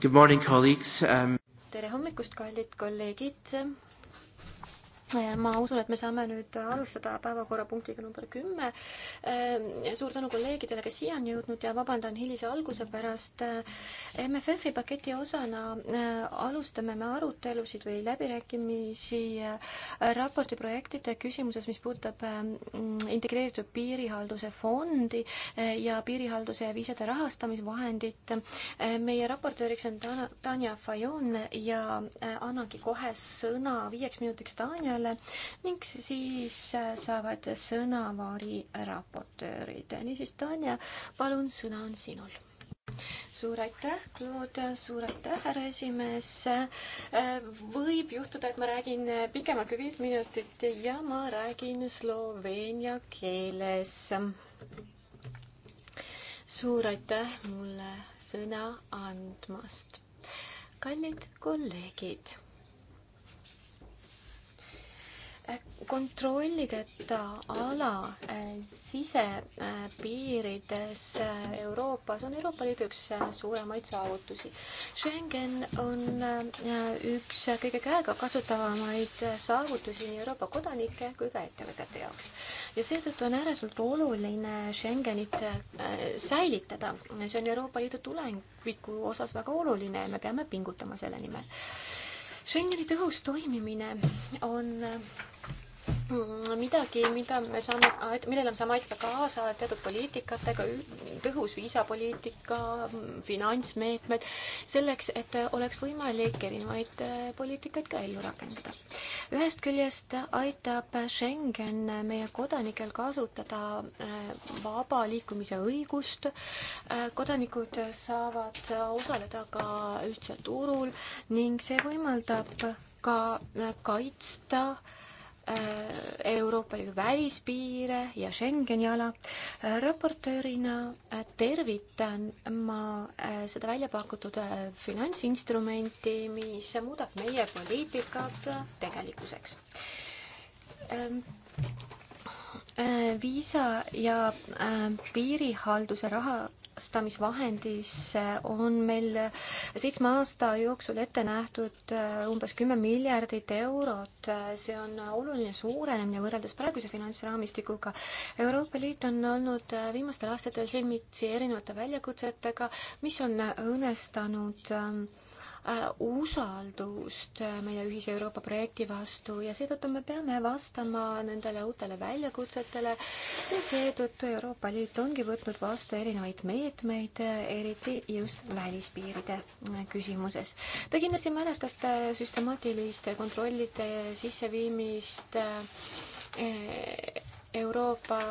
Good morning, colleagues um.... tere hommikust, kallid kolleegid ma usun, et me saame nüüd alustada päevakorrapunktiga number kümme. Ehm, suur tänu kolleegidele, kes siia on jõudnud ja vabandan hilise alguse pärast. MFF-i ehm, paketi osana ehm, alustame me arutelusid või läbirääkimisi raporti projektide küsimuses, mis puudutab integreeritud piirihalduse fondi ja piirihalduse ja viisade rahastamisvahendit. meie raportööriks on Tanja Fajon ja annangi kohe sõna viieks minutiks Tanjale järele ning siis saavad sõna Vaari raportöörid. niisiis, Tanja, palun, sõna on sinul suur aitäh, Claude, suur aitäh, härra esimees. võib juhtuda, et ma räägin pikemalt kui viis minutit ja ma räägin sloveenia keeles. suur aitäh mulle sõna andmast. kallid kolleegid kontrollideta ala eh, sisepiirides eh, Euroopas on Euroopa Liidu üks eh, suuremaid saavutusi. Schengen on üks kõige käegakasutavamaid saavutusi nii Euroopa kodanike kui ka ettevõtete jaoks. ja seetõttu on ääretult oluline Schengenit säilitada. see on Euroopa Liidu tuleviku osas väga oluline ja me peame pingutama selle nimel. Schengeni tõhus toimimine on Mm, midagi, mida me saame, millele me saame aidata kaasa teatud poliitikatega, tõhus viisapoliitika, mm, finantsmeetmed, selleks, et oleks võimalik erinevaid äh, poliitikaid ka ellu rakendada. ühest küljest aitab Schengen meie kodanikel kasutada äh, vaba liikumise õigust, äh, kodanikud saavad osaleda ka ühtsel turul ning see võimaldab ka kaitsta äh, Äh, Euroopa Liidu välispiire ja Schengeni ala. Äh, raportöörina äh, tervitan ma seda välja pakutud finantsinstrumenti, mis muudab meie poliitikad tegelikkuseks. Ähm, viisa ja piirihalduse raha rahastamisvahendisse on meil seitsme aasta jooksul ette nähtud äh, umbes kümme miljardit eurot. see on oluline suurenemine võrreldes praeguse finantsraamistikuga. Euroopa Liit on olnud äh, viimastel aastatel silmitsi erinevate väljakutsetega, mis on õõnestanud ähm, Äh, usaldust äh, meie ühise Euroopa projekti vastu ja seetõttu me peame vastama nendele uutele väljakutsetele ja seetõttu Euroopa Liit ongi võtnud vastu erinevaid meetmeid, äh, eriti just välispiiride küsimuses. Te kindlasti mäletate süstemaatiliste kontrollide sisseviimist Euroopa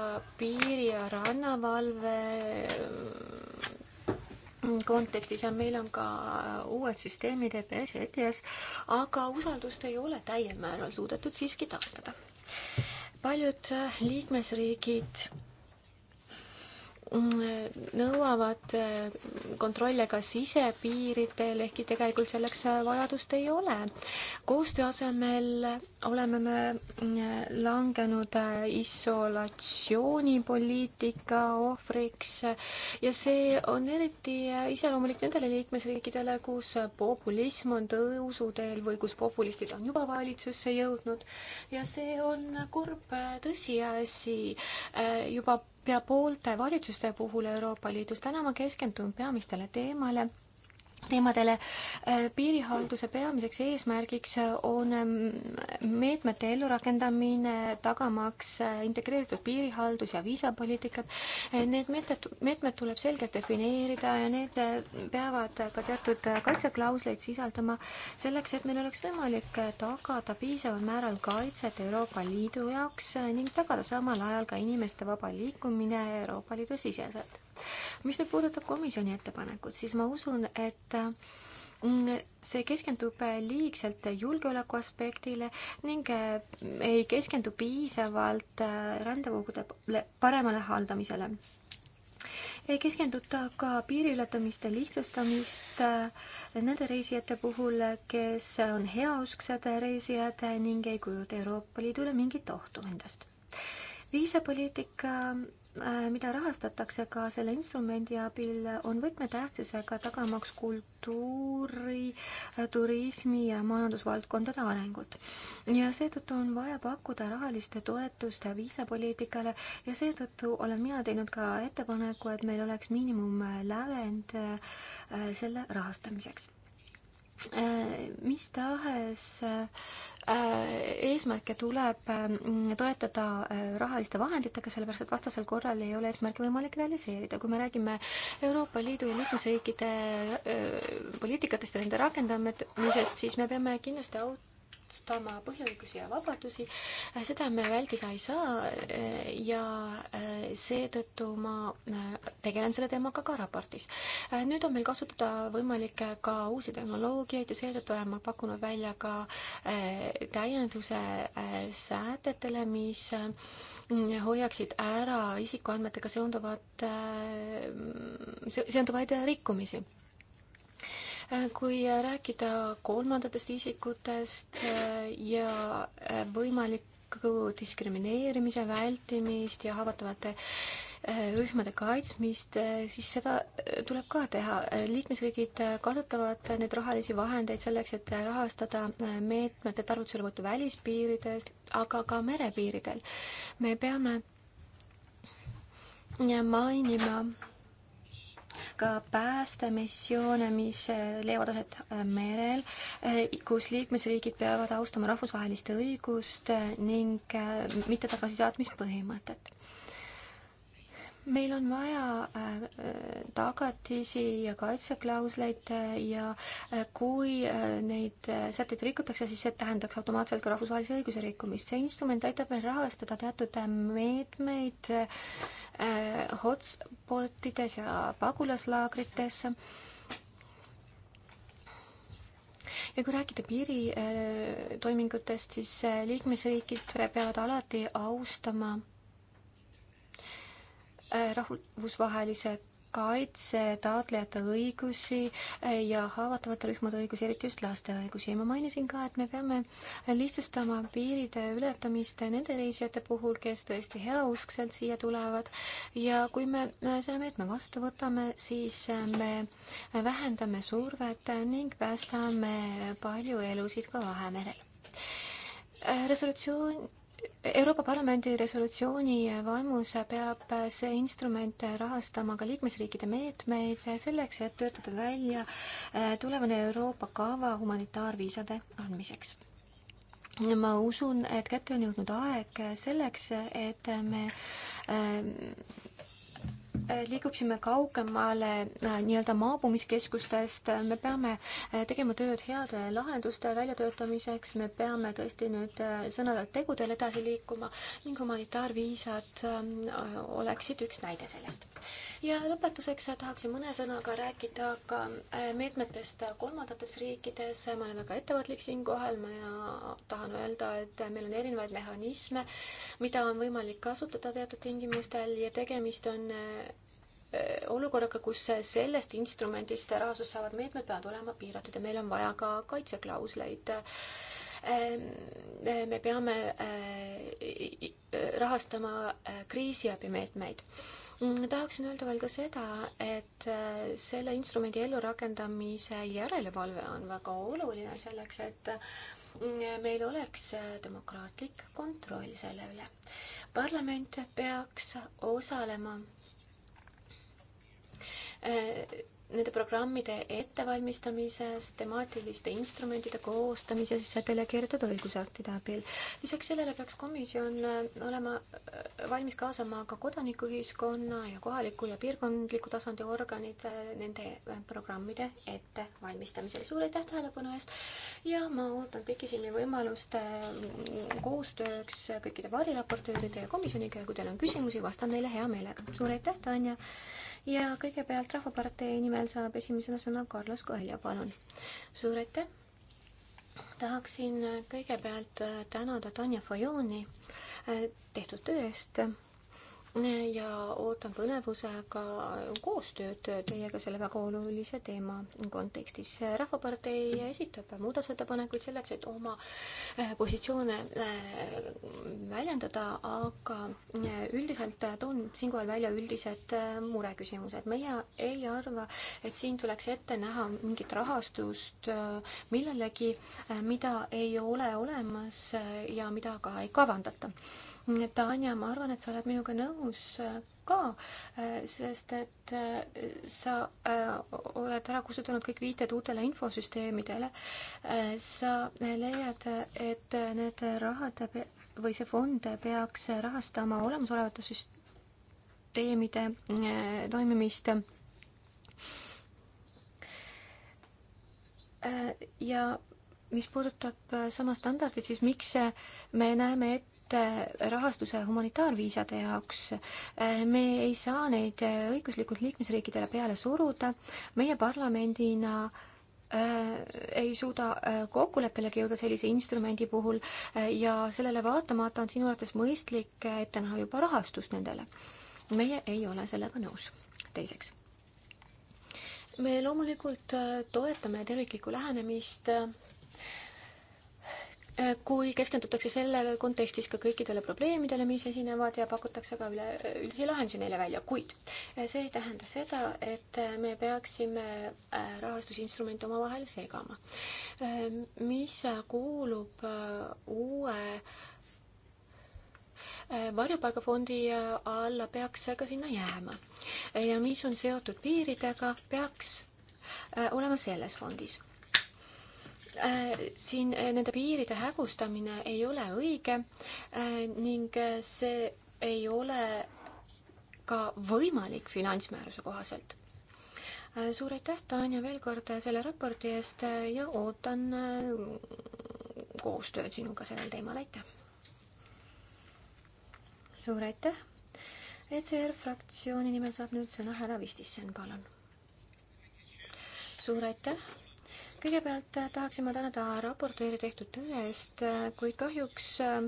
piiri- ja rannavalve kontekstis ja meil on ka äh, uued süsteemid EPS ja ETS, aga usaldust ei ole täiel määral suudetud siiski taastada. paljud äh, liikmesriigid nõuavad äh, kontrolle ka sisepiiridel, ehkki tegelikult selleks äh, vajadust ei ole. koostöö asemel oleme me äh, langenud isolatsioonipoliitika ohvriks ja see on eriti iseloomulik nendele liikmesriikidele, kus populism on tõusuteel või kus populistid on juba valitsusse jõudnud ja see on kurb tõsiasi juba pea poolte valitsuste puhul Euroopa Liidus. täna ma keskendun peamistele teemale teemadele. Äh, piirihalduse peamiseks eesmärgiks on ähm, meetmete ellurakendamine, tagamaks äh, integreeritud piirihaldus ja viisapoliitikat. Äh, need meetmed, meetmed tuleb selgelt defineerida ja need peavad ka teatud kaitseklausleid sisaldama, selleks et meil oleks võimalik tagada piisaval määral kaitset Euroopa Liidu jaoks ning tagada samal ajal ka inimeste vaba liikumine Euroopa Liidu siseselt mis nüüd puudutab komisjoni ettepanekut, siis ma usun, et mm, see keskendub liigselt julgeoleku aspektile ning eh, ei keskendu piisavalt eh, rändevoogude paremale haldamisele. ei keskenduta ka piiriületamiste lihtsustamist eh, nende reisijate puhul, kes on heausksed reisijad ning ei kujuta Euroopa Liidule mingit ohtu endast. viisapoliitika Äh, mida rahastatakse ka selle instrumendi abil, on võtmetähtsusega tagamaks kultuuri, äh, turismi ja majandusvaldkondade arengut. ja seetõttu on vaja pakkuda rahaliste toetuste viisapoliitikale ja seetõttu olen mina teinud ka ettepaneku, et meil oleks miinimumlävend äh, selle rahastamiseks Äh, mis tahes äh, eesmärke tuleb äh, toetada rahaliste vahenditega, sellepärast et vastasel korral ei ole eesmärke võimalik realiseerida. kui me räägime Euroopa Liidu liikmesriikide poliitikatest ja nende rakendamisest, siis me peame kindlasti aut-, austama põhiõigusi ja vabadusi, äh, seda me vältida ei saa äh, ja äh, seetõttu ma tegelen selle teemaga ka raportis. nüüd on meil kasutada võimalik ka uusi tehnoloogiaid ja seetõttu olen ma pakkunud välja ka täienduse säädetele, mis hoiaksid ära isikuandmetega seonduvat, seonduvaid rikkumisi Äh, kui rääkida kolmandatest isikutest äh, ja äh, võimaliku diskrimineerimise vältimist ja haavatavate rühmade kaitsmist, siis seda tuleb ka teha. liikmesriigid kasutavad neid rahalisi vahendeid selleks, et rahastada meetmete tarvituselevõttu välispiirides, aga ka merepiiridel. me peame mainima ka päästemissioone, mis äh, leiavad aset äh, merel, äh, kus liikmesriigid peavad austama rahvusvahelist õigust ning mitte tagasisaatmispõhimõtet meil on vaja äh, tagatisi ja kaitseklausleid äh, ja äh, kui neid sätteid rikutakse, siis see tähendaks automaatselt ka rahvusvahelise õiguse rikkumist. see instrument aitab meil rahastada teatud meetmeid hotspotides ja pagulaslaagrites ja kui rääkida piiritoimingutest, siis liikmesriigid peavad alati austama äh, Äh, rahvusvahelise kaitse taotlejate õigusi äh, ja haavatavate rühmade õigusi, eriti just laste õigusi. ma mainisin ka, et me peame lihtsustama piiride ületamist nende reisijate puhul, kes tõesti heauskselt siia tulevad ja kui me äh, selle meetme vastu võtame, siis me vähendame survet ning päästame palju elusid ka Vahemerel. resolutsioon Euroopa Parlamendi resolutsiooni vaimus peab see instrument rahastama ka liikmesriikide meetmeid selleks, et töötada välja äh, tulevane Euroopa kava humanitaarviisade andmiseks. ma usun, et kätte on jõudnud aeg selleks, et me äh, Eh, liiguksime kaugemale eh, nii-öelda maabumiskeskustest, eh, me peame tegema tööd heade lahenduste väljatöötamiseks, me peame tõesti nüüd sõnadelt tegudele edasi liikuma ning humanitaarviisad oleksid üks näide sellest. ja lõpetuseks tahaksin mõne sõnaga rääkida ka meetmetest kolmandates riikides, ma olen väga ettevaatlik siinkohal, ma tahan öelda, et meil on erinevaid mehhanisme, mida on võimalik kasutada teatud tingimustel ja tegemist on olukorraga, kus sellest instrumendist rahastust saavad meetmed peavad olema piiratud ja meil on vaja ka kaitseklausleid. Ehm, me peame eh, rahastama eh, kriisiabimeetmeid. Mm, tahaksin öelda veel ka seda, et eh, selle instrumendi ellurakendamise järelevalve on väga oluline selleks, et mm, meil oleks demokraatlik kontroll selle üle. parlament peaks osalema nende programmide ettevalmistamises, temaatiliste instrumentide koostamises delegeeritud õigusaktide abil. lisaks sellele peaks komisjon äh, olema äh, valmis kaasama ka kodanikuühiskonna ja kohaliku ja piirkondliku tasandi organid äh, nende programmide ettevalmistamisel. suur aitäh tähelepanu eest ja ma ootan pikisilmi võimalust koostööks kõikide variraportööride ja komisjoniga ja kui teil on küsimusi, vastan neile hea meelega. suur aitäh, Tanja ja kõigepealt Rahvapartei nimel saab esimesena sõna Carlos Coelho, palun. suur aitäh! tahaksin kõigepealt tänada Tanja Fajoni eh, tehtud töö eest ja ootan põnevusega koostööd teiega selle väga olulise teema kontekstis. rahvapartei esitab muudatusettepanekuid selleks, et oma äh, positsioone äh, väljendada, aga äh, üldiselt toon siinkohal välja üldised mureküsimused. meie ei arva, et siin tuleks ette näha mingit rahastust millelegi, mida ei ole olemas ja mida ka ei kavandata Tanja, ma arvan, et sa oled minuga nõus äh, ka, äh, sest et äh, sa oled ära kustutanud kõik viited uutele infosüsteemidele. sa leiad, et need rahad või see fond peaks rahastama olemasolevate süsteemide toimimist ja mis puudutab sama standardit, siis miks me näeme ette Äh, rahastuse humanitaarviisade jaoks. Äh, me ei saa neid äh, õiguslikult liikmesriikidele peale suruda, meie parlamendina ei suuda kokkuleppelegi jõuda sellise instrumendi puhul ja sellele vaatamata on sinu arvates mõistlik ette näha juba rahastust nendele. meie ei ole sellega nõus. teiseks me loomulikult toetame terviklikku lähenemist Äh, kui keskendutakse selle kontekstis ka kõikidele probleemidele, mis esinevad ja pakutakse ka üleüldisi äh, lahendusi neile välja, kuid äh, see ei tähenda seda, et me peaksime rahastusinstrumente omavahel segama. mis kuulub uue varjupaigafondi alla, peaks see ka sinna jääma. ja mis on seotud piiridega, peaks olema selles fondis Äh, siin äh, nende piiride hägustamine ei ole õige äh, ning see ei ole ka võimalik finantsmääruse kohaselt. suur aitäh, Tanja, veel kord selle raporti eest ja ootan koostööd sinuga sellel teemal, aitäh! suur aitäh! ECR fraktsiooni nimel saab nüüd sõna härra Vistisen, palun. suur aitäh! kõigepealt äh, tahaksin ma tänada raportööri tehtud töö eest, äh, kuid kahjuks äh,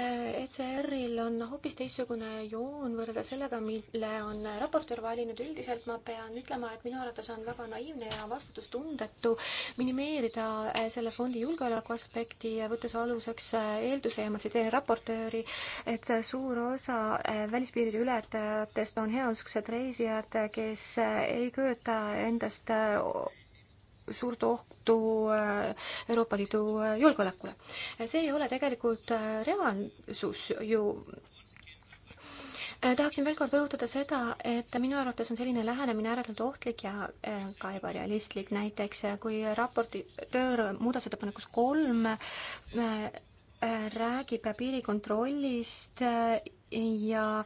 ECR-il on hoopis teistsugune joon võrreldes sellega, mille on raportöör valinud. üldiselt ma pean ütlema, et minu arvates on väga naiivne ja vastutustundetu minimeerida selle fondi julgeoleku aspekti, võttes aluseks eelduse ja ma tsiteerin raportööri, et suur osa välispiiride ületajatest on heausksed reisijad, kes ei kujuta endast suurt ohtu äh, Euroopa Liidu äh, julgeolekule. see ei ole tegelikult äh, reaalsus ju tahaksin veel kord rõhutada seda, et minu arvates on selline lähenemine ääretult ohtlik ja ka ebarealistlik. näiteks kui raportöör muudatusettepanekus kolm räägib piirikontrollist ja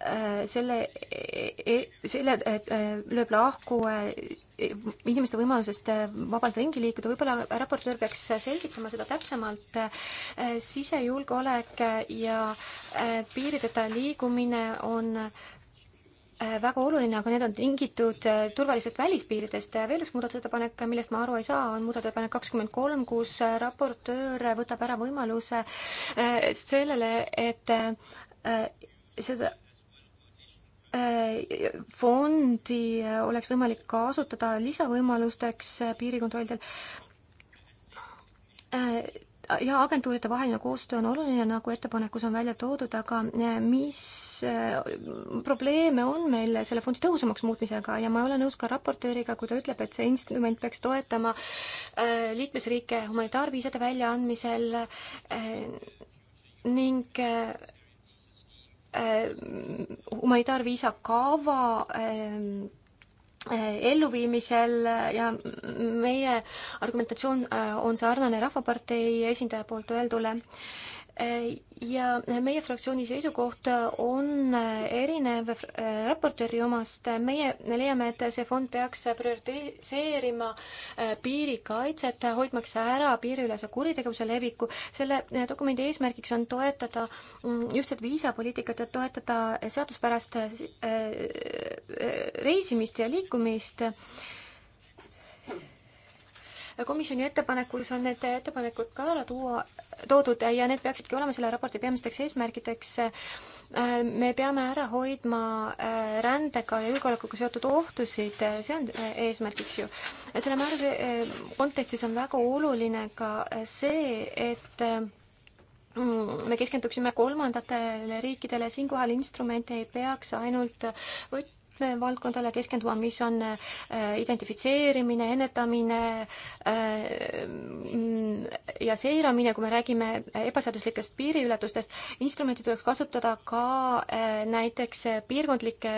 äh, selle, e, e, selle äh, lööb lahku äh, inimeste võimalusest vabalt ringi liikuda, võib-olla raportöör peaks selgitama seda täpsemalt, sisejulgeolek ja piirideta liigumine on väga oluline, aga need on tingitud turvalisest välispiiridest. veel üks muudatusettepanek, millest ma aru ei saa, on muudatusettepanek kakskümmend kolm, kus raportöör võtab ära võimaluse sellele, et Äh, seda äh, fondi äh, oleks võimalik kasutada lisavõimalusteks piirikontrollidel. ja agentuuride vaheline koostöö on oluline, nagu ettepanekus on välja toodud, aga mis probleeme on meil selle fondi tõhusamaks muutmisega ja ma ei ole nõus ka raportööriga, kui ta ütleb, et see instrument peaks toetama liikmesriike humanitaarviisade väljaandmisel ning Äh, humanitaarviisa kava äh, äh, elluviimisel ja meie argumentatsioon on sarnane Rahvapartei esindaja poolt öeldule Äh, ja meie fraktsiooni seisukoht on erinev äh, raportööri omast. meie me leiame, et see fond peaks prioritiseerima äh, piirikaitset, hoidmaks ära piiriülese kuritegevuse leviku. selle dokumendi eesmärgiks on toetada mm, ühtset viisapoliitikat ja toetada seaduspärast reisimist ja liikumist komisjoni ettepanekus on need ettepanekud ka ära tuua, toodud ja need peaksidki olema selle raporti peamisteks eesmärgideks. me peame ära hoidma äh, rändega ja julgeolekuga seotud ohtusid, see on äh, eesmärgiks ju. selle määruse äh, kontekstis on väga oluline ka see, et mm, me keskenduksime kolmandatele riikidele, siinkohal instrumente ei peaks ainult võt-, valdkondadele keskenduma, mis on äh, identifitseerimine, ennetamine äh, ja seiramine, kui me räägime ebaseaduslikest piiriületustest, instrumenti tuleks kasutada ka äh, näiteks piirkondlike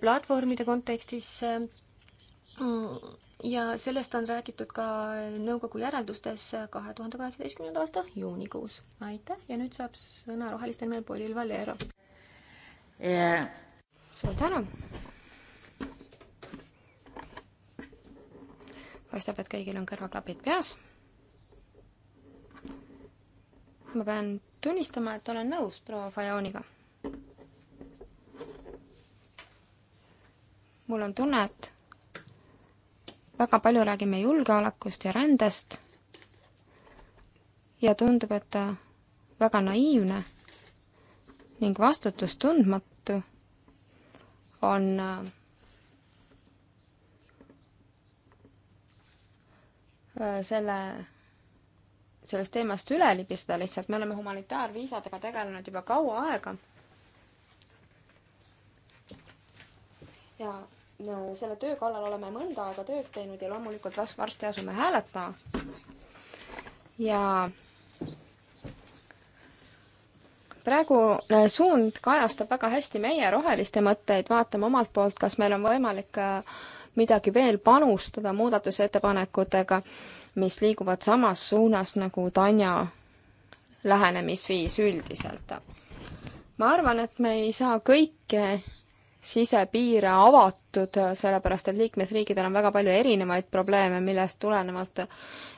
platvormide kontekstis ja sellest on räägitud ka nõukogu järeldustes kahe tuhande kaheksateistkümnenda aasta juunikuus. aitäh ja nüüd saab sõna roheliste nimel Polil Valero yeah suur tänu! paistab, et kõigil on kõrvaklapid peas. ma pean tunnistama, et olen nõus proua Fajooniga. mul on tunne, et väga palju räägime julgeolekust ja rändest ja tundub, et väga naiivne ning vastutustundmatu on äh, selle, sellest teemast üle libiseda lihtsalt, me oleme humanitaarviisadega tegelenud juba kaua aega. ja no, äh, selle töö kallal oleme mõnda aega tööd teinud ja loomulikult varsti asume hääletama. ja praegune äh, suund kajastab väga hästi meie roheliste mõtteid, vaatame omalt poolt, kas meil on võimalik äh, midagi veel panustada muudatusettepanekutega, mis liiguvad samas suunas nagu Tanja lähenemisviis üldiselt. ma arvan, et me ei saa kõike sisepiire avatud, sellepärast et liikmesriikidel on väga palju erinevaid probleeme, millest tulenevalt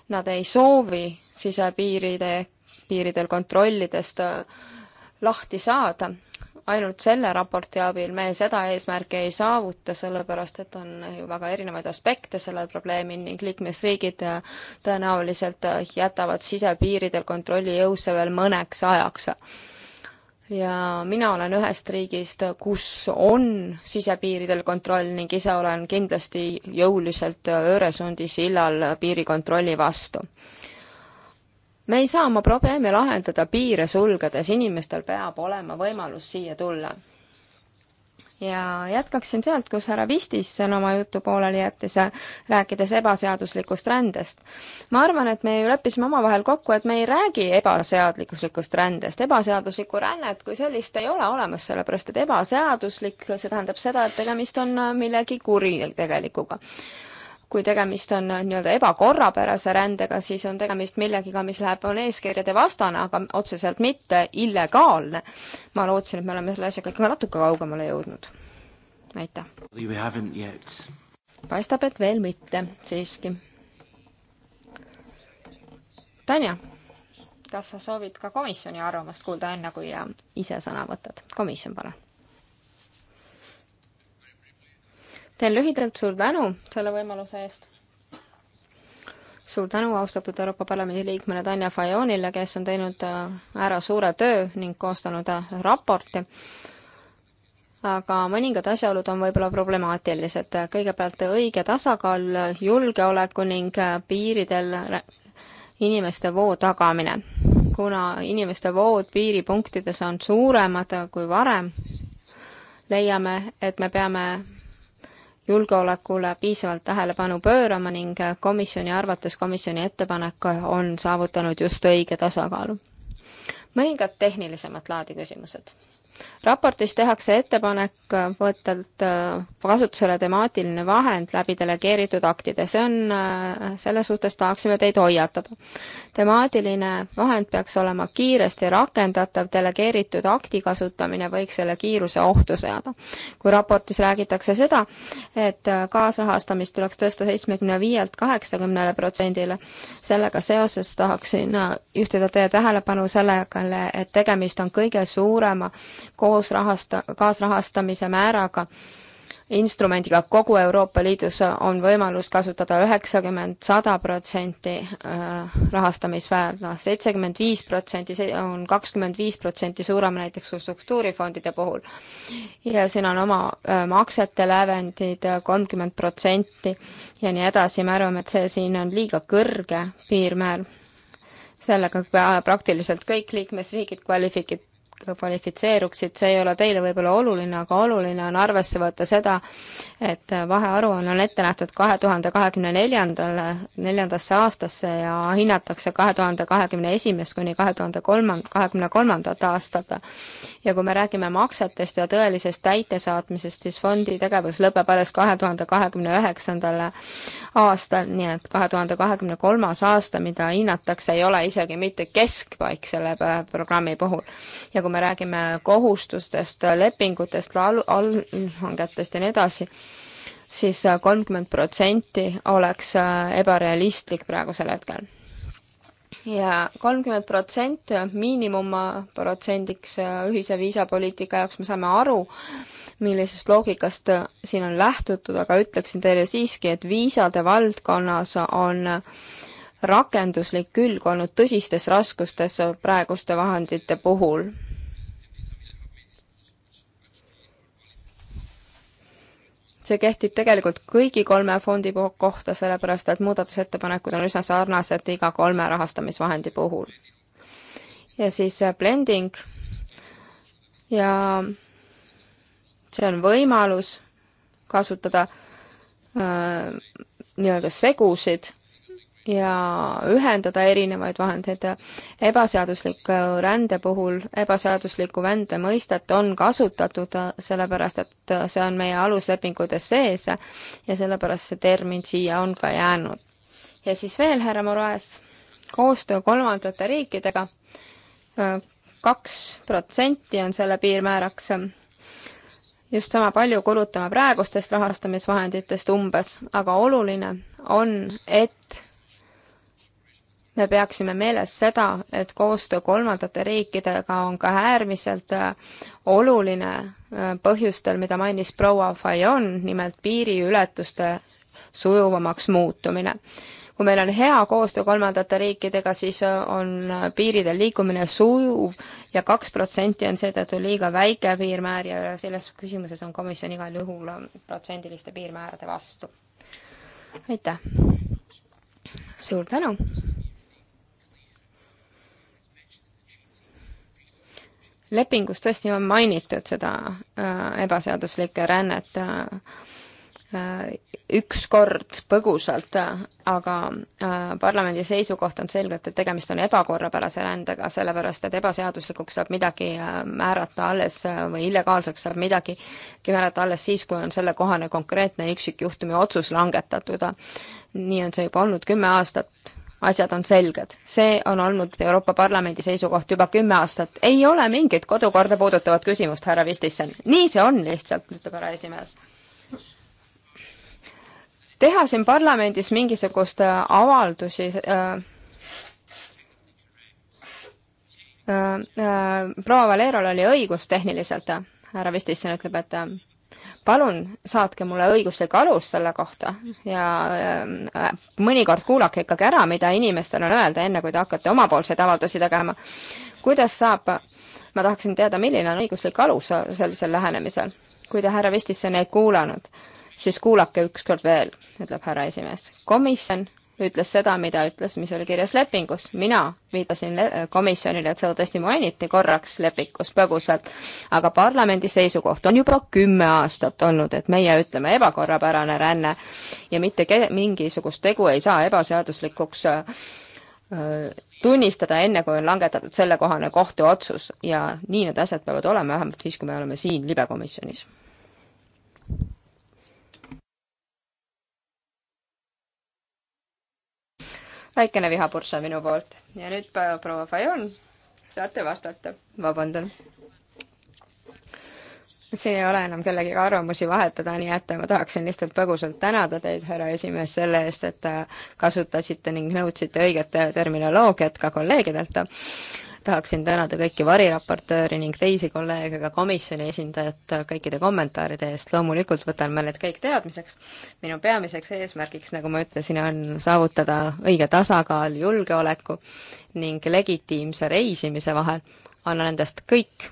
nad ei soovi sisepiiride, piiridel kontrollidest äh, lahti saada. ainult selle raporti abil me seda eesmärki ei saavuta, sellepärast et on ju väga erinevaid aspekte sellel probleemil ning liikmesriigid tõenäoliselt jätavad sisepiiridel kontrolli jõusse veel mõneks ajaks ja mina olen ühest riigist, kus on sisepiiridel kontroll ning ise olen kindlasti jõuliselt Öresundi sillal piirikontrolli vastu me ei saa oma probleeme lahendada piire sulgedes, inimestel peab olema võimalus siia tulla. ja jätkaksin sealt, kus härra Vistis oma jutu pooleli jättis, rääkides ebaseaduslikust rändest. ma arvan, et me ju leppisime omavahel kokku, et me ei räägi ebaseaduslikust rändest, ebaseaduslikku rännet kui sellist ei ole olemas, sellepärast et ebaseaduslik, see tähendab seda, et tegemist on millegi kuritegelikuga kui tegemist on nii-öelda ebakorrapärase rändega, siis on tegemist millegiga, mis läheb, on eeskirjade vastane, aga otseselt mitte illegaalne. ma lootsin, et me oleme selle asjaga ikka natuke kaugemale jõudnud. aitäh. paistab, et veel mitte siiski. Tanja, kas sa soovid ka komisjoni arvamust kuulda, enne kui äh, ise sõna võtad? komisjon, palun teen lühidalt, suur tänu selle võimaluse eest. suur tänu austatud Euroopa Parlamendi liikmele Tanja Fajonile, kes on teinud äh, ära suure töö ning koostanud äh, raporti. aga mõningad asjaolud on võib-olla problemaatilised. kõigepealt õige tasakaal julgeoleku ning äh, piiridel inimeste voo tagamine. kuna inimeste vood piiripunktides on suuremad kui varem, leiame, et me peame julgeolekule piisavalt tähelepanu pöörama ning komisjoni arvates komisjoni ettepanek on saavutanud just õige tasakaalu. mõningad tehnilisemat laadi küsimused raportis tehakse ettepanek võtta äh, kasutusele temaatiline vahend läbi delegeeritud aktide, see on, äh, selle suhtes tahaksime teid hoiatada. temaatiline vahend peaks olema kiiresti rakendatav, delegeeritud akti kasutamine võiks selle kiiruse ohtu seada. kui raportis räägitakse seda, et äh, kaasrahastamist tuleks tõsta seitsmekümne viielt kaheksakümnele protsendile, sellega seoses tahaksin juhtida teie tähelepanu sellele, et tegemist on kõige suurema koos rahasta-, kaasrahastamise määraga instrumendiga kogu Euroopa Liidus on võimalus kasutada üheksakümmend, sada protsenti äh, rahastamisväärna, seitsekümmend viis protsenti, see on kakskümmend viis protsenti suurem näiteks kui struktuurifondide puhul. ja siin on oma äh, maksete lävendid äh, kolmkümmend protsenti ja nii edasi, me arvame, et see siin on liiga kõrge piirmäär sellega praktiliselt kõik liikmesriigid kvalifik-, kvalifitseeruksid, see ei ole teile võib-olla oluline, aga oluline on arvesse võtta seda, et vahearuanne on ette nähtud kahe tuhande kahekümne neljandale, neljandasse aastasse ja hinnatakse kahe tuhande kahekümne esimest kuni kahe tuhande kolmand-, kahekümne kolmandat aastat ja kui me räägime maksetest ja tõelisest täitesaatmisest, siis fondi tegevus lõpeb alles kahe tuhande kahekümne üheksandal aastal, nii et kahe tuhande kahekümne kolmas aasta, mida hinnatakse, ei ole isegi mitte keskpaik selle programmi puhul. ja kui me räägime kohustustest, lepingutest, allhangetest ja nii edasi, siis kolmkümmend protsenti oleks ebarealistlik praegusel hetkel ja kolmkümmend protsent miinimumprotsendiks äh, ühise viisapoliitika jaoks, me saame aru, millisest loogikast äh, siin on lähtutud, aga ütleksin teile siiski, et viisade valdkonnas on äh, rakenduslik külg olnud tõsistes raskustes praeguste vahendite puhul see kehtib tegelikult kõigi kolme fondi kohta, sellepärast et muudatusettepanekud on üsna sarnased iga kolme rahastamisvahendi puhul. ja siis äh, blending ja see on võimalus kasutada äh, nii-öelda segusid ja ühendada erinevaid vahendeid. ebaseadusliku rände puhul ebaseaduslikku rände mõistet on kasutatud, sellepärast et see on meie aluslepingutes sees ja sellepärast see termin siia on ka jäänud. ja siis veel, härra Moraes, koostöö kolmandate riikidega, kaks protsenti on selle piirmääraks just sama palju kulutame praegustest rahastamisvahenditest umbes, aga oluline on, et me peaksime meeles seda, et koostöö kolmandate riikidega on ka äärmiselt äh, oluline äh, põhjustel, mida mainis proua Fajon, nimelt piiriületuste sujuvamaks muutumine. kui meil on hea koostöö kolmandate riikidega, siis äh, on piiridel liikumine sujuv ja kaks protsenti on seetõttu liiga väike piirmäär ja selles küsimuses on komisjon igal juhul protsendiliste piirmäärade vastu. aitäh! suur tänu! lepingus tõesti on mainitud seda äh, ebaseaduslikke rännet äh, äh ükskord põgusalt äh,, aga äh, parlamendi seisukoht on selgelt, et tegemist on ebakorrapärase rändega, sellepärast et ebaseaduslikuks saab midagi äh, määrata alles äh, või illegaalseks saab midagi määrata alles siis, kui on sellekohane konkreetne üksikjuhtumi otsus langetatud. nii on see juba olnud kümme aastat asjad on selged. see on olnud Euroopa Parlamendi seisukoht juba kümme aastat. ei ole mingit kodukorda puudutavat küsimust, härra Vistisen. nii see on lihtsalt, ütleb härra esimees. teha siin parlamendis mingisugust äh, avaldusi äh, äh, äh, proua Valerol oli õigus tehniliselt, härra Vistisen ütleb, et äh, palun saatke mulle õiguslik alus selle kohta ja äh, mõnikord kuulake ikkagi ära, mida inimestel on öelda, enne kui te hakkate omapoolseid avaldusi tegema. kuidas saab, ma tahaksin teada, milline on õiguslik alus sellisel lähenemisel. kui te härra Vestisse neid kuulanud, siis kuulake ükskord veel, ütleb härra esimees. komisjon ütles seda, mida ütles, mis oli kirjas lepingus. mina viitasin komisjonile, et seda tõesti mainiti korraks lepingus põgusalt, aga parlamendi seisukoht on juba kümme aastat olnud, et meie ütleme ebakorrapärane ränne ja mitte mingisugust tegu ei saa ebaseaduslikuks äh, tunnistada, enne kui on langetatud sellekohane kohtuotsus ja nii need asjad peavad olema, vähemalt siis, kui me oleme siin libekomisjonis väikene vihapursa minu poolt. ja nüüd proua Fajon, saate vastata. vabandan. siin ei ole enam kellegagi arvamusi vahetada, nii et ma tahaksin lihtsalt põgusalt tänada teid, härra esimees, selle eest, et kasutasite ning nõudsite õiget terminoloogiat ka kolleegidelt tahaksin tänada kõiki variraportööri ning teisi kolleege, ka komisjoni esindajat kõikide kommentaaride eest, loomulikult võtan ma need kõik teadmiseks. minu peamiseks eesmärgiks, nagu ma ütlesin, on saavutada õige tasakaal julgeoleku ning legitiimse reisimise vahel, annan endast kõik,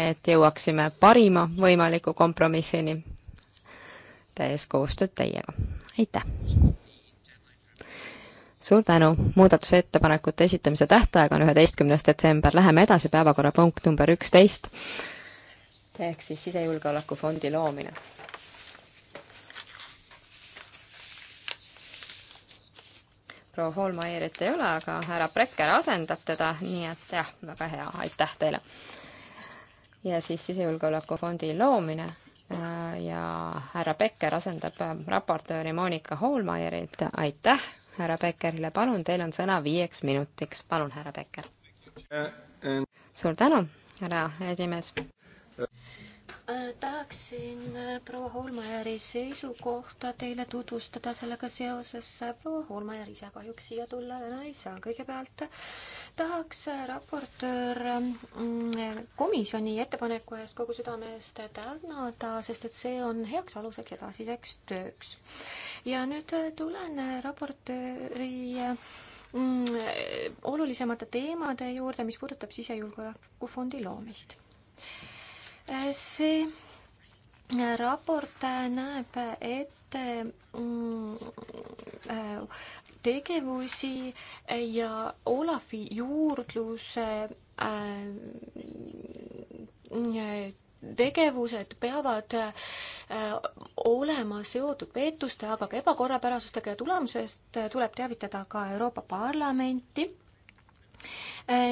et jõuaksime parima võimaliku kompromissini, tehes koostööd teiega. aitäh! suur tänu, muudatusettepanekute esitamise tähtaeg on üheteistkümnes detsember, läheme edasi, päevakorrapunkt number üksteist, ehk siis sisejulgeolekufondi loomine. proua Holmairit ei ole, aga härra Brekker asendab teda, nii et jah, väga hea, aitäh teile. ja siis sisejulgeolekufondi loomine ja härra Becker asendab raportööri Monika Hoolmeierit, aitäh härra Beckerile, palun, teil on sõna viieks minutiks, palun, härra Becker. suur tänu, härra esimees. Äh, tahaksin äh, proua Holmajärvi seisukohta teile tutvustada sellega seoses. proua Holmajärv ise kahjuks siia tulla täna ei saa. kõigepealt tahaks äh, raportöör mm, komisjoni ettepaneku eest kogu südame eest tänada, sest et see on heaks aluseks edasiseks tööks. ja nüüd tulen raportööri mm, olulisemate teemade juurde, mis puudutab sisejulgeolekufondi loomist see raport näeb ette mm, äh, tegevusi ja Olavi juurdluse äh, tegevused peavad äh, olema seotud peetuste, aga ka ebakorrapärasustega ja tulemusest tuleb teavitada ka Euroopa Parlamenti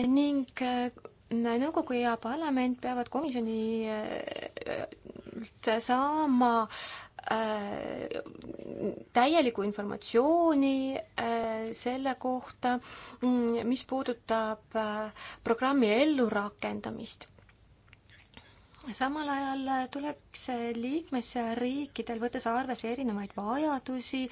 ning nõukogu ja parlament peavad komisjoni äh, saama äh, täielikku informatsiooni äh, selle kohta, mm, mis puudutab äh, programmi ellurakendamist. samal ajal tuleks liikmesriikidel, võttes arvesse erinevaid vajadusi,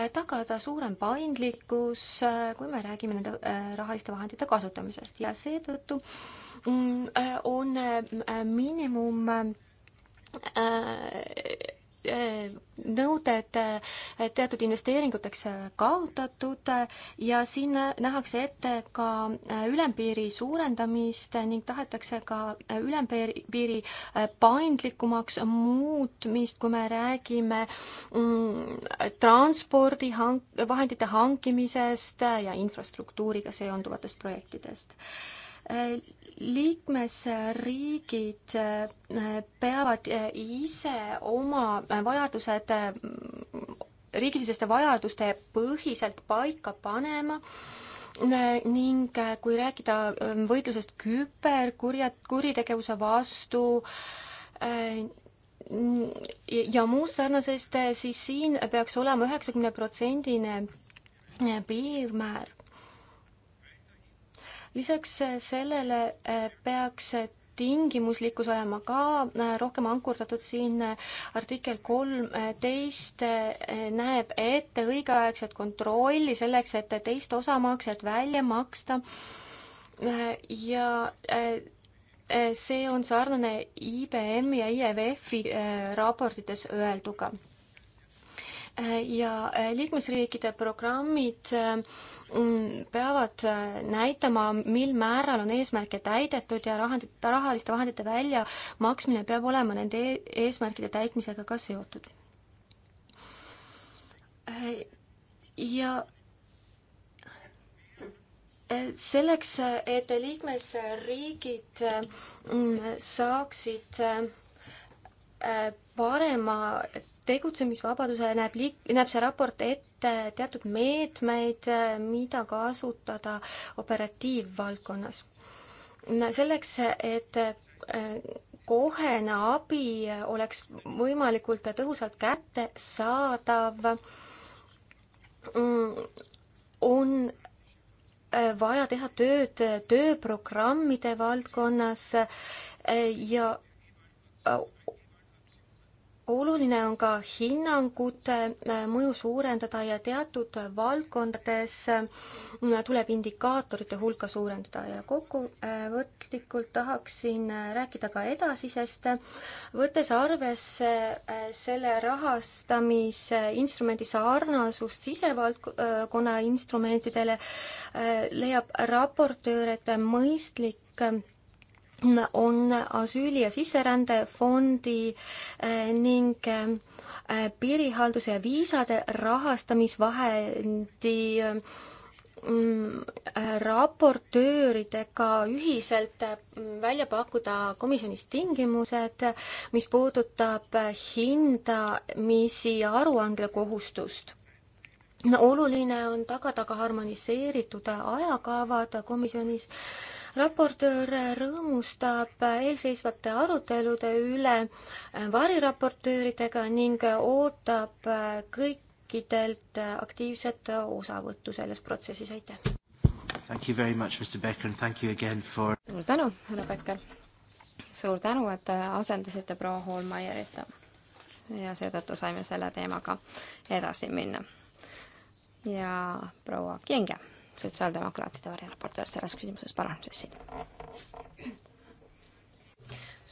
äh, tagada suurem paindlikkus, äh, kui me räägime nende rahaliste vahendite kasutamisest ja seetõttu äh, on äh, miinimum äh, äh, nõuded teatud investeeringuteks kaotatud ja siin nähakse ette ka ülempiiri suurendamist ning tahetakse ka ülempiiri paindlikumaks muutmist, kui me räägime mm, transpordi hank-, vahendite hankimisest ja infrastruktuuriga seonduvatest projektidest liikmesriigid eh, peavad eh, ise oma vajadused, eh, riigisiseste vajaduste põhiselt paika panema ning kui rääkida võitlusest küberkurja, kuritegevuse vastu ja muust sarnasest, siis siin peaks olema üheksakümne protsendine piirmäär lisaks eh, sellele eh, peaks eh, tingimuslikkus olema ka rohkem ankurdatud siin artikkel kolmteist näeb ette õigeaegset kontrolli selleks, et teist osamaksed välja maksta. ja see on sarnane IBM ja IWF-i raportites öelduga Äh, ja äh, liikmesriikide programmid äh, mm, peavad näitama, mil määral on eesmärke täidetud ja rahandite, rahaliste vahendite väljamaksmine peab olema nende e-, eesmärkide täitmisega ka seotud. ja selleks, et liikmesriigid mm, saaksid Äh, parema tegutsemisvabaduse näeb liik-, näeb see raport ette teatud meetmeid, äh, mida kasutada operatiivvaldkonnas. selleks, et äh, kohene abi oleks võimalikult tõhusalt kättesaadav, mm, on vaja teha tööd tööprogrammide valdkonnas ja oluline on ka hinnangute äh, mõju suurendada ja teatud valdkondades äh, tuleb indikaatorite hulka suurendada ja kokkuvõtlikult tahaksin äh, rääkida ka edasisest, võttes arvesse selle rahastamisinstrumendi sarnasust sisevaldkonna instrumentidele, leiab raportöör, et mõistlik on asüüli- ja sisserändefondi eh, ning eh, piirihalduse ja viisade rahastamisvahendi mm, eh, raportööridega ühiselt välja pakkuda komisjonis tingimused, mis puudutab hindamisi ja aruandekohustust. oluline on tagada ka harmoniseeritud ajakavad komisjonis raportöör rõõmustab eelseisvate arutelude üle äh, variraportööridega ning ootab äh, kõikidelt äh, aktiivset osavõttu selles protsessis, aitäh! suur tänu, härra Becker! suur tänu, et te asendasite proua Hoolmeierit ja seetõttu saime selle teemaga edasi minna. ja proua Kienge sotsiaaldemokraatide varjaraportöör selles küsimuses paranduses siin.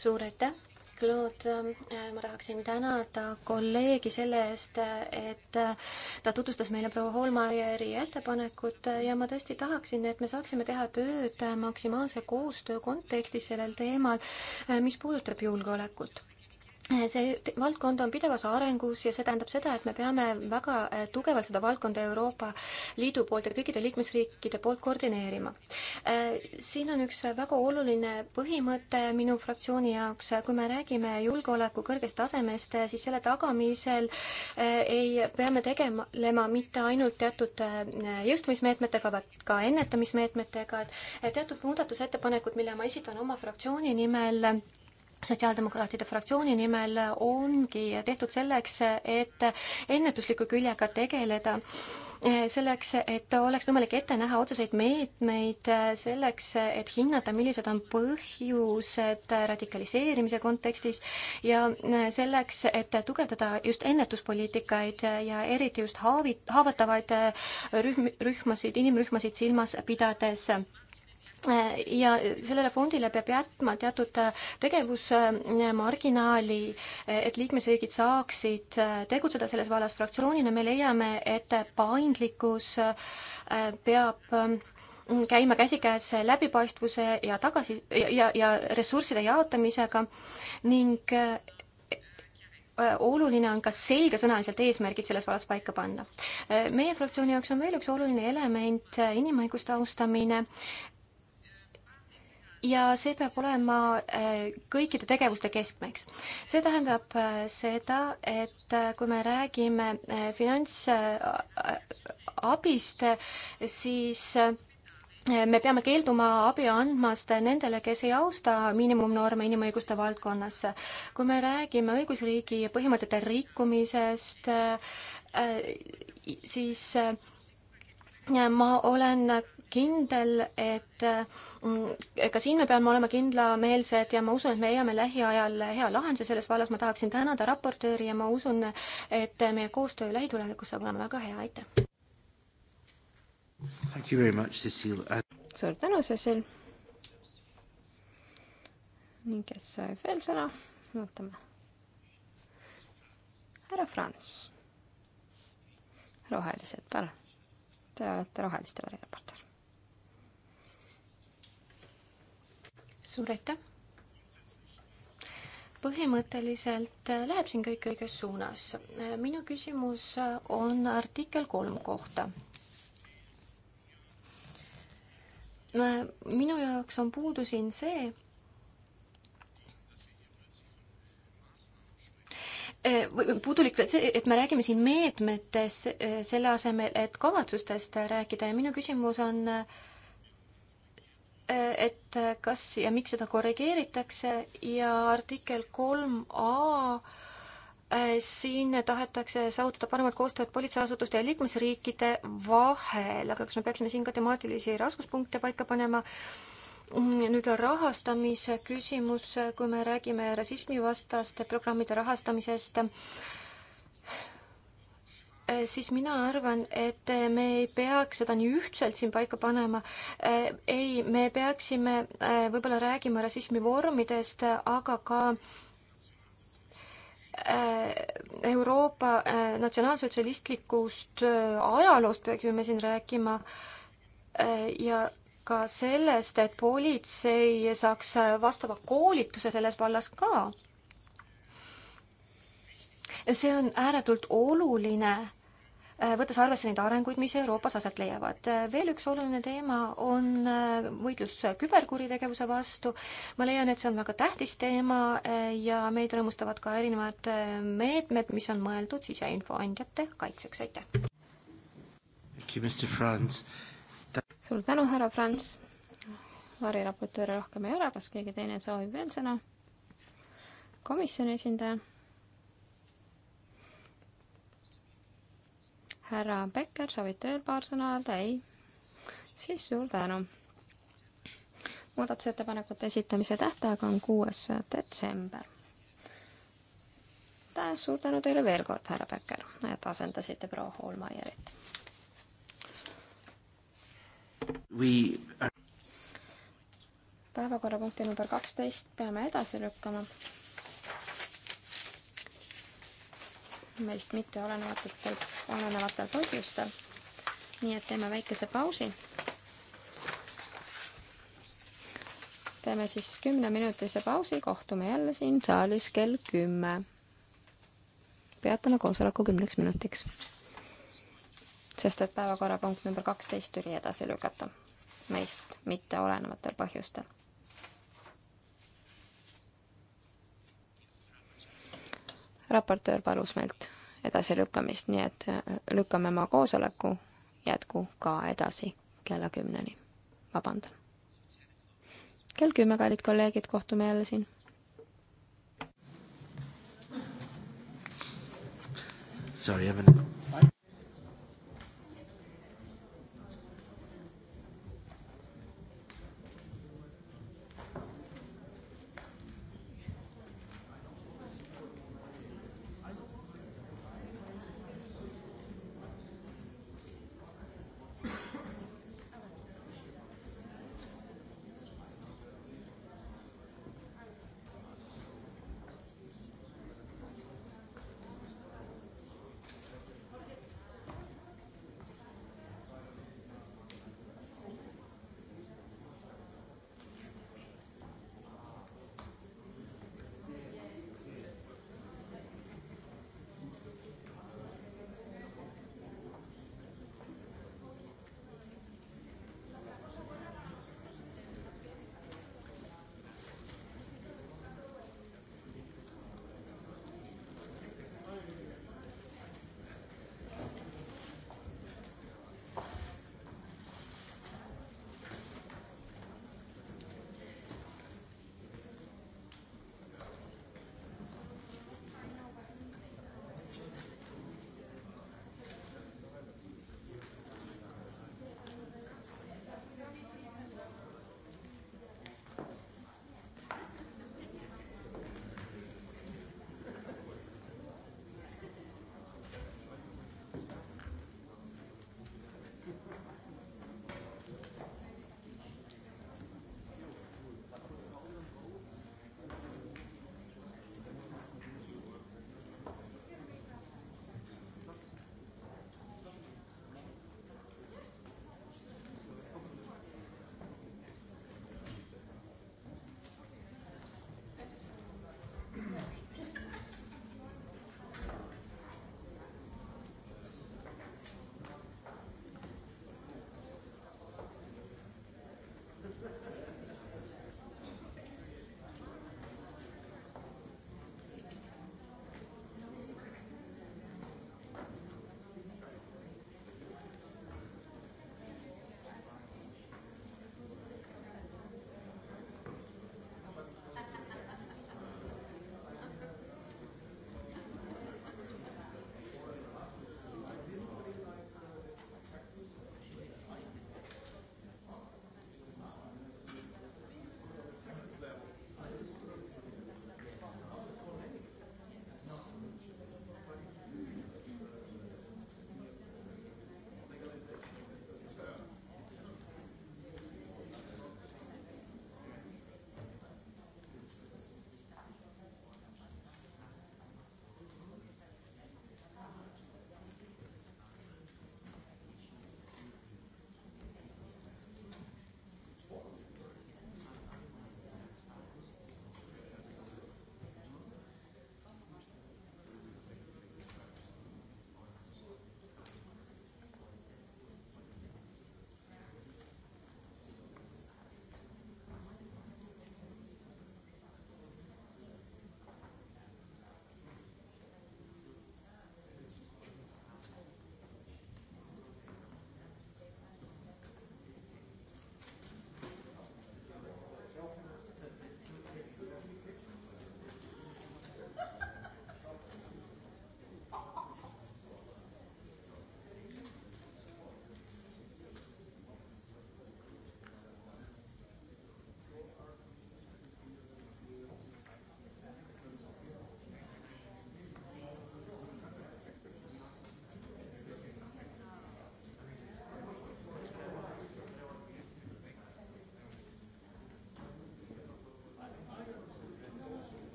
suur aitäh, Claude, ähm, äh, ma tahaksin tänada kolleegi selle eest, et äh, ta tutvustas meile proua Holmajärvi ettepanekut äh, ja ma tõesti tahaksin, et me saaksime teha tööd maksimaalse koostöö kontekstis sellel teemal, mis puudutab julgeolekut see valdkond on pidevas arengus ja see tähendab seda, et me peame väga äh, tugevalt seda valdkonda Euroopa Liidu poolt ja kõikide liikmesriikide poolt koordineerima. Äh, siin on üks väga oluline põhimõte minu fraktsiooni jaoks, kui me räägime julgeoleku kõrgest tasemest, siis selle tagamisel äh, ei, peame tegelema mitte ainult teatud jõustumismeetmetega, vaid ka ennetamismeetmetega, et teatud muudatusettepanekud, mille ma esitan oma fraktsiooni nimel, sotsiaaldemokraatide fraktsiooni nimel ongi tehtud selleks, et ennetusliku küljega tegeleda selleks, et oleks võimalik ette näha otseseid meetmeid selleks, et hinnata, millised on põhjused radikaliseerimise kontekstis ja selleks, et tugevdada just ennetuspoliitikaid ja eriti just haavi, haavatavaid rühm, rühmasid, inimrühmasid silmas pidades Äh, ja sellele fondile peab jätma teatud äh, tegevusmarginaali, äh, et liikmesriigid saaksid tegutseda selles vallas. fraktsioonina me leiame, et paindlikkus peab ähm, käima käsikäes läbipaistvuse ja tagasi ja, ja, ja ressursside jaotamisega ning oluline on ka selgesõnaliselt eesmärgid selles vallas paika panna. meie fraktsiooni jaoks on veel üks oluline element inimõiguste austamine ja see peab olema äh, kõikide tegevuste keskmeks. see tähendab äh, seda, et äh, kui me räägime finantsabist, siis me peame keelduma abi andmast nendele, kes ei austa miinimumnorme inimõiguste valdkonnas. kui me räägime õigusriigi põhimõtete rikkumisest, siis ma olen kindel, mm, et ka siin me peame olema kindlameelsed ja ma usun, et me leiame lähiajal hea lahenduse selles vallas. ma tahaksin tänada raportööri ja ma usun, et meie koostöö lähitulevikus saab olema väga hea, aitäh! Uh, suur tänu, Cecil! ning kes sai veel sõna, ootame. härra Franz, rohelised, palun. Te olete roheliste variraportöör. suur aitäh! põhimõtteliselt äh, läheb siin kõik õiges suunas. Äh, minu küsimus äh, on artikkel kolm kohta. minu jaoks on puudu siin see, puudulik veel see, et me räägime siin meetmetes selle asemel, et kavatsustest rääkida ja minu küsimus on äh, et kas ja miks seda korrigeeritakse ja artikkel kolm A äh, siin tahetakse saavutada paremat koostööd politseiasutuste ja liikmesriikide vahel, aga kas me peaksime siin ka temaatilisi raskuspunkte paika panema? nüüd rahastamise küsimus, kui me räägime rassismivastaste programmide rahastamisest Äh, siis mina arvan, et äh, me ei peaks seda nii ühtselt siin paika panema. Äh, ei, me peaksime võib-olla räägima rassismi vormidest, aga ka Euroopa natsionaalsotsialistlikust ajaloost peaksime siin rääkima ja ka sellest, et politsei saaks vastava koolituse selles vallas ka see on ääretult oluline äh, võttes arvesse neid arenguid, mis Euroopas aset leiavad. Äh, veel üks oluline teema on äh, võitlus küberkuritegevuse vastu. ma leian, et see on väga tähtis teema ja meid rõõmustavad ka erinevad meetmed, mis on mõeldud siseinfoandjate kaitseks, aitäh! suur tänu, härra Franz! variraportööre rohkem ei ole, kas keegi teine soovib veel sõna? komisjoni esindaja härra Becker, soovite veel paar sõna öelda? ei? siis suur tänu. muudatusettepanekute esitamise tähtaeg on kuues detsember suur tänu teile veel kord, härra Becker, et asendasite proua Holmaierit. päevakorrapunkti number kaksteist peame edasi lükkama, meist mitte olenevatel, olenevatel põhjustel. nii et teeme väikese pausi. teeme siis kümneminutise pausi, kohtume jälle siin saalis kell kümme. peatame koosoleku kümneks minutiks. sest et päevakorrapunkt number kaksteist tuli edasi lükata meist mitte olenevatel põhjustel. raportöör palus meilt edasilükkamist, nii et äh, lükkame oma koosoleku jätku ka edasi kella kümneni. vabandan. kell kümme, kallid kolleegid, kohtume jälle siin. Sorry, I haven't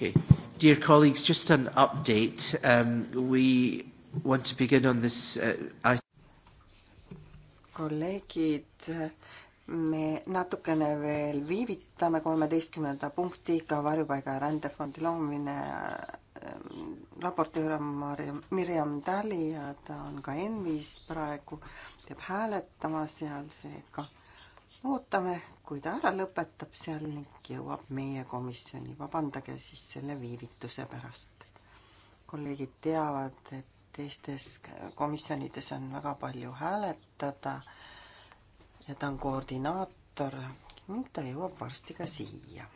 Okay. Dear colleagues, just an update. Um, we want to begin on this uh, I... kolleegid, me natukene veel viivitame kolmeteistkümnenda punktiga varjupaiga ja rändefondi loomine um, raportöör on Marjam, Mirjam Tali ja ta on ka ENVis praegu, peab hääletama seal seega ootame, kui ta ära lõpetab seal ning jõuab meie komisjoni. vabandage siis selle viivituse pärast. kolleegid teavad, et teistes komisjonides on väga palju hääletada ja ta on koordinaator ning ta jõuab varsti ka siia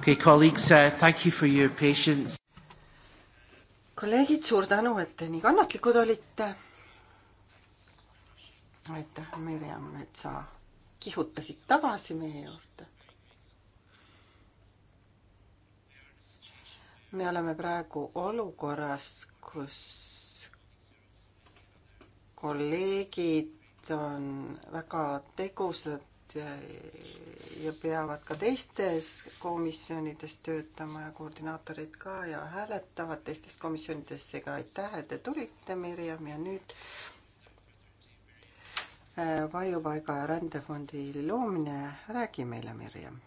okay, colleagues, uh, thank you for your patience. kolleegid, suur tänu, et te nii kannatlikud olite. aitäh, Mirjam, et sa kihutasid tagasi meie juurde. me oleme praegu olukorras, kus kolleegid on väga tegusad ja peavad ka teistes komisjonides töötama ja koordinaatorid ka ja hääletavad teistes komisjonides, seega aitäh, et te tulite, Mirjam, ja nüüd äh, varjupaiga ja rändefondi loomine, räägi meile, Mirjam.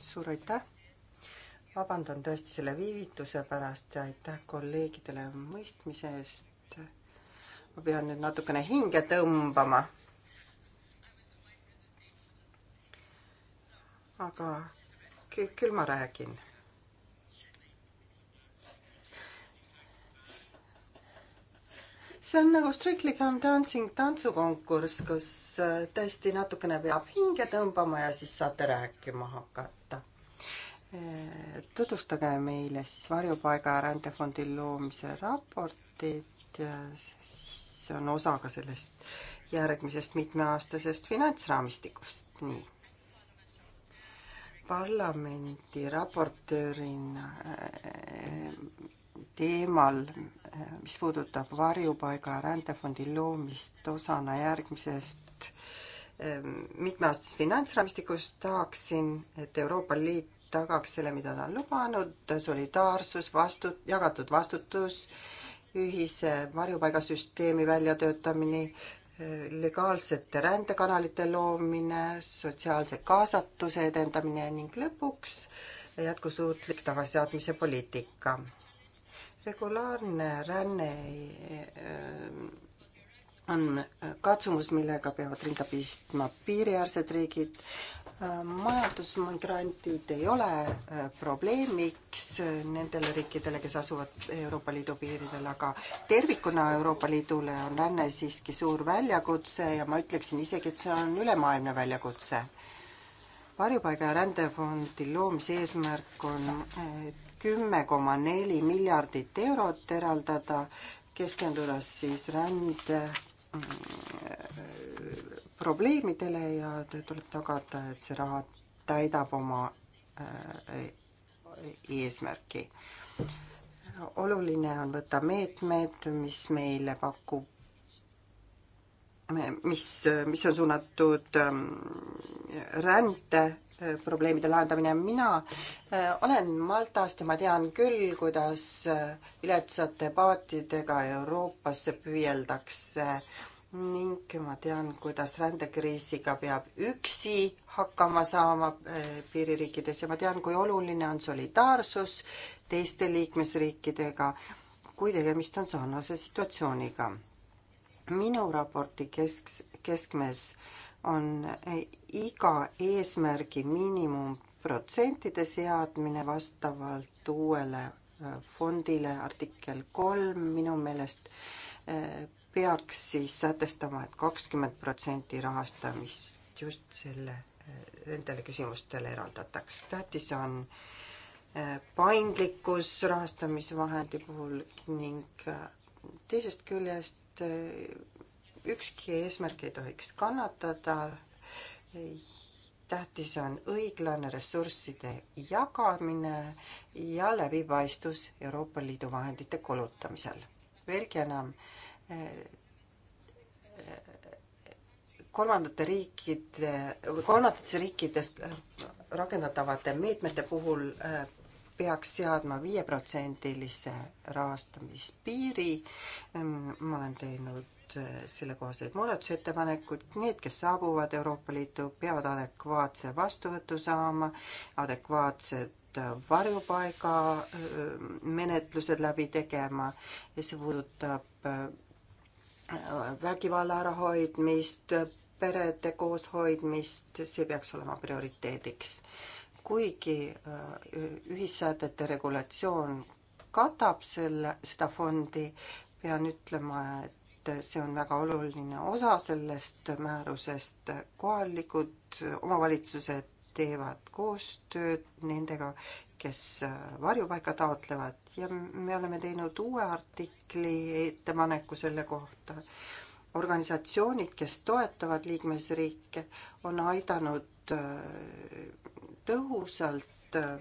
suur aitäh! vabandan tõesti selle viivituse pärast ja aitäh kolleegidele mõistmise eest. ma pean nüüd natukene hinge tõmbama aga küll ma räägin. see on nagu Strictly Come Dancing tantsukonkurss, kus äh, tõesti natukene peab hinge tõmbama ja siis saate rääkima hakata. Äh, tutvustage meile siis varjupaiga ja rändefondi loomise raportit ja siis on osa ka sellest järgmisest mitmeaastasest finantsraamistikust, nii parlamendi raportöörina äh, teemal, äh, mis puudutab varjupaiga rändefondi loomist osana järgmisest ähm, mitmeaastasest finantsraamistikust, tahaksin, et Euroopa Liit tagaks selle, mida ta on lubanud, solidaarsus, vastu, jagatud vastutus, ühise varjupaigasüsteemi väljatöötamine, legaalsete rändekanalite loomine, sotsiaalse kaasatuse edendamine ning lõpuks jätkusuutlik tagasisaatmise poliitika. regulaarne ränne äh, on katsumus, millega peavad rinda pistma piiriäärsed riigid, Äh, majandusmigrantid ei ole äh, probleemiks äh, nendele riikidele, kes asuvad Euroopa Liidu piiridel, aga tervikuna Euroopa Liidule on ränne siiski suur väljakutse ja ma ütleksin isegi, et see on ülemaailmne väljakutse. varjupaiga ja rändefondi loomise eesmärk on kümme koma neli miljardit eurot eraldada, keskendudes siis rände mm, probleemidele ja tuleb tagada, et see raha täidab oma äh, eesmärki. oluline on võtta meetmed, mis meile pakub, mis, mis on suunatud ähm, rände äh, probleemide lahendamine. mina äh, olen Maltast ja ma tean küll, kuidas viletsate paatidega Euroopasse püüeldakse ning ma tean, kuidas rändekriisiga peab üksi hakkama saama eh, piiririikides ja ma tean, kui oluline on solidaarsus teiste liikmesriikidega, kui tegemist on sarnase situatsiooniga. minu raporti kesk, keskmes on eh, iga eesmärgi miinimumprotsentide seadmine vastavalt uuele eh, fondile artikkel kolm minu meelest peaks siis sätestama et, et kakskümmend protsenti rahastamist just selle, nendele küsimustele eraldataks. tähtis on äh, paindlikkus rahastamisvahendi puhul ning äh, teisest küljest äh, ükski eesmärk ei tohiks kannatada. tähtis on õiglane ressursside jagamine ja läbipaistvus Euroopa Liidu vahendite kulutamisel. veelgi enam äh, kolmandate riikide, kolmandatesse riikidest rakendatavate meetmete puhul äh, peaks seadma viieprotsendilise rahastamispiiri. Ähm, ma olen teinud äh, sellekohaseid muudatusettepanekuid, need, kes saabuvad Euroopa Liitu, peavad adekvaatse vastuvõtu saama, adekvaatsed äh, varjupaiga menetlused läbi tegema ja see puudutab vägivalla ärahoidmist, perede kooshoidmist, see peaks olema prioriteediks. kuigi äh, ühissäätete regulatsioon katab selle, seda fondi, pean ütlema, et see on väga oluline osa sellest määrusest, kohalikud omavalitsused teevad koostööd nendega, kes äh, varjupaika taotlevad ja me oleme teinud uue artikli ettepaneku selle kohta. organisatsioonid, kes toetavad liikmesriike, on aidanud äh, tõhusalt äh,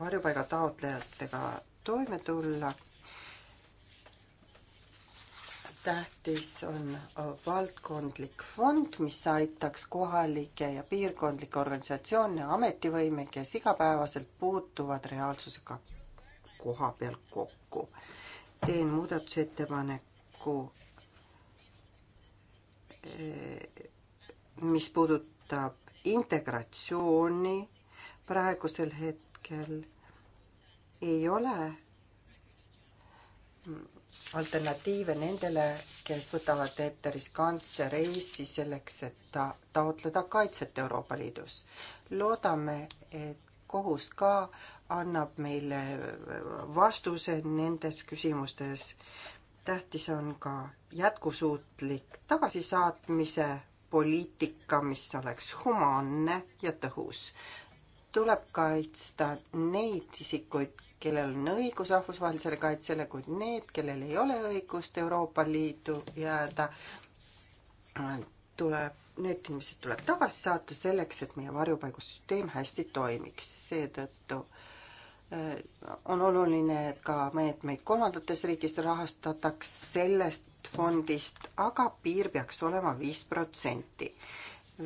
varjupaiga taotlejatega toime tulla tähtis on äh, valdkondlik fond, mis aitaks kohalikke ja piirkondlikke organisatsioone, ametivõime, kes igapäevaselt puutuvad reaalsusega koha peal kokku. teen muudatusettepaneku, äh, mis puudutab integratsiooni praegusel hetkel ei ole mm, alternatiive nendele, kes võtavad ette riskantse reisi selleks, et ta taotleda kaitset Euroopa Liidus. loodame, et kohus ka annab meile vastuse nendes küsimustes. tähtis on ka jätkusuutlik tagasisaatmise poliitika, mis oleks humaanne ja tõhus. tuleb kaitsta neid isikuid, kellel on õigus rahvusvahelisele kaitsele, kuid need, kellel ei ole õigust Euroopa Liitu jääda, tuleb, need inimesed tuleb tagasi saata selleks, et meie varjupaigusüsteem hästi toimiks. seetõttu äh, on oluline, et ka meetmeid kolmandatest riikidest rahastataks sellest fondist, aga piir peaks olema viis protsenti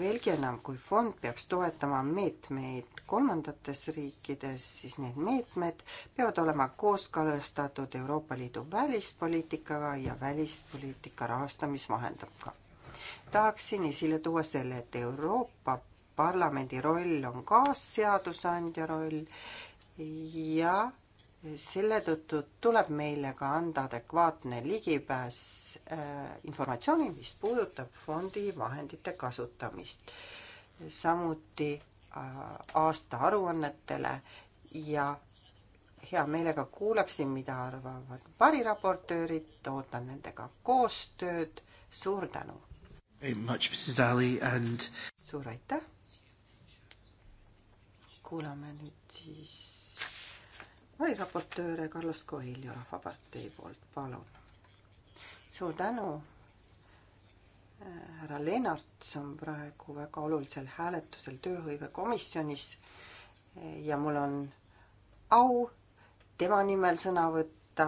veelgi enam, kui fond peaks toetama meetmeid kolmandates riikides, siis need meetmed peavad olema kooskõlastatud Euroopa Liidu välispoliitikaga ja välispoliitika rahastamisvahendiga. tahaksin esile tuua selle, et Euroopa Parlamendi roll on kaasseadusandja roll ja selle tõttu tuleb meile ka anda adekvaatne ligipääs äh, informatsioonile, mis puudutab fondi vahendite kasutamist. samuti äh, aastaaruannetele ja hea meelega kuulaksin, mida arvavad variraportöörid, ootan nendega koostööd, suur tänu! And... suur aitäh! kuulame nüüd siis variraportööre Carlos Coelho Rahvapartei poolt, palun. suur tänu. Äh, härra Lennarts on praegu väga olulisel hääletusel tööhõivekomisjonis äh, ja mul on au tema nimel sõna võtta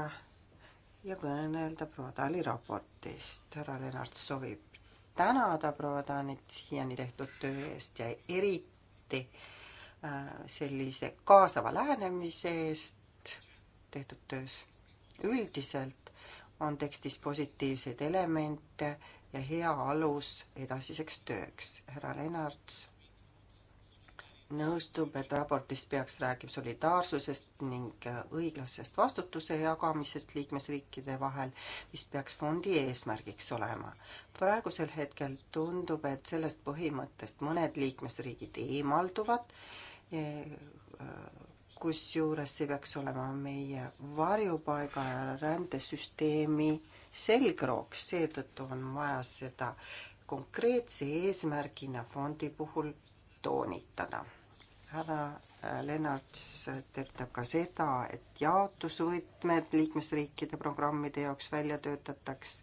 ja kõnelda proua Tali raportist. härra Lennarts soovib tänada proua Tanit siiani tehtud töö eest ja eriti äh, sellise kaasava lähenemise eest tehtud töös. üldiselt on tekstis positiivseid elemente ja hea alus edasiseks tööks. härra Lennarts nõustub, et raportis peaks rääkima solidaarsusest ning õiglasest vastutuse jagamisest liikmesriikide vahel, mis peaks fondi eesmärgiks olema. praegusel hetkel tundub, et sellest põhimõttest mõned liikmesriigid eemalduvad eh, kusjuures see peaks olema meie varjupaiga ja rändesüsteemi selgrooks, seetõttu on vaja seda konkreetse eesmärgina fondi puhul toonitada. härra äh, Lennarts tervitab ka seda, et jaotusvõtmed liikmesriikide programmide jaoks välja töötataks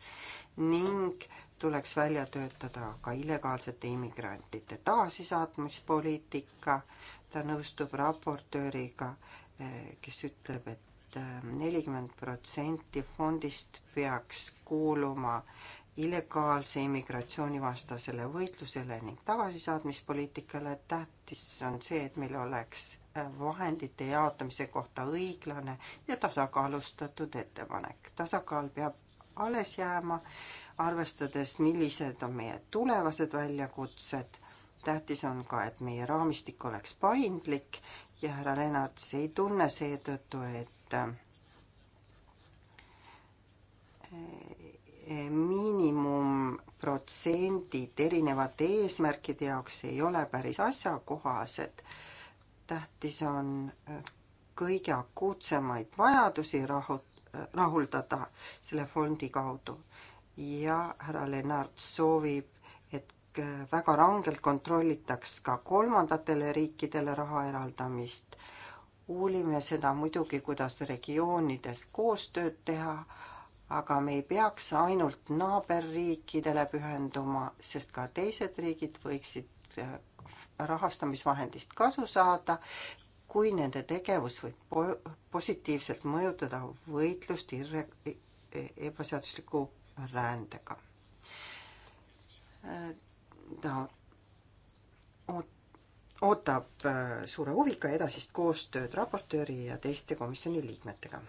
ning tuleks välja töötada ka illegaalsete immigrantide tagasisaatmispoliitika ta nõustub raportööriga, eh, kes ütleb, et eh, nelikümmend protsenti fondist peaks kuuluma illegaalse immigratsiooni vastasele võitlusele ning tagasisaatmispoliitikale. tähtis on see, et meil oleks eh, vahendite jaotamise kohta õiglane ja tasakaalustatud ettepanek. tasakaal peab alles jääma, arvestades, millised on meie tulevased väljakutsed tähtis on ka, et meie raamistik oleks paindlik ja härra Lennarts ei tunne seetõttu, et eh, miinimumprotsendid erinevate eesmärkide jaoks ei ole päris asjakohased. tähtis on eh, kõige akuutsemaid vajadusi rahu, rahuldada selle fondi kaudu ja härra Lennart soovib Äh, väga rangelt kontrollitaks ka kolmandatele riikidele raha eraldamist. uurime seda muidugi, kuidas regioonides koostööd teha, aga me ei peaks ainult naaberriikidele pühenduma, sest ka teised riigid võiksid äh, rahastamisvahendist kasu saada, kui nende tegevus võib po-, positiivselt mõjutada võitlust irre-, e-, e-, ebaseadusliku rändega. Äh, ta ootab äh, suure huviga edasist koostööd raportööri ja teiste komisjoni liikmetega.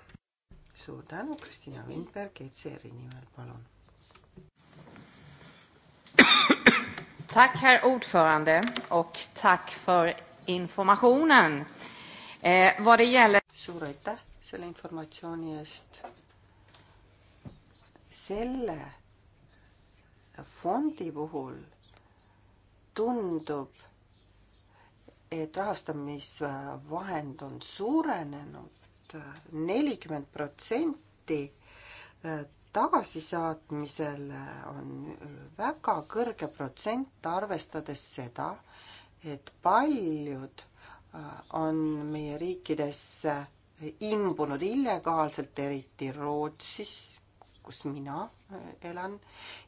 suur tänu, Kristina Vindberg ECR-i nimel, palun. Tack herr ordförande och tack för informationen eh,. Vad det gäller suur aitäh selle informatsiooni eest. selle fondi puhul tundub, et rahastamisvahend on suurenenud nelikümmend protsenti, äh, tagasisaatmisel on väga kõrge protsent, arvestades seda, et paljud äh, on meie riikidesse imbunud illegaalselt, eriti Rootsis kus mina äh, elan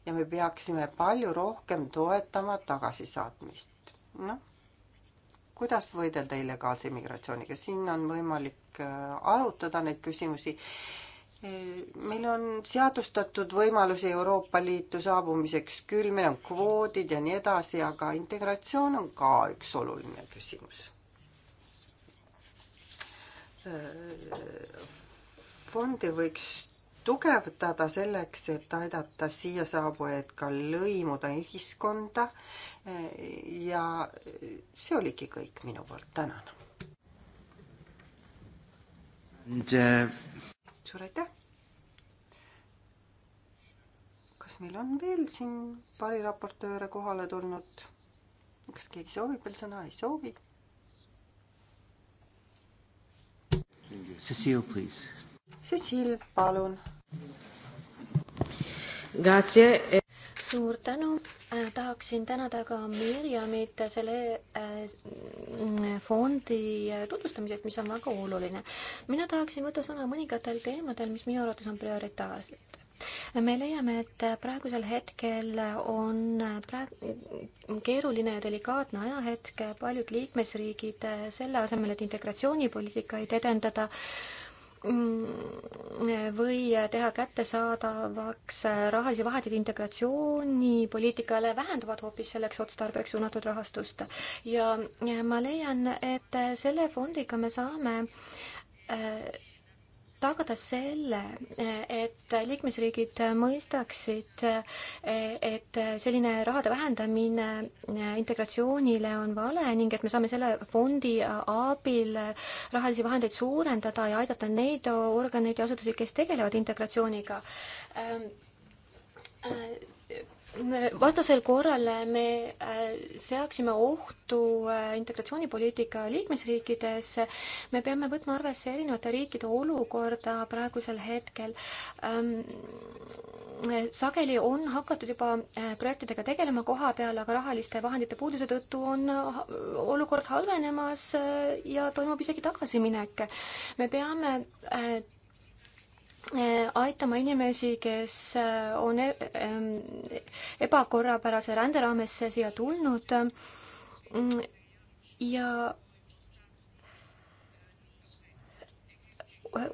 ja me peaksime palju rohkem toetama tagasisaatmist. noh, kuidas võidelda illegaalse immigratsiooniga, siin on võimalik äh, arutada neid küsimusi. Äh, meil on seadustatud võimalusi Euroopa Liitu saabumiseks küll, meil on kvoodid ja nii edasi, aga integratsioon on ka üks oluline küsimus fondi võiks tugevdada selleks, et aidata siia saabujaid ka lõimuda ühiskonda. ja see oligi kõik minu poolt, tänan. Äh, suur aitäh. kas meil on veel siin variraportööre kohale tulnud? kas keegi soovib veel sõna, ei soovi? Cecile, please. Cecile, palun Grazie. suur tänu, äh, tahaksin tänada ka Mirjamit selle äh, fondi äh, tutvustamisest, mis on väga oluline. mina tahaksin võtta sõna mõningatel teemadel, mis minu arvates on prioritaarsed me leiame, et praegusel hetkel on praegu keeruline ja delikaatne ajahetk, paljud liikmesriigid selle asemel, et integratsioonipoliitikaid edendada, Mm, või teha kättesaadavaks rahalisi vahendeid integratsioonipoliitikale, vähendavad hoopis selleks otstarbeks suunatud rahastust. ja ma leian, et selle fondiga me saame äh, tagada selle, et liikmesriigid mõistaksid, et selline rahade vähendamine integratsioonile on vale ning et me saame selle fondi abil rahalisi vahendeid suurendada ja aidata neid organeid ja asutusi, kes tegelevad integratsiooniga vastasel korral me äh, seaksime ohtu äh, integratsioonipoliitika liikmesriikides. me peame võtma arvesse erinevate riikide olukorda praegusel hetkel. Ähm, sageli on hakatud juba äh, projektidega tegelema koha peal, aga rahaliste vahendite puuduse tõttu on olukord halvenemas ja toimub isegi tagasiminek. me peame Äh, aitama inimesi, kes äh, on e-, ähm, ebakorrapärase rände raamesse siia tulnud mm, ja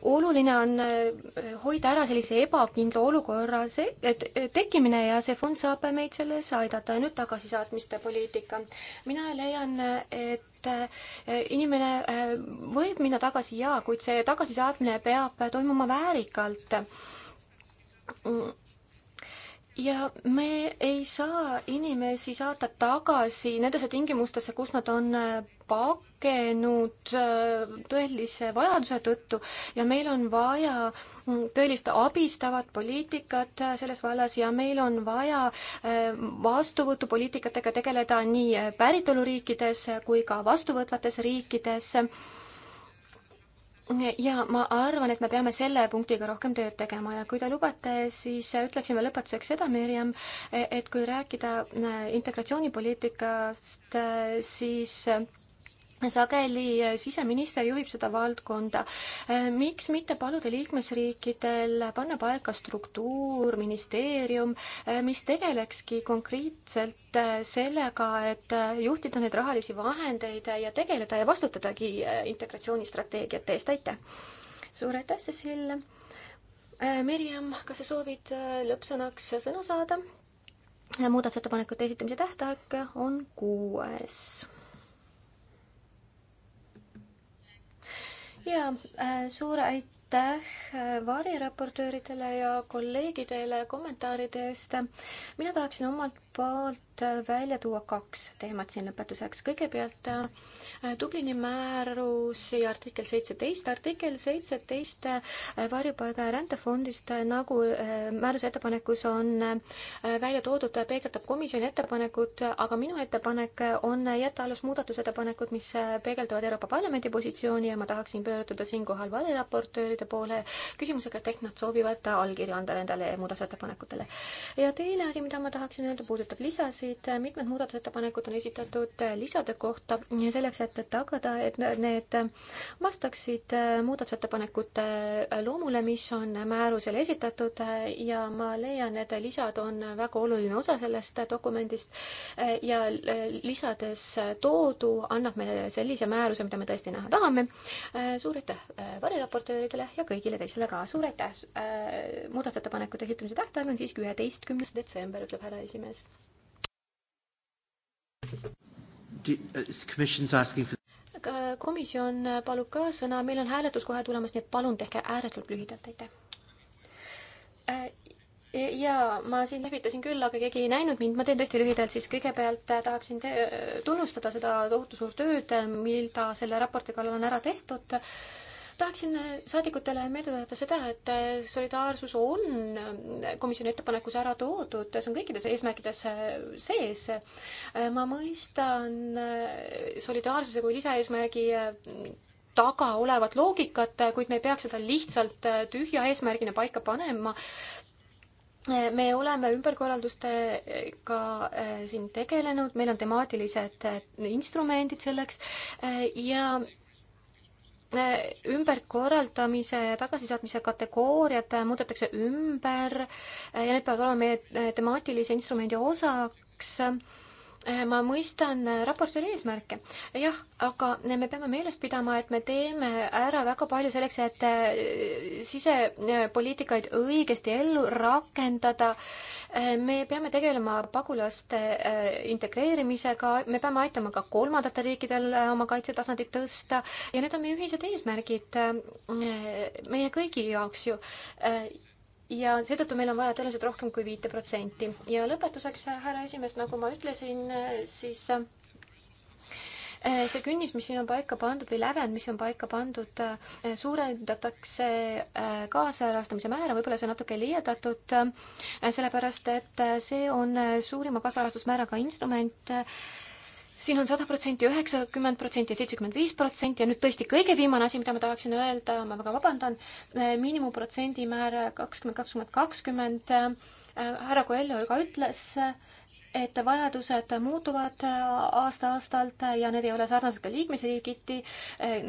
oluline on äh, hoida ära sellise ebakindla olukorra see, et äh, tekkimine ja see fond saab meid selles aidata. nüüd tagasisaatmiste poliitika. mina leian, et äh, inimene võib minna tagasi jaa, kuid see tagasisaatmine peab toimuma väärikalt. ja me ei saa inimesi saata tagasi nendesse tingimustesse, kus nad on pakenud äh, tõelise vajaduse tõttu ja meil on vaja mm, tõelist abistavat poliitikat äh, selles vallas ja meil on vaja äh, vastuvõtupoliitikatega tegeleda nii päritoluriikides kui ka vastuvõtvates riikides. ja ma arvan, et me peame selle punktiga rohkem tööd tegema ja kui te lubate, siis ütleksime lõpetuseks seda, Mirjam, e-, et kui rääkida integratsioonipoliitikast, siis sageli äh, siseminister juhib seda valdkonda. Äh, miks mitte paluda liikmesriikidel panna paika struktuur, ministeerium, äh, mis tegelekski konkreetselt sellega, et juhtida neid rahalisi vahendeid ja tegeleda ja vastutadagi integratsioonistrateegiate eest, aitäh! suur aitäh, Cecil! Mirjam, kas sa soovid lõppsõnaks sõna saada? muudatusettepanekute esitamise tähtaeg on kuues ja äh, suur aitäh äh, variraportööridele ja kolleegidele kommentaaride eest. mina tahaksin omalt poolt välja tuua kaks teemat siin lõpetuseks. kõigepealt äh, Dublini määrusi artikkel seitseteist. artikkel seitseteist äh, varjupaiga ja rändefondist, äh, nagu määruse ettepanekus on välja toodud, peegeldab komisjoni ettepanekut, aga minu ettepanek on jätta alles muudatusettepanekud, mis peegeldavad Euroopa Parlamendi positsiooni ja ma tahaksin pöörduda siinkohal valiraportööride poole küsimusega, et ehk nad soovivad allkirja anda nendele muudatusettepanekutele. ja teine asi, mida ma tahaksin öelda, puudutab puudutab lisasid, mitmed muudatusettepanekud on esitatud lisade kohta selleks, et tagada, et need vastaksid muudatusettepanekute loomule, mis on määrusele esitatud ja ma leian, et lisad on väga oluline osa sellest dokumendist ja lisades toodu annab meile sellise määruse, mida me tõesti näha tahame. suur aitäh variraportööridele ja kõigile teistele ka, suur aitäh! muudatusettepanekute esitamise tähtaeg on siiski üheteistkümnes detsember, ütleb härra esimees. Uh, komisjon palub ka sõna, meil on hääletus kohe tulemas, nii et palun tehke ääretult lühidalt, aitäh. Äh, jaa, ma siin lehvitasin küll, aga keegi ei näinud mind, ma teen tõesti lühidalt, siis kõigepealt äh, tahaksin äh, tunnustada seda tohutu suurt tööd, mida selle raporti kallal on ära tehtud tahaksin äh, saadikutele meelde tuletada seda, et äh, solidaarsus on äh, komisjoni ettepanekus ära toodud, see on kõikides eesmärkides sees. ma mõistan solidaarsuse kui lisaeesmärgi taga olevat loogikat, kuid me ei peaks seda lihtsalt tühja eesmärgina paika panema me oleme ümberkorraldustega siin tegelenud, meil on temaatilised instrumendid selleks ja ümberkorraldamise ja tagasisaatmise kategooriad muudetakse ümber ja need peavad olema meie temaatilise instrumendi osaks Eh, ma mõistan eh, raportööri eesmärke, jah, aga eh, me peame meeles pidama, et me teeme ära väga palju selleks, et sisepoliitikaid õigesti ellu rakendada. me peame tegelema pagulaste integreerimisega, me peame aitama ka kolmandatel riikidel oma kaitsetasandit tõsta ja need on meie ühised eesmärgid meie kõigi jaoks ju ja seetõttu meil on vaja tõenäoliselt rohkem kui viite protsenti. ja lõpetuseks, härra esimees, nagu ma ütlesin, siis eh, see künnis, mis siin on paika pandud või lävend, mis on paika pandud, eh, suurendatakse eh, kaasrahastamise määra, võib-olla see on natuke liialdatud, sellepärast et see on suurima kaasrahastusmääraga instrument siin on sada protsenti, üheksakümmend protsenti ja seitsekümmend viis protsenti ja nüüd tõesti kõige viimane asi, mida ma tahaksin öelda, ma väga vabandan, miinimumprotsendimäär kakskümmend, kakskümmend, kakskümmend, äh, härra Coelho juba ütles äh,, et vajadused muutuvad aasta-aastalt ja need ei ole sarnased ka liikmesriigiti.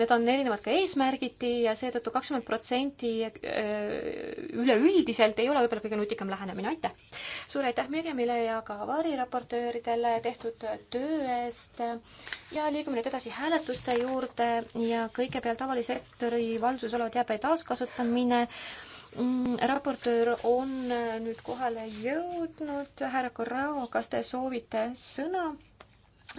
Need on erinevad ka eesmärgiti ja seetõttu kakskümmend protsenti äh, üleüldiselt ei ole võib-olla kõige nutikam lähenemine. aitäh! suur aitäh Mirjamile ja ka variraportööridele tehtud töö eest ja liigume nüüd edasi hääletuste juurde ja kõigepealt avalisektori valduses olevat jääbe taaskasutamine Mm, raportöör on äh, nüüd kohale jõudnud, härra Corrao, kas te soovite sõna?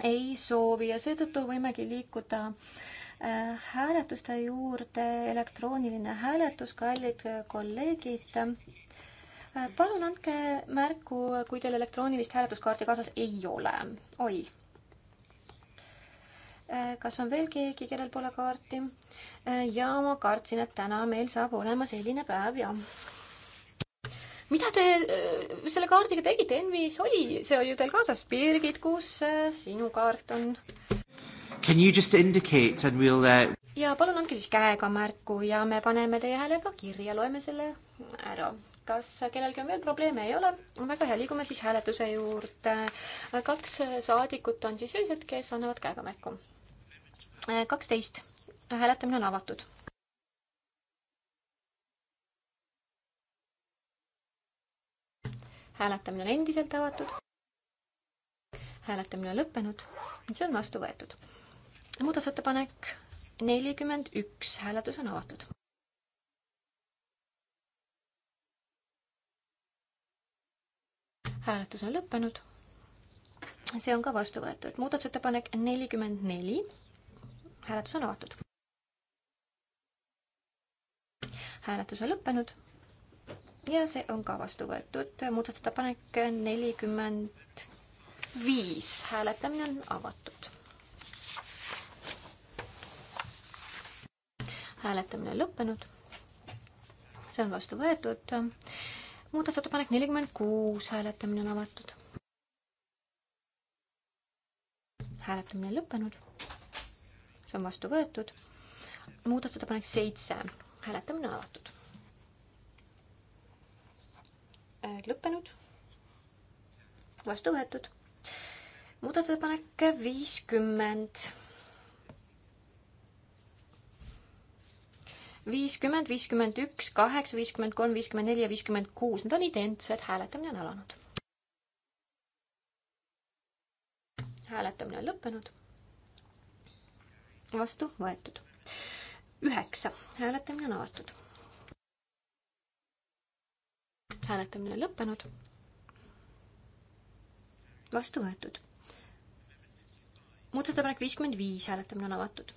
ei soovi ja seetõttu võimegi liikuda äh, hääletuste juurde, elektrooniline hääletus, kallid kolleegid. Äh, palun andke märku, kui teil elektroonilist hääletuskaarti kaasas ei ole. oi Eh, kas on veel keegi, kellel pole kaarti? Eh, ja ma kartsin, et täna meil saab olema selline päev ja mida te eh, selle kaardiga tegite, Envis oli, see oli ju teil kaasas. Birgit, kus sinu kaart on? Can you just indicate and we'll uh... ja palun andke siis käega märku ja me paneme teie hääle ka kirja, loeme selle ära kas kellelgi on veel probleeme, ei ole, väga hea, liigume siis hääletuse juurde. kaks saadikut on siis sellised, kes annavad käega märku kaksteist, hääletamine on avatud. hääletamine on endiselt avatud. hääletamine on lõppenud, see on vastu võetud. muudatusettepanek nelikümmend üks, hääletus on avatud. hääletus on lõppenud. see on ka vastu võetud. muudatusettepanek nelikümmend neli hääletus on avatud. hääletus on lõppenud ja see on ka vastu võetud. muudatusettepanek nelikümmend viis, hääletamine on avatud. hääletamine on lõppenud. see on vastu võetud. muudatusettepanek nelikümmend kuus, hääletamine on avatud. hääletamine on lõppenud see on vastu võetud. muudatusettepanek seitse, hääletamine avatud. Äh, lõppenud. vastu võetud. muudatusettepanek viiskümmend viiskümmend, viiskümmend üks, kaheksa, viiskümmend kolm, viiskümmend neli ja viiskümmend kuus, need on identsed, hääletamine on alanud. hääletamine on lõppenud vastu võetud. üheksa, hääletamine on avatud. hääletamine on lõppenud. vastu võetud. muudatusettepanek viiskümmend viis, hääletamine on avatud.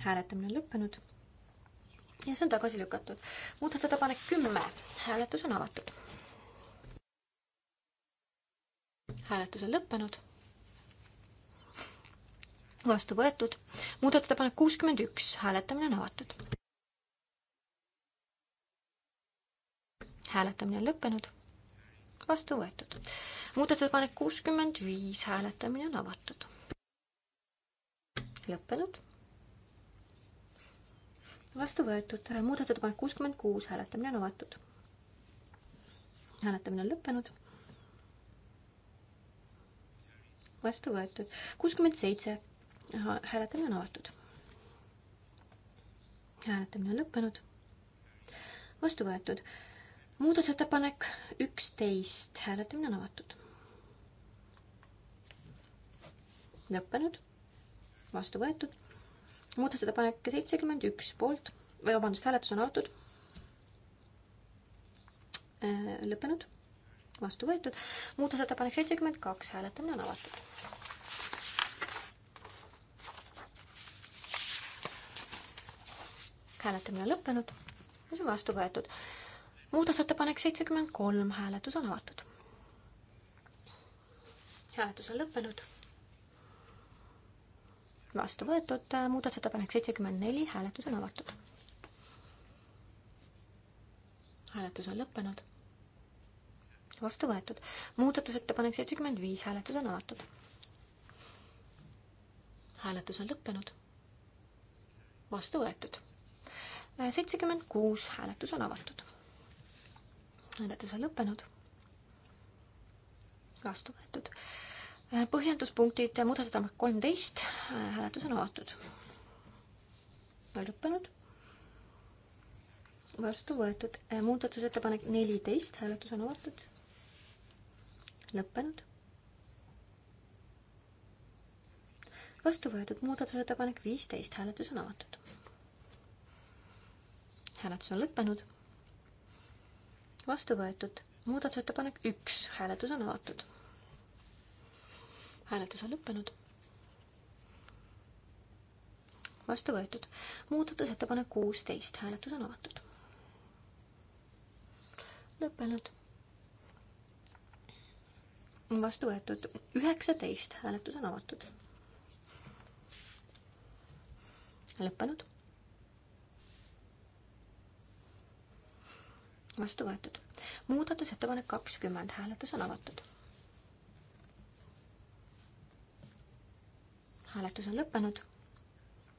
hääletamine on lõppenud. ja see on tagasi lükatud. muudatusettepanek kümme, hääletus on avatud. hääletus on lõppenud vastu võetud. muudatusettepanek kuuskümmend üks, hääletamine on avatud. hääletamine on lõppenud, vastu võetud. muudatusettepanek kuuskümmend viis, hääletamine on avatud. lõppenud. vastu võetud, muudatusettepanek kuuskümmend kuus, hääletamine on avatud. hääletamine on lõppenud vastu võetud. kuuskümmend seitse, hääletamine on avatud. hääletamine on lõppenud. vastu võetud. muudatusettepanek üksteist, hääletamine on avatud. lõppenud. vastu võetud. muudatusettepanek seitsekümmend üks poolt või vabandust, hääletus on avatud. Äh, lõppenud. vastu võetud. muudatusettepanek seitsekümmend kaks, hääletamine on avatud hääletamine on lõppenud ja see on vastu võetud. muudatusettepanek seitsekümmend kolm, hääletus on avatud. hääletus on lõppenud. vastu võetud muudatusettepanek seitsekümmend neli, hääletus on avatud. hääletus on lõppenud vastu võetud. muudatusettepanek seitsekümmend viis, hääletus on avatud. hääletus on lõppenud. vastu võetud seitsekümmend kuus, hääletus on avatud. hääletus on lõppenud. vastu võetud. põhjenduspunktid, muudatusettepanek kolmteist, hääletus on avatud. lõppenud. vastu võetud. muudatusettepanek neliteist, hääletus on avatud. lõppenud. vastu võetud muudatusettepanek viisteist, hääletus on avatud hääletus on lõppenud. vastu võetud muudatusettepanek üks, hääletus on avatud. hääletus on lõppenud. vastu võetud muudatusettepanek kuusteist, hääletus on avatud. lõppenud vastu võetud. üheksateist hääletus on avatud. lõppenud. vastu võetud. muudatusettepanek kakskümmend, hääletus on avatud. hääletus on lõppenud,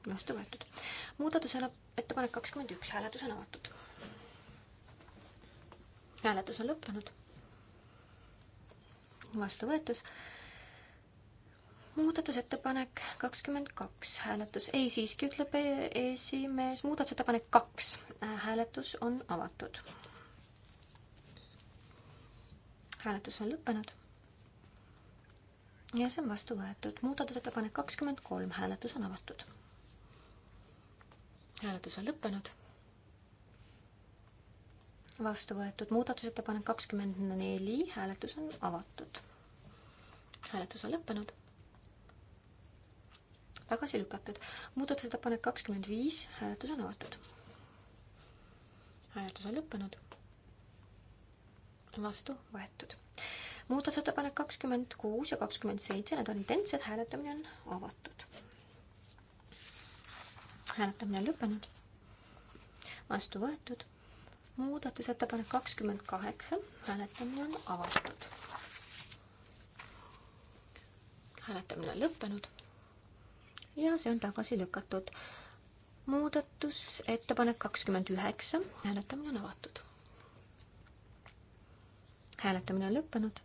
vastu võetud. muudatusettepanek kakskümmend üks, hääletus on avatud. hääletus on lõppenud, vastu võetud muudatusettepanek kakskümmend kaks, hääletus, ei siiski, ütleb e-, esimees, muudatusettepanek kaks, hääletus on avatud hääletus on lõppenud. ja see on vastu võetud. muudatusettepanek kakskümmend kolm, hääletus on avatud. hääletus on lõppenud vastu võetud muudatusettepanek kakskümmend neli, hääletus on avatud. hääletus on lõppenud. tagasi lükatud. muudatusettepanek kakskümmend viis, hääletus on avatud. hääletus on lõppenud vastu võetud. muudatusettepanek kakskümmend kuus ja kakskümmend seitse, need on identsed, hääletamine on avatud. hääletamine on lõppenud. vastu võetud. muudatusettepanek kakskümmend kaheksa, hääletamine on avatud. hääletamine on lõppenud. ja see on tagasi lükatud muudatusettepanek kakskümmend üheksa, hääletamine on avatud hääletamine on lõppenud.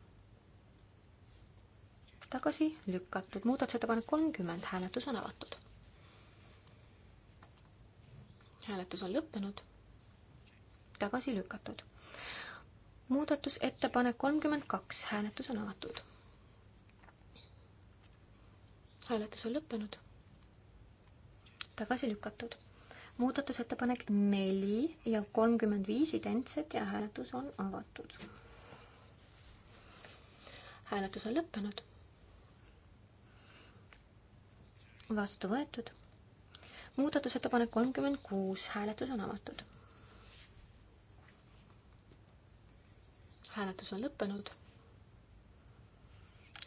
tagasi lükatud muudatusettepanek kolmkümmend, hääletus on avatud. hääletus on lõppenud. tagasi lükatud. muudatusettepanek kolmkümmend kaks, hääletus on avatud. hääletus on lõppenud. tagasi lükatud muudatusettepanek neli ja kolmkümmend viis identsed ja hääletus on avatud hääletus on lõppenud. vastu võetud. muudatusettepanek kolmkümmend kuus, hääletus on avatud. hääletus on lõppenud.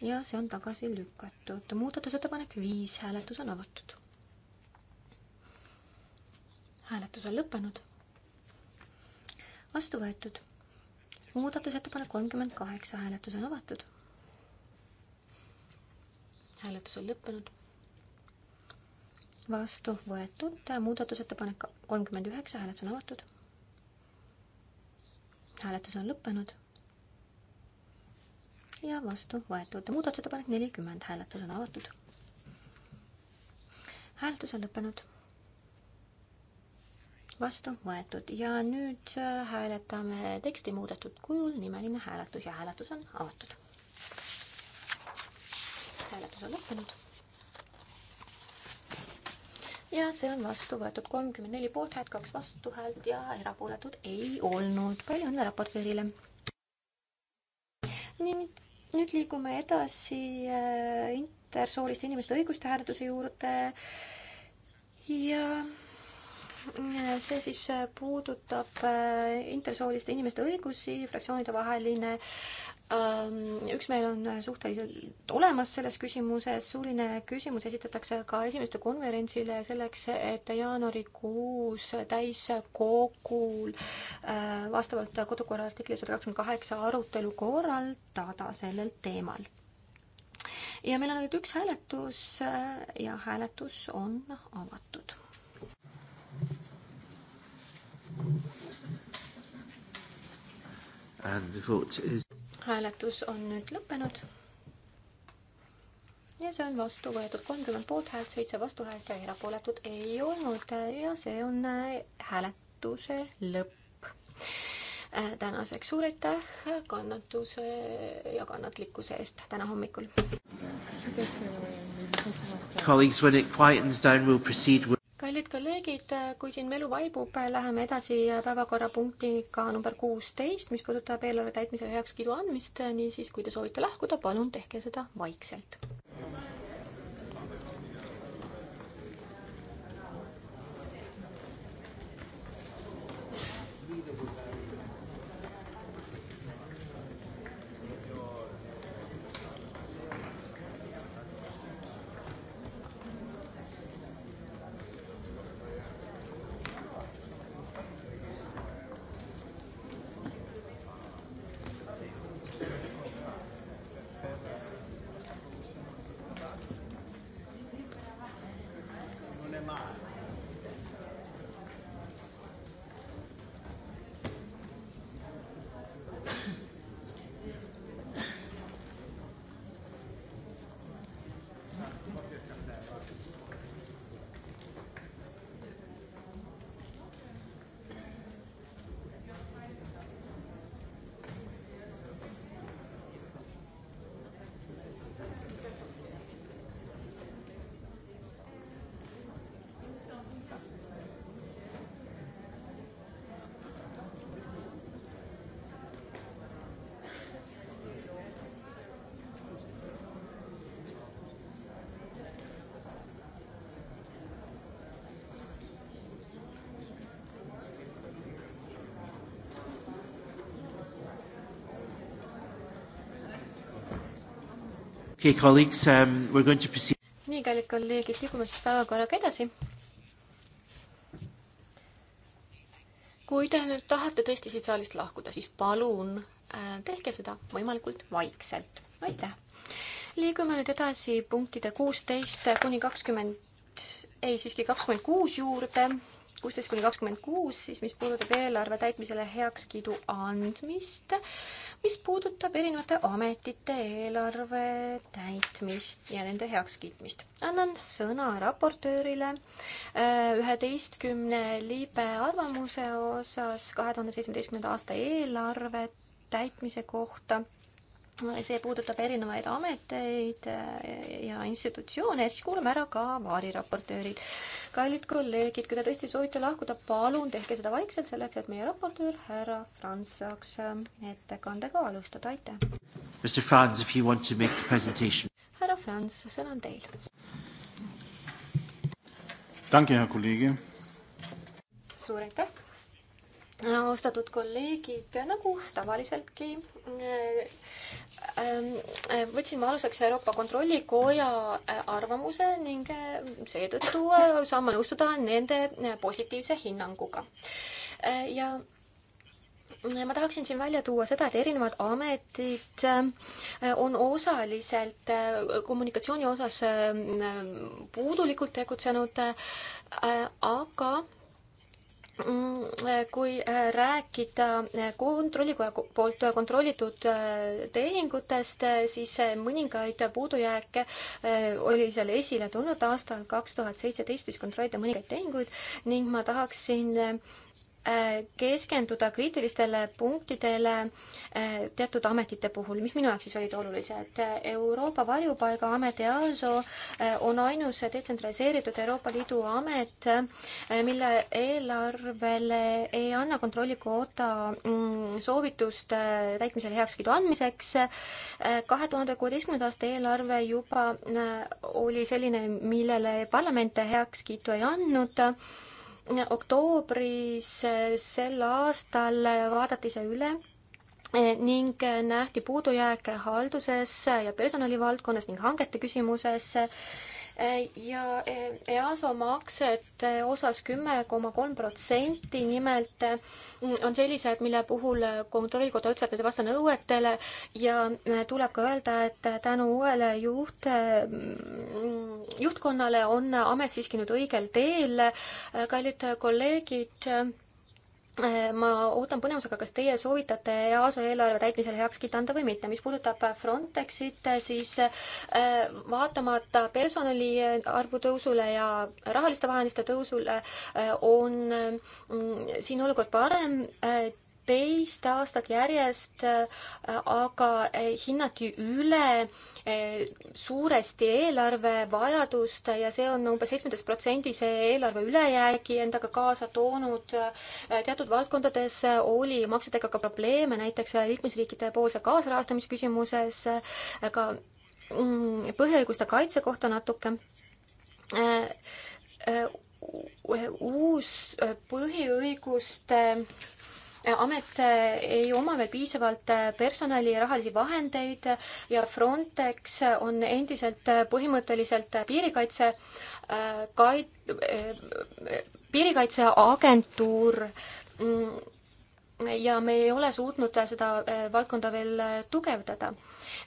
ja see on tagasi lükatud. muudatusettepanek viis, hääletus on avatud. hääletus on lõppenud. vastu võetud muudatusettepanek kolmkümmend kaheksa, hääletus on avatud hääletus on lõppenud. vastu võetud muudatusettepanek kolmkümmend üheksa, hääletus on avatud. hääletus on lõppenud. ja vastu võetud muudatusettepanek nelikümmend, hääletus on avatud. hääletus on lõppenud vastu võetud ja nüüd hääletame teksti muudetud kujul, nimeline hääletus ja hääletus on avatud hääletus on lõppenud. ja see on vastu võetud kolmkümmend neli poolthäält, kaks vastuhäält ja erapooletud ei olnud. palju õnne raportöörile. nii, nüüd liigume edasi äh, intersooliste inimeste õiguste hääletuse juurde ja see siis äh, puudutab äh, intersooliste inimeste õigusi, fraktsioonide vaheline ähm, üksmeel on äh, suhteliselt olemas selles küsimuses, suuline küsimus esitatakse ka esimeste konverentsile selleks, et jaanuarikuus täiskogul vastavalt kodukorra artikli sada kakskümmend kaheksa arutelu korraldada sellel teemal. ja meil on nüüd üks hääletus ja hääletus on avatud Is... hääletus on nüüd lõppenud. ja see on vastu võetud kolmkümmend poolthäält, seitse vastuhäält ja erapooletud ei olnud ja see on äh, hääletuse lõpp äh, tänaseks suur aitäh kannatuse ja kannatlikkuse eest täna hommikul. Colleagues, when it quietens down, we'll proceed with kallid kolleegid, kui siin melu vaibub, läheme edasi päevakorrapunktiga number kuusteist, mis puudutab eelarve täitmise heakskiidu andmist, niisiis kui te soovite lahkuda, palun tehke seda vaikselt. okay,. colleagues um,, we are going to proceed. nii, kallid kolleegid, liigume siis päevakorraga edasi. kui te nüüd tahate tõesti siit saalist lahkuda, siis palun äh, tehke seda võimalikult vaikselt. aitäh. liigume nüüd edasi punktide kuusteist kuni kakskümmend, ei siiski kakskümmend kuus juurde kuusteist kuni kakskümmend kuus, siis mis puudutab eelarve täitmisele heakskiidu andmist äh, mis puudutab erinevate ametite eelarve täitmist ja nende heakskiitmist. annan sõna raportöörile äh, üheteistkümne libe arvamuse osas kahe tuhande seitsmeteistkümnenda aasta eelarvet täitmise kohta see puudutab erinevaid ameteid äh, ja institutsioone ja siis kuulame ära ka variraportöörid. kallid kolleegid, kui te tõesti soovite lahkuda, palun tehke seda vaikselt, selleks et meie raportöör härra Franz saaks ähm, ettekandega alustada, aitäh. härra Franz, sõna on teil. suur aitäh austatud kolleegid, nagu tavaliseltki ehm, ehm, võtsin ma aluseks Euroopa Kontrollikoja eh, arvamuse ning eh, seetõttu eh, saan ma nõustuda nende positiivse hinnanguga. ja ma tahaksin siin välja tuua seda, et erinevad ametid on osaliselt kommunikatsiooni osas mm, puudulikult tegutsenud, aga Mm, äh, kui äh, rääkida äh, kontrollikoja poolt kontrollitud tehingutest, siis mõningaid puudujääke oli seal esile tulnud aastal kaks tuhat seitseteist, siis kontrolliti mõningaid tehinguid ning ma tahaksin Äh, keskenduda kriitilistele punktidele äh, teatud ametite puhul, mis minu jaoks siis olid olulised. Euroopa Varjupaigaamet EASO äh, on ainus detsentraliseeritud Euroopa Liidu amet, mille eelarvele ei anna kontrollikoda mm, soovitust täitmisele heakskiidu andmiseks. kahe tuhande kuueteistkümnenda aasta eelarve juba oli selline, millele parlament heakskiitu ei andnud oktoobris sel aastal vaadati see üle eh, ning nähti puudujääke halduses ja personalivaldkonnas ning hangete küsimuses ja e- EASO maksete osas kümme koma kolm protsenti nimelt mm, on sellised, mille puhul kontrollikoda ütles, et need ei vasta nõuetele ja mm, tuleb ka öelda, et tänu uuele juht, mm, juhtkonnale on amet siiski nüüd õigel teel. kallid kolleegid Äh, ma ootan põnevusega, kas teie soovitate EASO eelarve täitmisele heakskiit anda või mitte. mis puudutab Frontexit, siis äh, vaatamata personali arvu tõusule ja rahaliste vahendite tõusule äh, on mm, siin olukord parem teist aastat järjest, äh, aga äh, hinnati üle äh, suuresti eelarvevajadust ja see on umbes seitsmeteist protsendise eelarve ülejäägi endaga kaasa toonud. teatud valdkondades oli maksetega ka probleeme, näiteks liikmesriikide poolse kaasrahastamise küsimuses, ka mm, põhiõiguste kaitse kohta natuke uus põhiõiguste Äh, amet äh, ei oma veel piisavalt äh, personali ja rahalisi vahendeid ja Frontex on endiselt põhimõtteliselt piirikaitse kait-, piirikaitseagentuur mm, ja me ei ole suutnud seda valdkonda veel tugevdada.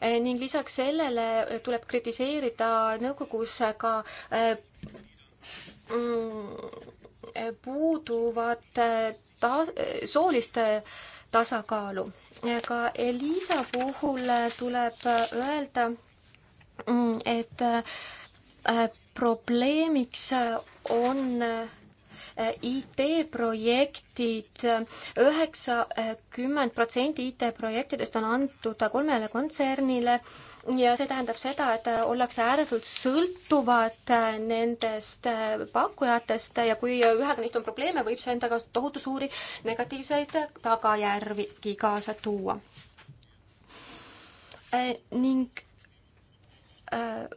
ning lisaks sellele tuleb kritiseerida nõukogus ka mm, puuduvat äh, ta-, soolist äh, tasakaalu. ka Elisa puhul äh, tuleb öelda, mm, et probleemiks on IT-projektid, üheksakümmend protsenti IT-projektidest on antud kolmele kontsernile ja see tähendab seda, et ollakse ääretult sõltuvad nendest pakkujatest ja kui ühega neist on probleeme, võib see endaga tohutu suuri negatiivseid tagajärgi kaasa tuua. ning äh,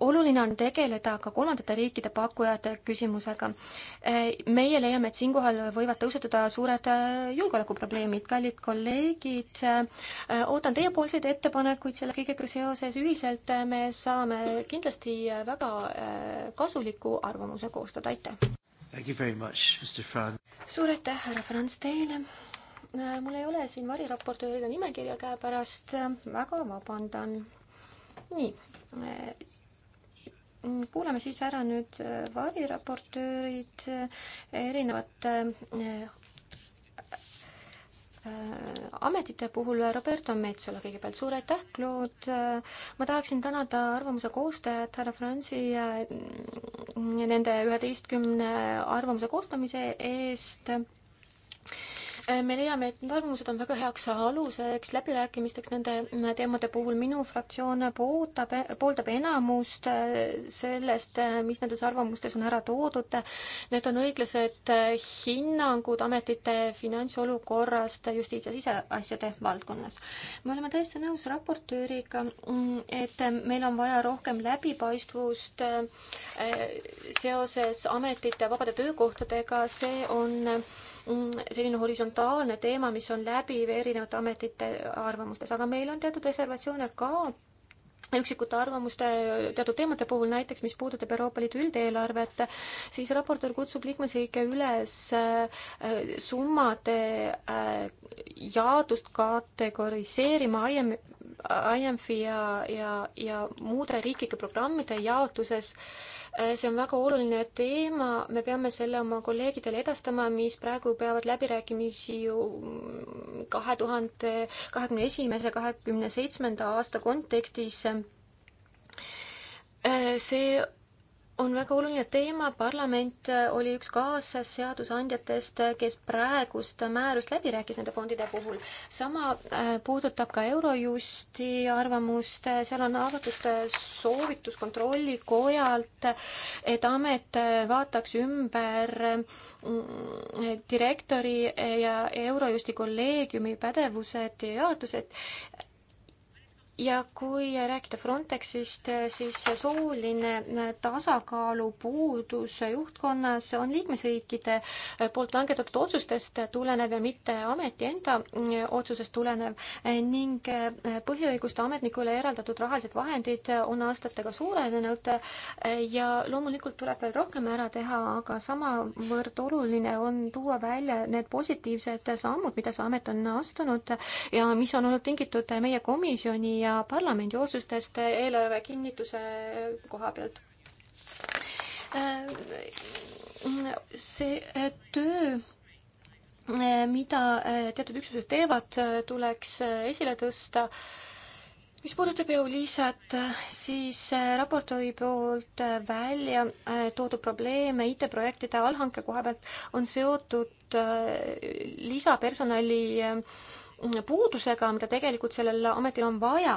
oluline on tegeleda ka kolmandate riikide pakkujate küsimusega. meie leiame, et siinkohal võivad tõusetuda suured äh, julgeolekuprobleemid. kallid kolleegid, äh, ootan teiepoolseid ettepanekuid selle kõigega seoses. ühiselt äh, me saame kindlasti väga kasuliku arvamuse koostada, aitäh! suur aitäh, härra Franz, teile! mul ei ole siin variraportööride nimekirja käepärast, väga vabandan nii, eh, kuulame siis ära nüüd eh, variraportöörid eh, erinevate ametite puhul Roberto Metsola kõigepealt, suur aitäh, Claude. ma tahaksin tänada arvamuse koostajat, härra Franzi, nende üheteistkümne arvamuse koostamise eest Äh, me leiame, et need arvamused on väga heaks aluseks läbirääkimisteks nende äh, teemade puhul. minu fraktsioon pooldab, pooldab enamust äh, sellest, mis nendes arvamustes on ära toodud. Need on õiglased hinnangud ametite finantsolukorrast justiits- ja siseasjade valdkonnas. me oleme täiesti nõus raportööriga, mm, et meil on vaja rohkem läbipaistvust seoses ametite vabade töökohtadega, see on Mm, selline horisontaalne teema, mis on läbiv erinevate ametite arvamustes, aga meil on teatud reservatsioone ka üksikute arvamuste teatud teemade puhul, näiteks mis puudutab Euroopa Liidu üldeelarvet, siis raportöör kutsub liikmesriike üles äh, summade äh, jaotust kategoriseerima IM, IMF-i ja, ja, ja muude riiklike programmide jaotuses äh, Äh, see on väga oluline teema, me peame selle oma kolleegidele edastama, mis praegu peavad läbirääkimisi ju mm, kahe tuhande kahekümne esimese, kahekümne seitsmenda aasta kontekstis äh, see on väga oluline teema, parlament äh, oli üks kaasseadusandjatest, äh, kes praegust määrust läbi rääkis nende fondide puhul. sama äh, puudutab ka Eurojusti arvamust, seal on avatud soovitus kontrollikojalt, et amet vaataks ümber mm, direktori ja Eurojusti kolleegiumi pädevused ja jaotused ja kui rääkida Frontexist, siis sooline tasakaalu puudus juhtkonnas on liikmesriikide poolt langetatud otsustest tulenev ja mitte ameti enda otsusest tulenev ning põhiõiguste ametnikule eraldatud rahalised vahendid on aastatega suurenenud ja loomulikult tuleb veel rohkem ära teha, aga samavõrd oluline on tuua välja need positiivsed sammud, mida see amet on astunud ja mis on olnud tingitud meie komisjoni ja ja parlamendi otsustest eelarve kinnituse koha pealt. see töö mida teatud üksused teevad, tuleks esile tõsta. mis puudutab EULISA-t, siis raportööri poolt välja toodud probleeme IT-projektide allhanke koha pealt on seotud lisapersonali puudusega, mida tegelikult sellel ametil on vaja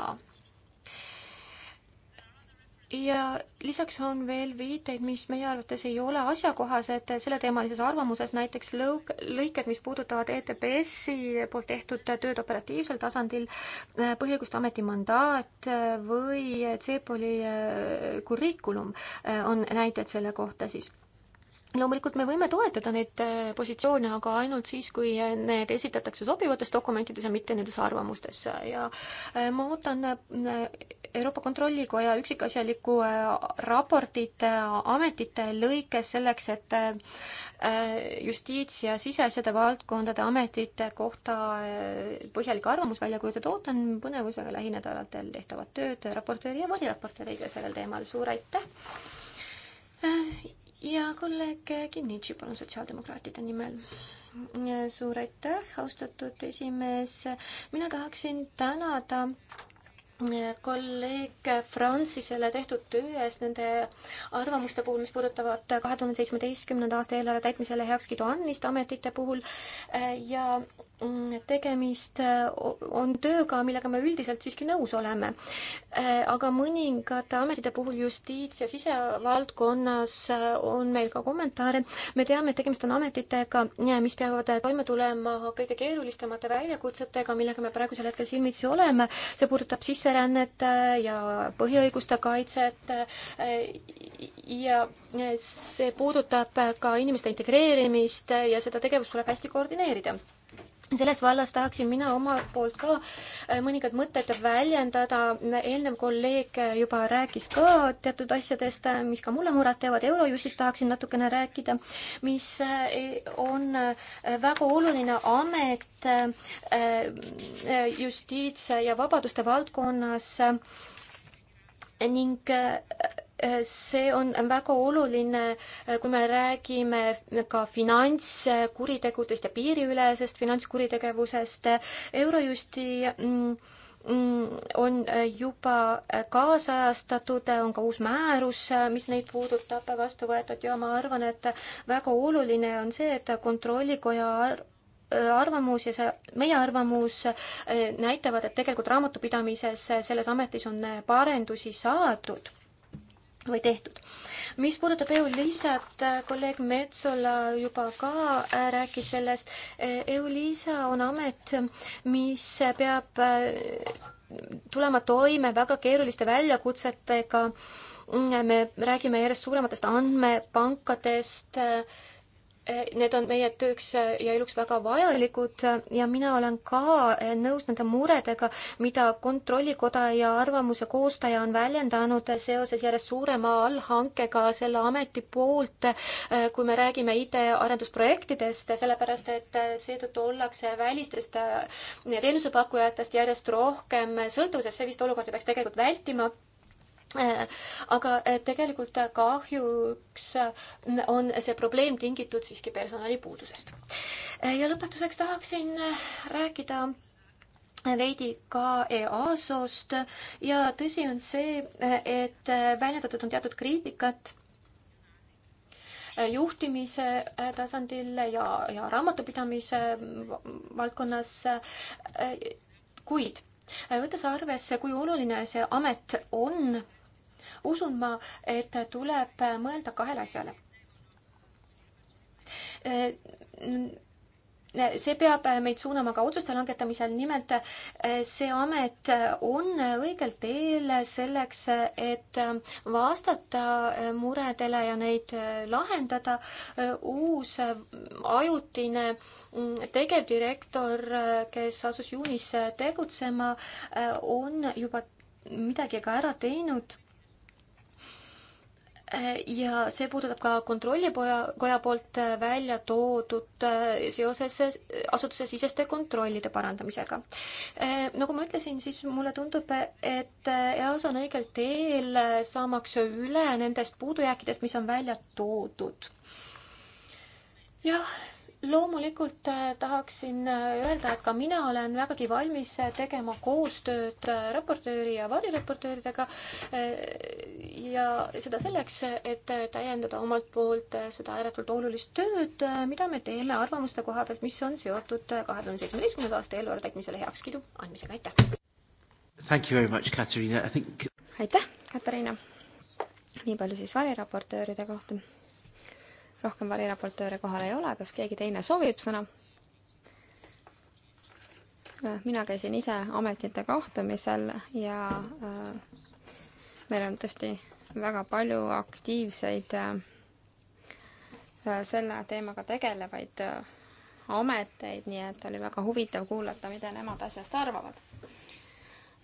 ja lisaks on veel viiteid, mis meie arvates ei ole asjakohased selleteemalises arvamuses, näiteks lõuk-, lõiked, mis puudutavad ETPS-i poolt tehtud tööd operatiivsel tasandil, Põhiõiguste Ameti mandaat või CEPOL-i kurriikulum eh, eh, on näited selle kohta siis loomulikult me võime toetada neid äh, positsioone, aga ainult siis, kui äh, need esitatakse sobivates dokumentides ja mitte nendes arvamustes ja äh, ma ootan Euroopa Kontrollikoja üksikasjalikku raportit ametite lõikes selleks, et justiits- ja siseasjade valdkondade ametite kohta põhjalik arvamus välja kujutada, ootan põnevusega lähinädalatel tehtavat tööd raportööri ja variraportööriga sellel teemal, suur aitäh! ja kolleeg Kinnitši, palun, sotsiaaldemokraatide nimel. suur aitäh, austatud esimees. mina tahaksin tänada kolleeg Francisele tehtud töö eest nende arvamuste puhul, mis puudutavad kahe tuhande seitsmeteistkümnenda aasta eelarve täitmisele heakskiidu andmist ametite puhul ja Mm, tegemist äh, on tööga, millega me üldiselt siiski nõus oleme. Äh, aga mõningate ametite puhul justiits- ja sisevaldkonnas äh, on meil ka kommentaare. me teame, et tegemist on ametitega, mis peavad toime tulema kõige keerulisemate väljakutsetega, millega me praegusel hetkel silmitsi oleme. see puudutab sisserännet ja põhiõiguste kaitset ja see puudutab ka inimeste integreerimist ja seda tegevust tuleb hästi koordineerida selles vallas tahaksin mina omalt poolt ka äh, mõningad mõtted väljendada, eelnev kolleeg juba rääkis ka teatud asjadest, äh, mis ka mulle muret teevad, Eurojustist tahaksin natukene rääkida, mis äh, on väga oluline amet justiits- ja vabaduste valdkonnas ning Äh, see on väga oluline, äh, kui me räägime ka finantskuritegudest ja piiriülesest finantskuritegevusest. Eurojusti mm, mm, on äh, juba kaasajastatud, on ka uus määrus, mis neid puudutab, vastu võetud ja ma arvan, et väga oluline on see, et kontrollikoja arvamus ja see meie arvamus näitavad, et tegelikult raamatupidamises selles ametis on parendusi saadud või tehtud. mis puudutab EULISA-t, äh, kolleeg Metsola juba ka äh, rääkis sellest, äh, EULISA on amet, mis peab tulema toime väga keeruliste väljakutsetega, mm, me räägime järjest suurematest andmepankadest äh,, Eh, need on meie tööks eh, ja eluks väga vajalikud eh, ja mina olen ka nõus nende muredega, mida Kontrollikoda ja arvamuse koostaja on väljendanud seoses järjest suurema allhankega selle ameti poolt, kui me räägime IT-arendusprojektidest, sellepärast et seetõttu ollakse välistest teenusepakkujatest järjest rohkem sõltuvuses, sellist olukorda peaks tegelikult vältima Äh, aga äh, tegelikult kahjuks äh, on see probleem tingitud siiski personalipuudusest. ja lõpetuseks tahaksin rääkida veidi ka EASO-st ja tõsi on see, et väljendatud on teatud kriitikat juhtimise tasandil ja, ja raamatupidamise valdkonnas, kuid võttes arvesse, kui oluline see amet on usun ma, et tuleb mõelda kahele asjale äh, see peab meid suunama ka otsuste langetamisel, nimelt äh, see amet on õigel teel selleks, et vastata äh, muredele ja neid lahendada. uus ajutine mm, tegevdirektor, kes asus juunis tegutsema, on juba midagi ka ära teinud ja see puudutab ka kontrollipoja, koja poolt äh, välja toodud äh, seoses äh, asutusesiseste kontrollide parandamisega. nagu ma ütlesin, siis mulle tundub, et EAS on õigel teel, saamaks üle nendest puudujääkidest, mis on välja toodud. jah loomulikult äh, tahaksin äh, öelda, et ka mina olen vägagi valmis äh, tegema koostööd raportööri ja variraportööridega ja seda selleks, et täiendada omalt poolt seda ääretult olulist tööd, mida me teeme arvamuste koha pealt, mis on seotud kahe tuhande seitsmeteistkümnenda aasta eelarve täitmisele heakskiidu andmisega, aitäh! Thank you very much, Katariina, I think aitäh, Katariina! nii palju siis variraportööride kohta rohkem variraportööre kohal ei ole, kas keegi teine soovib sõna? Äh, mina käisin ise ametite kohtumisel ja äh, meil on tõesti väga palju aktiivseid äh, selle teemaga tegelevaid ameteid, nii et oli väga huvitav kuulata, mida nemad asjast arvavad.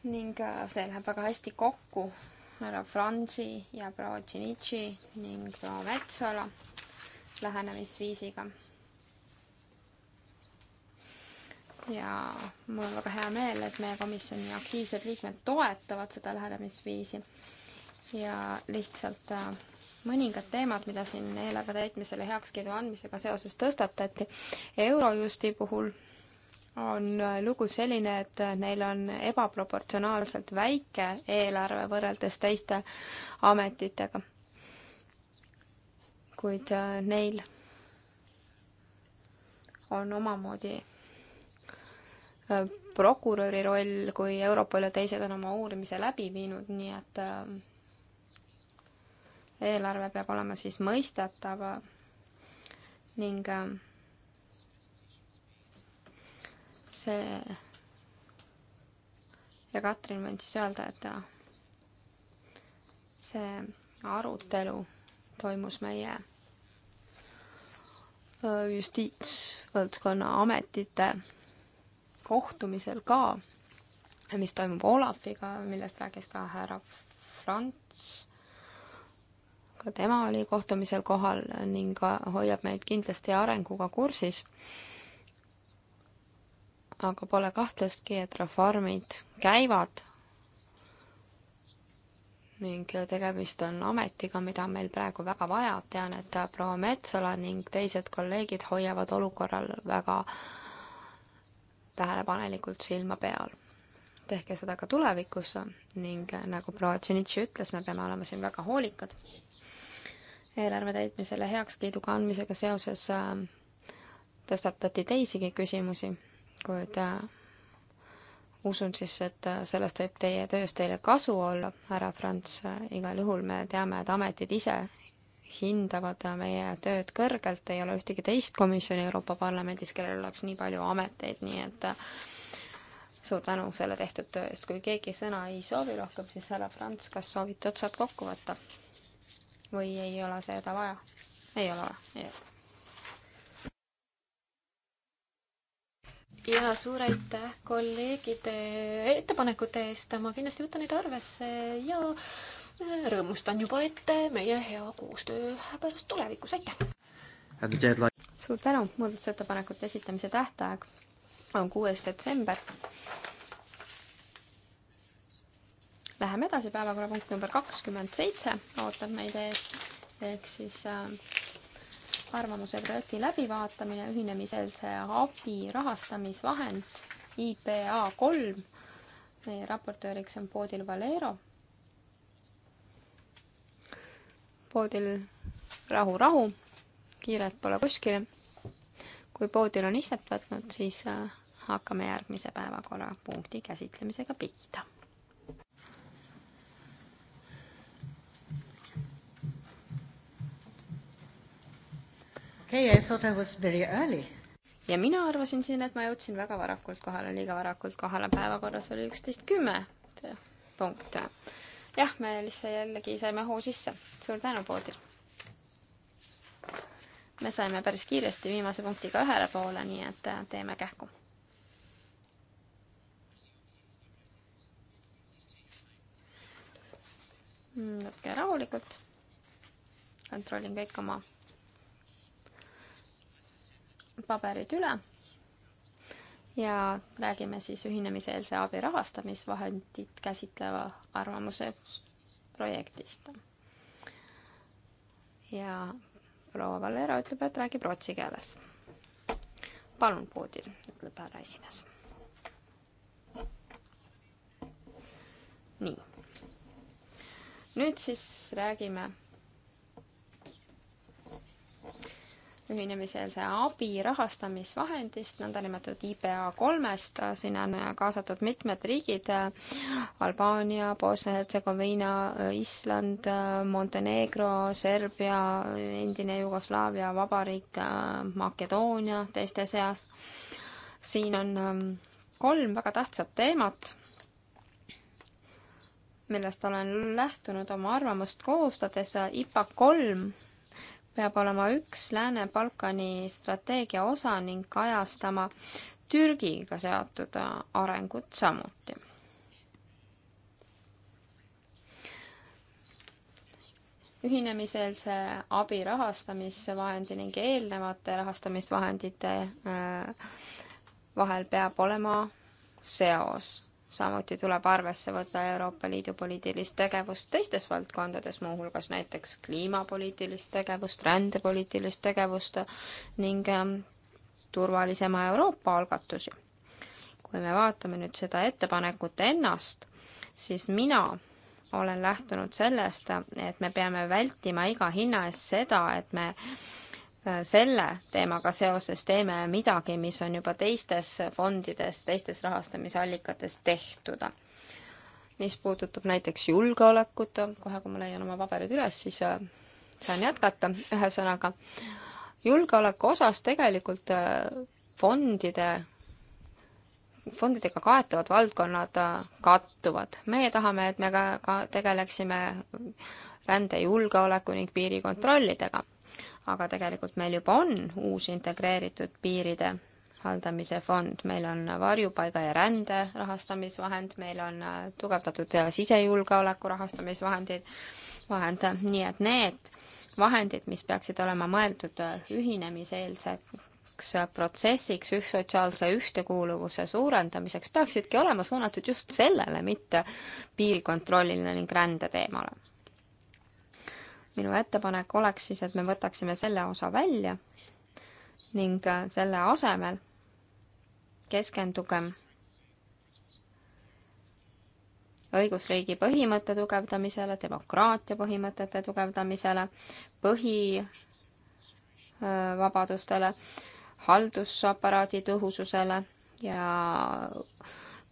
ning see läheb väga hästi kokku härra Franzi ja proua Tšinitši ning proua Metsola lähenemisviisiga. ja mul on väga hea meel, et meie komisjoni aktiivsed liikmed toetavad seda lähenemisviisi ja lihtsalt äh, mõningad teemad, mida siin eelarve täitmisele heakskiidu andmisega seoses tõstatati. Eurojusti puhul on äh, lugu selline, et äh, neil on ebaproportsionaalselt väike eelarve võrreldes teiste ametitega kuid äh, neil on omamoodi äh, prokuröri roll, kui Europol ja teised on oma uurimise läbi viinud, nii et äh, eelarve peab olema siis mõistetav ning see ja Katrin võin siis öelda, et see arutelu toimus meie Äh, justiitsvaldkonna ametite kohtumisel ka, mis toimub Olafiga, millest rääkis ka härra Franz. ka tema oli kohtumisel kohal ning hoiab meid kindlasti arenguga kursis. aga pole kahtlustki, et reformid käivad ning tegemist on ametiga, mida on meil praegu väga vaja. tean, et proua Metsola ning teised kolleegid hoiavad olukorral väga tähelepanelikult silma peal. tehke seda ka tulevikus ning nagu proua Tšinitši ütles, me peame olema siin väga hoolikad. eelarve täitmisele heakskiiduga andmisega seoses äh, tõstatati teisigi küsimusi, kuid äh, usun siis, et äh, sellest võib teie töös teile kasu olla, härra Franz, äh, igal juhul me teame, et ametid ise hindavad äh, meie tööd kõrgelt, ei ole ühtegi teist komisjoni Euroopa Parlamendis, kellel oleks nii palju ameteid, nii et suur tänu selle tehtud töö eest, kui keegi sõna ei soovi rohkem, siis härra Franz, kas soovite otsad kokku võtta? või ei ole seda vaja? ei ole vaja? ja suur aitäh kolleegide ettepanekute eest, ma kindlasti võtan neid arvesse ja äh, rõõmustan juba ette meie hea koostöö pärast tulevikus, aitäh! suur tänu, muudatusettepanekute esitamise tähtaeg on kuues detsember. Läheme edasi, päevakorrapunkt number kakskümmend seitse ootab meid ees, ehk siis äh, arvamuse projekti läbivaatamine, ühinemiseelse abi rahastamisvahend IPA kolm. meie raportööriks on Poodil Valero. Poodil rahu, rahu, kiiret pole kuskile. kui Poodil on istet võtnud, siis äh, hakkame järgmise päevakorrapunkti käsitlemisega pihta okay,. ja mina arvasin siin, et ma jõudsin väga varakult kohale, liiga varakult kohale, päevakorras oli üksteist kümme punkt. jah, me lihtsalt jällegi saime hoo sisse. suur tänu, poodil. me saime päris kiiresti viimase punktiga ühele poole, nii et äh, teeme kähku. Mm, võtke rahulikult. kontrollin kõik oma paberid üle ja räägime siis ühinemiseelse abi rahastamisvahendit käsitleva arvamuse projektist. ja proua Valero ütleb, et räägib rootsi keeles. palun poodil, ütleb härra esimees. nii. nüüd siis räägime ühinemiseelse abi rahastamisvahendist, nõndanimetatud IPA kolmest, sinna on kaasatud mitmed riigid, Albaania, Bosnia-Hertsegoviina, Island, Montenegro, Serbia, endine Jugoslaavia vabariik, Makedoonia teiste seas. siin on ähm, kolm väga tähtsat teemat millest olen lähtunud oma arvamust koostades, IPA kolm peab olema üks Lääne-Balkani strateegia osa ning kajastama Türgiga seotud arengut samuti. ühinemiseelse abi rahastamisvahendi ning eelnevate rahastamisvahendite äh, vahel peab olema seos samuti tuleb arvesse võtta Euroopa Liidu poliitilist tegevust teistes valdkondades, muuhulgas näiteks kliimapoliitilist tegevust, rändepoliitilist tegevust ning ähm, turvalisema Euroopa algatusi. kui me vaatame nüüd seda ettepanekut ennast, siis mina olen lähtunud sellest, et me peame vältima iga hinna eest seda, et me Äh, selle teemaga seoses teeme midagi, mis on juba teistes fondides, teistes rahastamisallikates tehtud. mis puudutab näiteks julgeolekut, kohe kui ma leian oma paberid üles, siis äh, saan jätkata, ühesõnaga julgeoleku osas tegelikult äh, fondide fondidega kaetavad valdkonnad kattuvad. meie tahame, et me ka, ka tegeleksime rändejulgeoleku ning piirikontrollidega aga tegelikult meil juba on uus integreeritud piiride haldamise fond, meil on varjupaiga ja rände rahastamisvahend, meil on tugevdatud sisejulgeoleku rahastamisvahendid, vahend, nii et need vahendid, mis peaksid olema mõeldud ühinemiseelseks protsessiks, üh-, sotsiaalse ühtekuuluvuse suurendamiseks, peaksidki olema suunatud just sellele, mitte piirkontrollile ning rändeteemale minu ettepanek oleks siis, et me võtaksime selle osa välja ning äh, selle asemel keskendugem õigusriigi põhimõtte tugevdamisele, demokraatia põhimõtete tugevdamisele, põhivabadustele, äh, haldusaparaadi tõhususele ja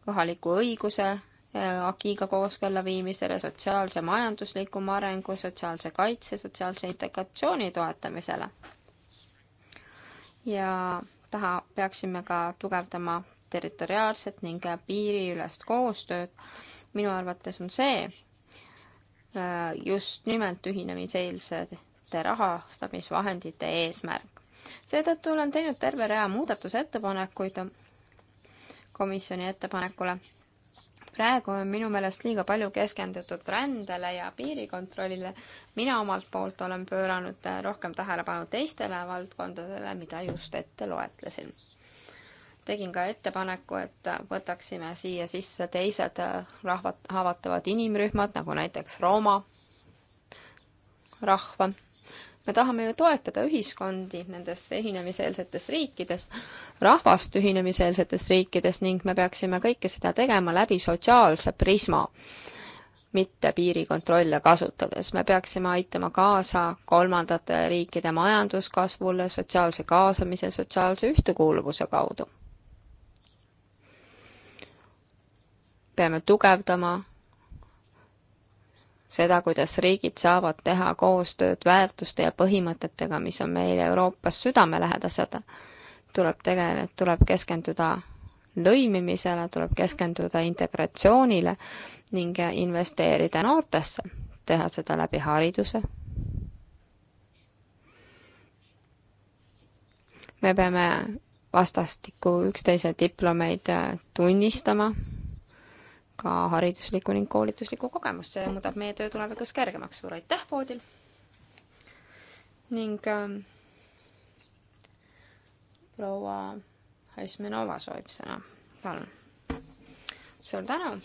kohaliku õiguse Äh, agiga kooskõlla viimisele, sotsiaalse majanduslikum arengu, sotsiaalse kaitse, sotsiaalse integratsiooni toetamisele. ja taha peaksime ka tugevdama territoriaalset ning piiriülest koostööd. minu arvates on see äh, just nimelt ühinemiseelsete rahastamisvahendite eesmärk. seetõttu olen teinud terve rea muudatusettepanekuid komisjoni ettepanekule praegu on minu meelest liiga palju keskendutud rändele ja piirikontrollile. mina omalt poolt olen pööranud äh, rohkem tähelepanu teistele valdkondadele, mida just ette loetlesin. tegin ka ettepaneku, et äh, võtaksime siia sisse teised äh, rahvat-, haavatavad inimrühmad, nagu näiteks Rooma rahva me tahame ju toetada ühiskondi nendes ühinemiseelsetes riikides, rahvast ühinemiseelsetes riikides ning me peaksime kõike seda tegema läbi sotsiaalse prisma, mitte piirikontrolle kasutades. me peaksime aitama kaasa kolmandate riikide majanduskasvule sotsiaalse kaasamise, sotsiaalse ühtekuuluvuse kaudu. peame tugevdama seda, kuidas riigid saavad teha koostööd väärtuste ja põhimõtetega, mis on meile Euroopas südamelähedased, tuleb tegeleda, tuleb keskenduda lõimimisele, tuleb keskenduda integratsioonile ning investeerida noortesse, teha seda läbi hariduse. me peame vastastikku üksteise diplomeid tunnistama ka hariduslikku ning koolituslikku kogemust, see muudab meie töö tulevikus kergemaks. suur aitäh poodil! ning ähm, proua Haismenova soovib sõna, palun. suur tänu!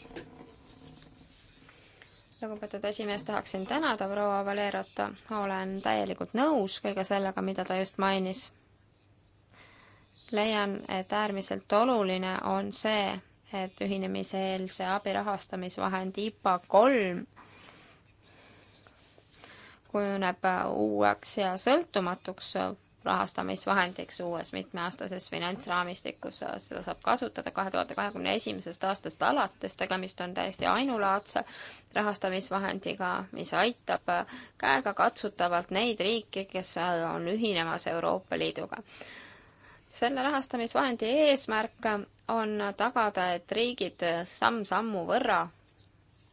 lugupeetud esimees, tahaksin tänada proua Valerot, olen täielikult nõus kõige sellega, mida ta just mainis leian, et äärmiselt oluline on see, et ühinemiseelse abi rahastamisvahend IPA kolm kujuneb uueks ja sõltumatuks rahastamisvahendiks uues mitmeaastases finantsraamistikus, seda saab kasutada kahe tuhande kahekümne esimesest aastast alates, tegemist on täiesti ainulaadse rahastamisvahendiga, mis aitab käegakatsutavalt neid riike, kes on ühinemas Euroopa Liiduga selle rahastamisvahendi eesmärk on tagada, et riigid samm-sammu võrra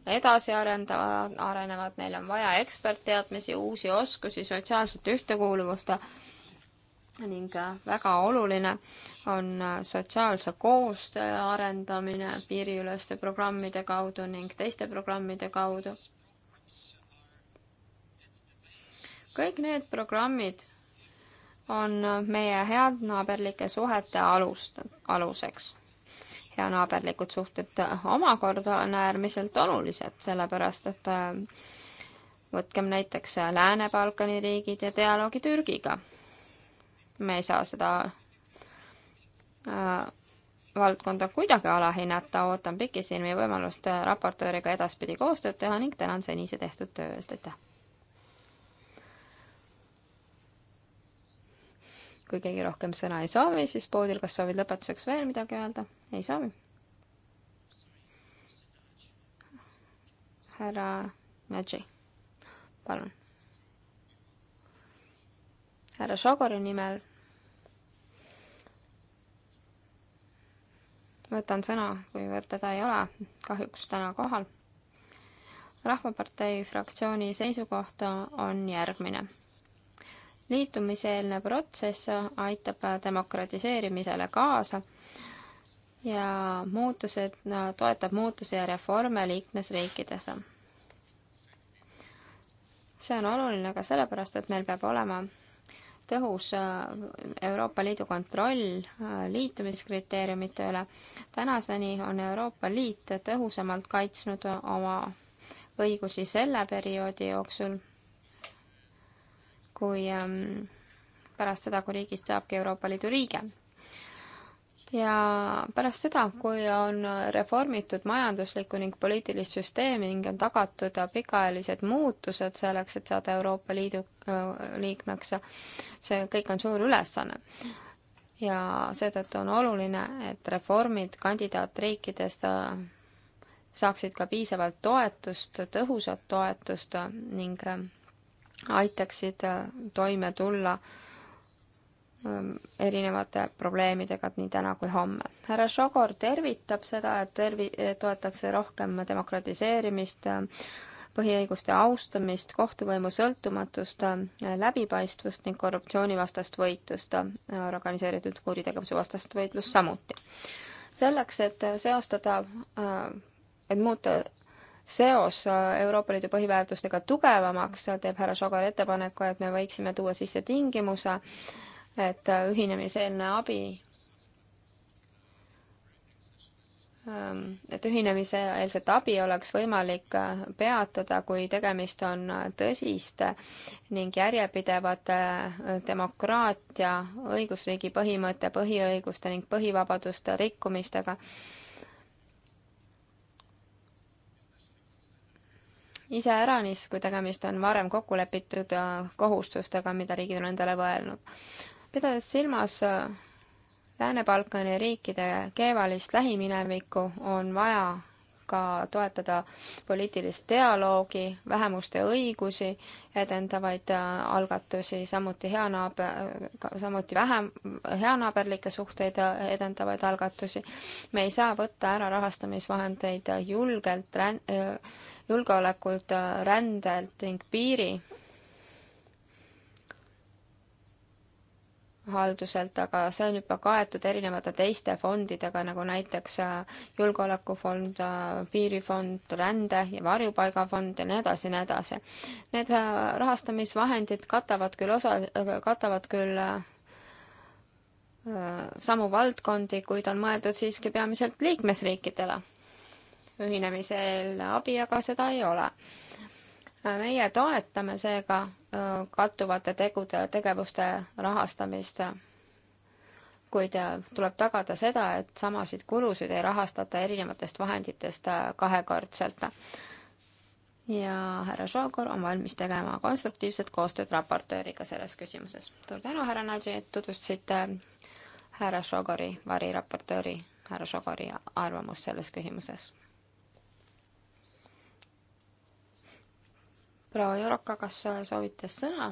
edasi arendavad, arenevad, meil on vaja ekspertteadmisi, uusi oskusi, sotsiaalset ühtekuuluvust ning väga oluline on sotsiaalse koostöö arendamine piiriüleste programmide kaudu ning teiste programmide kaudu. kõik need programmid on meie headnaaberlike suhete alust, aluseks. heanaaberlikud suhted omakorda on äärmiselt olulised, sellepärast et äh, võtkem näiteks Lääne-Balkani riigid ja dialoogi Türgiga. me ei saa seda äh, valdkonda kuidagi alahinnata, ootan pikisilmi võimalust raportööriga edaspidi koostööd teha ning tänan senise tehtud töö eest, aitäh! kui keegi rohkem sõna ei soovi, siis poodil, kas soovid lõpetuseks veel midagi öelda? ei soovi. härra Nadži, palun. härra Šogori nimel võtan sõna, kuivõrd teda ei ole kahjuks täna kohal. rahvapartei fraktsiooni seisukoht on järgmine liitumiseelne protsess aitab demokratiseerimisele kaasa ja muutused no,, toetab muutusi ja reforme liikmesriikides. see on oluline ka sellepärast, et meil peab olema tõhus äh, Euroopa Liidu kontroll äh, liitumiskriteeriumite üle. tänaseni on Euroopa Liit tõhusamalt kaitsnud oma õigusi selle perioodi jooksul kui ähm, pärast seda, kui riigist saabki Euroopa Liidu liige. ja pärast seda, kui on reformitud majanduslikku ning poliitilist süsteemi ning on tagatud pikaajalised muutused selleks, et saada Euroopa Liidu äh, liikmeks, see kõik on suur ülesanne ja seetõttu on oluline, et reformid kandidaatriikidest äh, saaksid ka piisavalt toetust, tõhusat toetust ning äh, aitaksid äh, toime tulla ähm, erinevate probleemidega nii täna kui homme. härra Šogor tervitab seda, et tervi-, toetakse rohkem demokratiseerimist, äh, põhiõiguste austamist, kohtuvõimu sõltumatust, äh, läbipaistvust ning korruptsioonivastast võitlust, organiseeritud kuritegevuse vastast võitlust samuti. selleks, et seostada, et muuta seos äh, Euroopa Liidu põhiväärtustega tugevamaks, teeb härra Šogar ettepaneku, et me võiksime tuua sisse tingimuse, et äh, ühinemiseelne abi ähm, et ühinemiseelset abi oleks võimalik äh, peatada, kui tegemist on tõsiste ning järjepidevate demokraatia, õigusriigi põhimõtte, põhiõiguste ning põhivabaduste rikkumistega iseäranis, kui tegemist on varem kokku lepitud äh, kohustustega, mida riigid on endale võelnud. pidades silmas äh, Lääne-Balkani riikide keevalist lähiminevikku, on vaja ka toetada poliitilist dialoogi, vähemuste õigusi edendavaid äh, algatusi, samuti heanaaber, samuti vähem, heanaaberlikke suhteid edendavaid algatusi. me ei saa võtta ära rahastamisvahendeid julgelt rän-, julgeolekult, äh, rändelt ning piiri halduselt, aga see on juba kaetud erinevate teiste fondidega, nagu näiteks äh, Julgeolekufond, äh, Piirifond, Rände- ja Varjupaigafond ja nii edasi ja nii edasi. Need rahastamisvahendid katavad küll osa, katavad küll samu valdkondi, kuid on mõeldud siiski peamiselt liikmesriikidele ühinemisel abi, aga seda ei ole. meie toetame seega äh, kattuvate tegude, tegevuste rahastamist, kuid äh, tuleb tagada seda, et samasid kulusid ei rahastata erinevatest vahenditest äh, kahekordselt. ja härra Šogor on valmis tegema konstruktiivset koostööd raportööriga selles küsimuses. suur tänu, härra Nadži, et tutvustasite härra Šogori, variraportööri härra Šogori arvamus selles küsimuses proua Joroka, kas soovite sõna?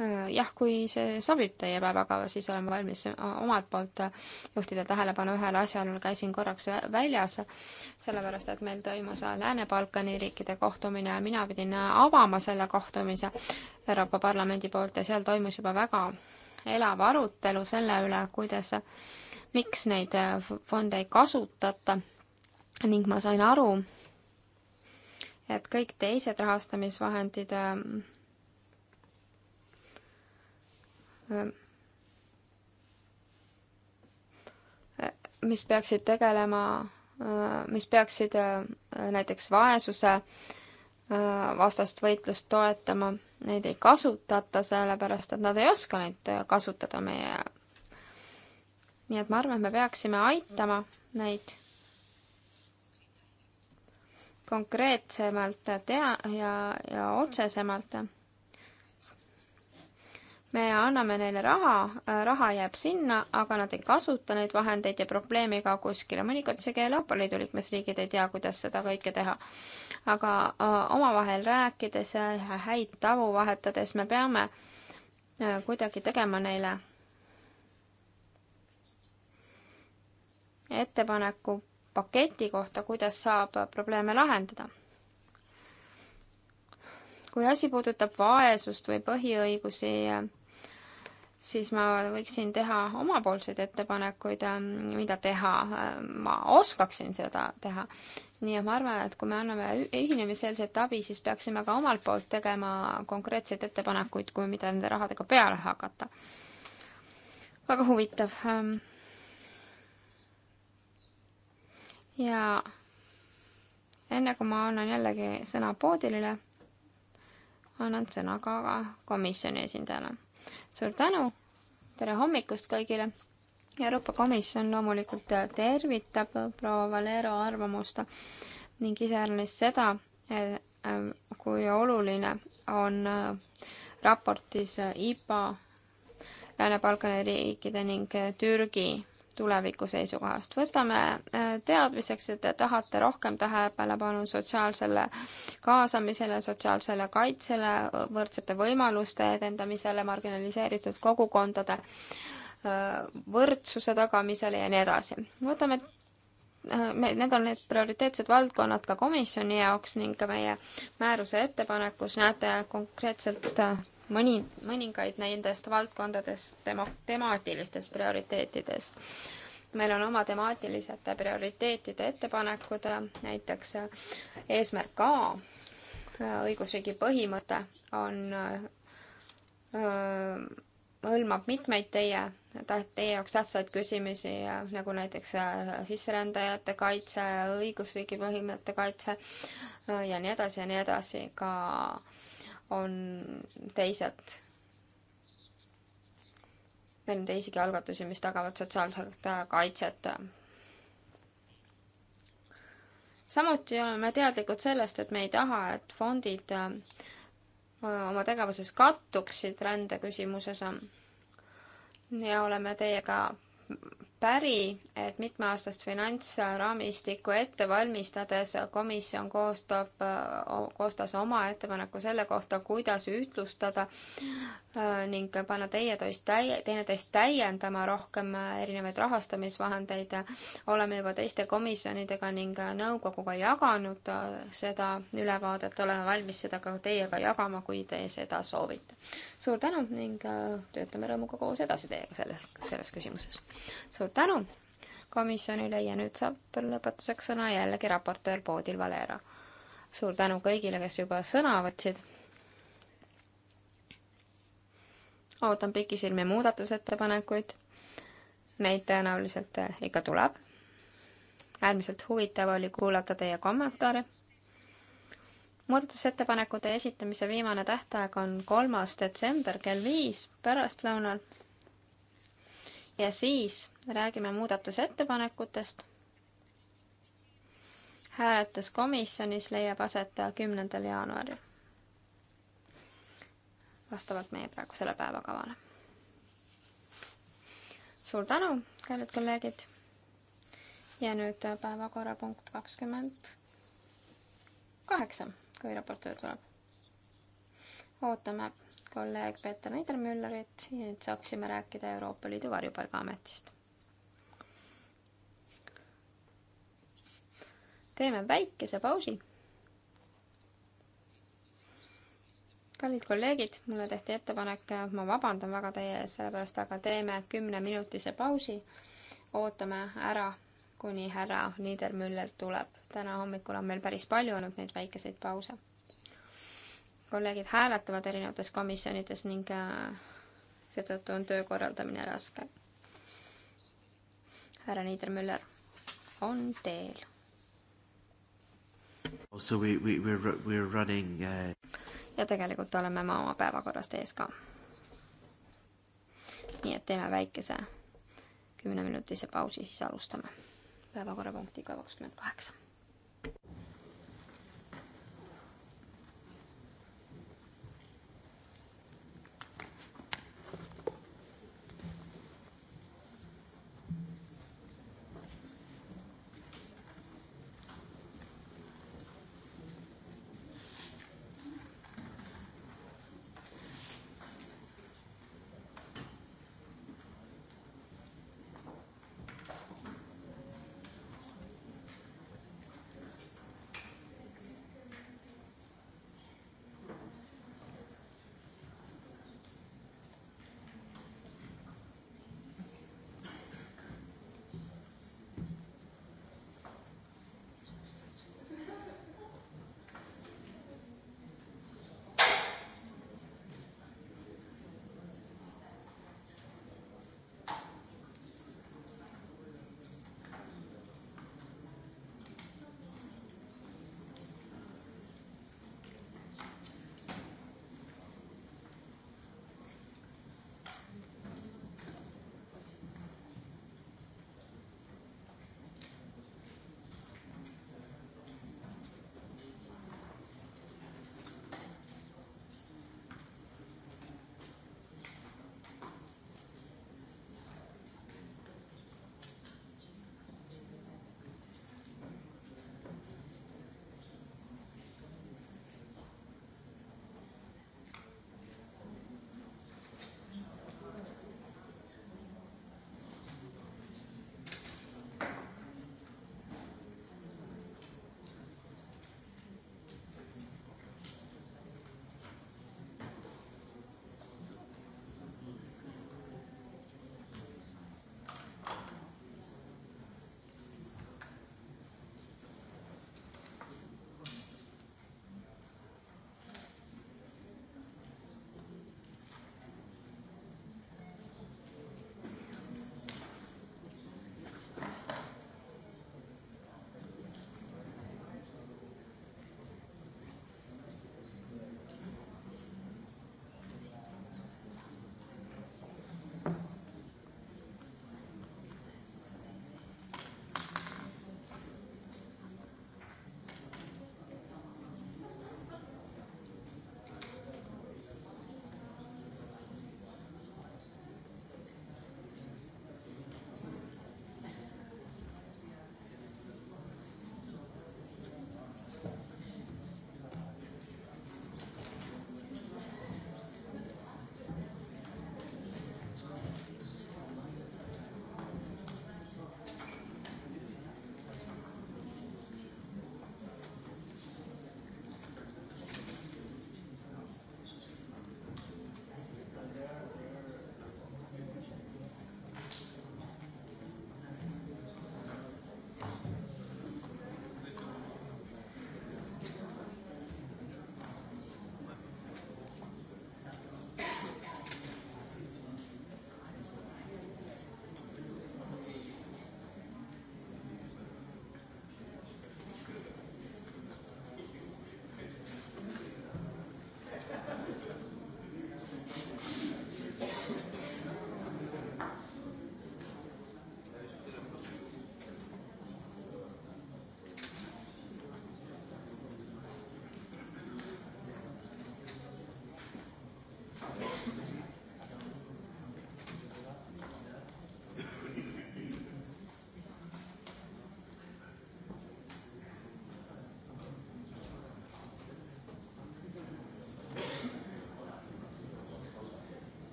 Äh, jah, kui see sobib teie päevakava, siis olen valmis äh, omalt poolt äh, juhtida tähelepanu ühele asjaolule, käisin korraks väljas, sellepärast et meil toimus Lääne-Balkani riikide kohtumine ja mina pidin avama selle kohtumise Euroopa Parlamendi poolt ja seal toimus juba väga elav arutelu selle üle, kuidas, miks neid fonde ei kasutata ning ma sain aru, et kõik teised rahastamisvahendid mis peaksid tegelema, mis peaksid äh, näiteks vaesuse äh, vastast võitlust toetama, neid ei kasutata, sellepärast et nad ei oska neid äh, kasutada meie. nii et ma arvan, et me peaksime aitama neid konkreetsemalt tea- ja, ja otsesemalt. me anname neile raha, raha jääb sinna, aga nad ei kasuta neid vahendeid ja probleem ei kao kuskile. mõnikord isegi Euroopa Liidu liikmesriigid ei tea, kuidas seda kõike teha. aga omavahel rääkides ja häid tavu vahetades me peame kuidagi tegema neile ettepaneku paketi kohta, kuidas saab probleeme lahendada. kui asi puudutab vaesust või põhiõigusi, siis ma võiksin teha omapoolseid ettepanekuid, mida teha, ma oskaksin seda teha. nii et ma arvan, et kui me anname ühinemiseelset abi, siis peaksime ka omalt poolt tegema konkreetseid ettepanekuid, kui mida nende rahadega peale hakata. väga huvitav ja enne kui ma annan jällegi sõna poodilile, annan sõna ka komisjoni esindajale. suur tänu, tere hommikust kõigile! Euroopa Komisjon loomulikult tervitab proua Valero arvamust ning iseäranis seda, kui oluline on raportis IPA Lääne-Balkani riikide ning Türgi tuleviku seisukohast. võtame äh, teadmiseks, et te tahate rohkem tähelepanu sotsiaalsele kaasamisele, sotsiaalsele kaitsele, võrdsete võimaluste edendamisele, marginaliseeritud kogukondade äh, võrdsuse tagamisele ja nii edasi. võtame äh, me, need on need prioriteetsed valdkonnad ka komisjoni jaoks ning ka meie määruse ettepanekus näete konkreetselt mõni, mõningaid nendest valdkondadest tema-, temaatilistest prioriteetidest. meil on oma temaatilised prioriteetide ettepanekud, näiteks eesmärk A, õigusriigi põhimõte, on öö, hõlmab mitmeid teie, teie jaoks tähtsaid küsimusi, nagu näiteks äh, sisserändajate kaitse, õigusriigi põhimõtte kaitse äh, ja nii edasi ja nii edasi, ka on teised. meil on teisigi algatusi, mis tagavad sotsiaalset kaitset. samuti oleme teadlikud sellest, et me ei taha, et fondid äh, oma tegevuses kattuksid rändeküsimuses ja oleme teiega päri, et mitmeaastast finantsraamistikku ette valmistades komisjon koostab, koostas oma ettepaneku selle kohta, kuidas ühtlustada äh, ning panna teineteist täi-, teineteist täiendama rohkem äh, erinevaid rahastamisvahendeid. oleme juba teiste komisjonidega ning nõukoguga jaganud äh, seda ülevaadet, oleme valmis seda ka teiega jagama, kui te seda soovite. suur tänu ning töötame rõõmuga koos edasi teiega selles, selles küsimuses. suur tänu komisjonile ja nüüd saab lõpetuseks sõna jällegi raportöör Poodil Valera. suur tänu kõigile, kes juba sõna võtsid. ootan pikisilmi muudatusettepanekuid. Neid tõenäoliselt äh, ikka tuleb. äärmiselt huvitav oli kuulata teie kommentaare muudatusettepanekute esitamise viimane tähtaeg on kolmas detsember kell viis pärastlõunal ja siis räägime muudatusettepanekutest. hääletus komisjonis leiab aset kümnendal jaanuaril. vastavalt meie praegusele päevakavale. suur tänu, kallid kolleegid. ja nüüd päevakorrapunkt kakskümmend kaheksa, kui raportöör tuleb. ootame kolleeg Peeter Niedermüllerit ja nüüd saaksime rääkida Euroopa Liidu varjupaigaametist. teeme väikese pausi. kallid kolleegid, mulle tehti ettepanek, ma vabandan väga teie ees selle pärast, aga teeme kümneminutise pausi. ootame ära, kuni härra Niedermüller tuleb. täna hommikul on meil päris palju olnud neid väikeseid pause kolleegid hääletavad erinevates komisjonides ning äh, seetõttu on töö korraldamine raske. härra Niedermüller on teel. Also oh, we, we, we're, we're running uh... ja tegelikult oleme me oma päevakorrast ees ka. nii et teeme väikese kümneminutise pausi, siis alustame päevakorrapunktiga kakskümmend kaheksa.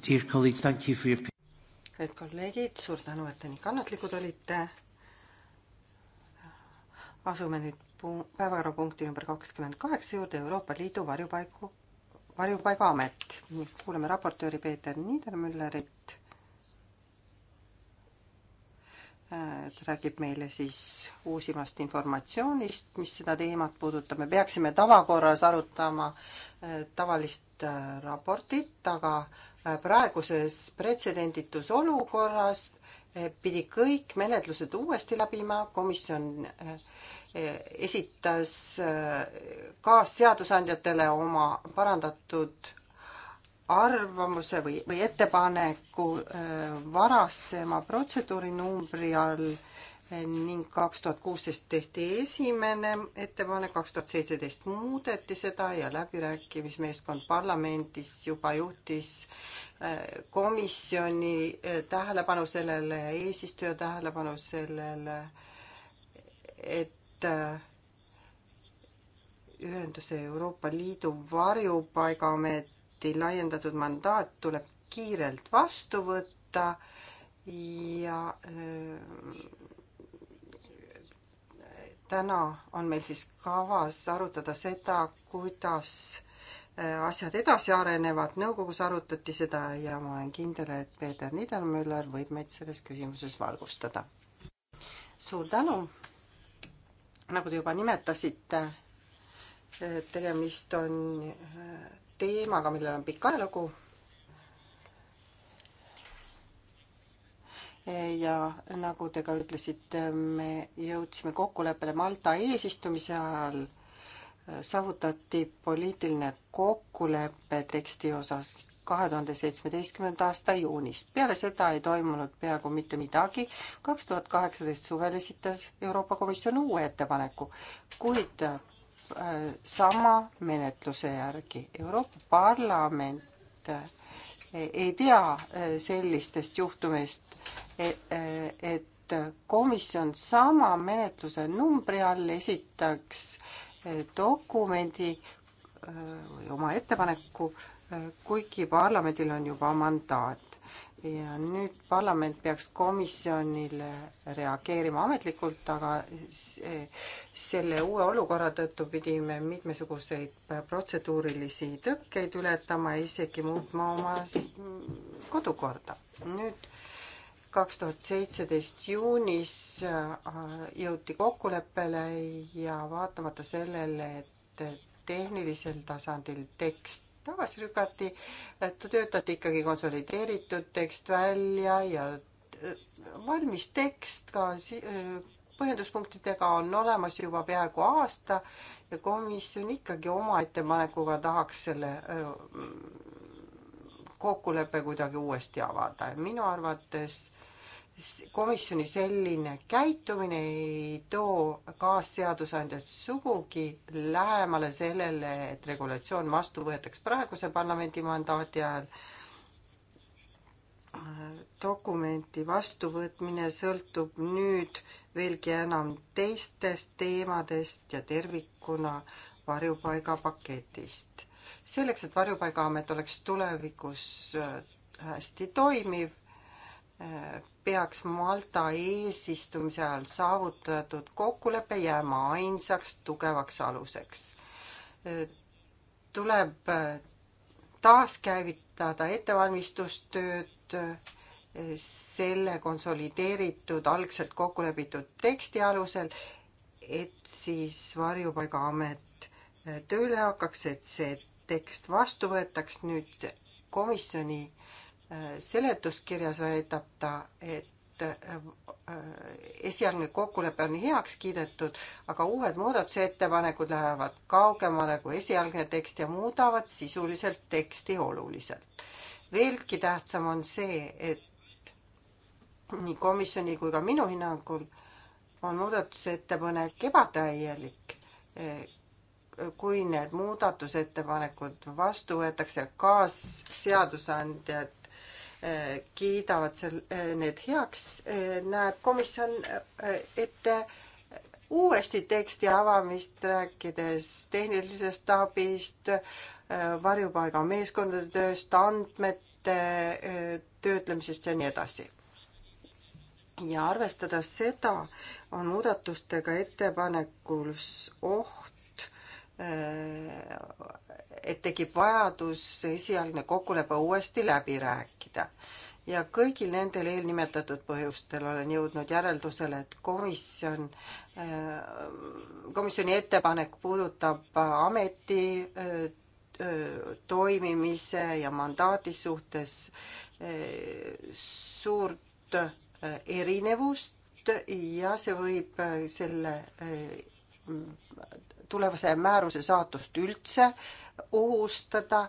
Dear colleagues, thank you for your... Kallid kolleegid, suur tänu, et te nii kannatlikud olite. Asume nüüd päevakorrapunkti number kakskümmend kaheksa juurde, Euroopa Liidu varjupaiku, varjupaigaamet. kuulame raportööri Peeter Niedermüllerit räägib meile siis uusimast informatsioonist, mis seda teemat puudutab. me peaksime tavakorras arutama äh, tavalist äh, raportit, aga äh, praeguses pretsedenditus olukorras pidi kõik menetlused uuesti läbima, komisjon esitas kaasseadusandjatele oma parandatud arvamuse või, või ettepaneku äh, varasema protseduurinumbri all äh, ning kaks tuhat kuusteist tehti esimene ettepanek, kaks tuhat seitseteist muudeti seda ja läbirääkimismeeskond parlamendis juba juhtis äh, komisjoni tähelepanu sellele ja eesistuja tähelepanu sellele, et ühenduse Euroopa Liidu varjupaigamet samuti laiendatud mandaat tuleb kiirelt vastu võtta ja äh, täna on meil siis kavas arutada seda, kuidas äh, asjad edasi arenevad, nõukogus arutati seda ja ma olen kindel, et Peeter Niedermüller võib meid selles küsimuses valgustada. suur tänu! nagu te juba nimetasite, äh, tegemist on teemaga, millel on pikk ajalugu. ja nagu te ka ütlesite, me jõudsime kokkuleppele Malta eesistumise ajal, saavutati poliitiline kokkulepe teksti osas kahe tuhande seitsmeteistkümnenda aasta juunis. peale seda ei toimunud peaaegu mitte midagi. kaks tuhat kaheksateist suvel esitas Euroopa Komisjon uue ettepaneku, kuid Äh, sama menetluse järgi. Euroopa Parlament äh, ei tea äh, sellistest juhtumist, e-, et komisjon sama menetluse numbri all esitaks dokumendi või oma ettepaneku, kuigi parlamendil on juba mandaat ja nüüd parlament peaks komisjonile reageerima ametlikult, aga selle uue olukorra tõttu pidime mitmesuguseid protseduurilisi tõkkeid ületama ja isegi muutma oma kodukorda. nüüd kaks tuhat seitseteist juunis äh, jõuti kokkuleppele ja vaatamata sellele, et tehnilisel tasandil tekst tagasi lükati, töötati ikkagi konsolideeritud tekst välja ja äh, valmis tekst ka si-, äh, põhjenduspunktidega on olemas juba peaaegu aasta ja komisjon ikkagi oma ettepanekuga tahaks selle äh, kokkuleppe kuidagi uuesti avada ja minu arvates komisjoni selline käitumine ei too kaasseadusandjat sugugi lähemale sellele, et regulatsioon vastu võetaks praeguse parlamendi mandaati ajal. dokumenti vastuvõtmine sõltub nüüd veelgi enam teistest teemadest ja tervikuna varjupaigapaketist. selleks, et Varjupaigaamet oleks tulevikus äh, hästi toimiv, äh, peaks Malta eesistumise ajal saavutatud kokkulepe jääma ainsaks tugevaks aluseks. tuleb taaskäivitada ettevalmistustööd selle konsolideeritud, algselt kokku lepitud teksti alusel, et siis Varjupaigaamet tööle hakkaks, et see tekst vastu võetaks, nüüd komisjoni seletuskirjas väidab ta, et äh, esialgne kokkulepe on heaks kiidetud, aga uued muudatusettepanekud lähevad kaugemale kui esialgne tekst ja muudavad sisuliselt teksti oluliselt. veelgi tähtsam on see, et nii komisjoni kui ka minu hinnangul on muudatusettepanek ebatäielik äh, kui need muudatusettepanekud vastu võetakse, kaasseadusandjad kiidavad sel-, eh, need heaks, eh, näeb komisjon eh, ette uuesti teksti avamist, rääkides tehnilisest abist, varjupaiga meeskondade tööst, andmete töötlemisest ja nii edasi. ja arvestades seda, on muudatustega ettepanekus oht, et tekib vajadus esialgne kokkulepe uuesti läbi rääkida. ja kõigil nendel eelnimetatud põhjustel olen jõudnud järeldusele, et komisjon, äh, komisjoni ettepanek puudutab ameti äh, toimimise ja mandaadi suhtes äh, suurt erinevust ja see võib selle tulevase määruse saatust üldse ohustada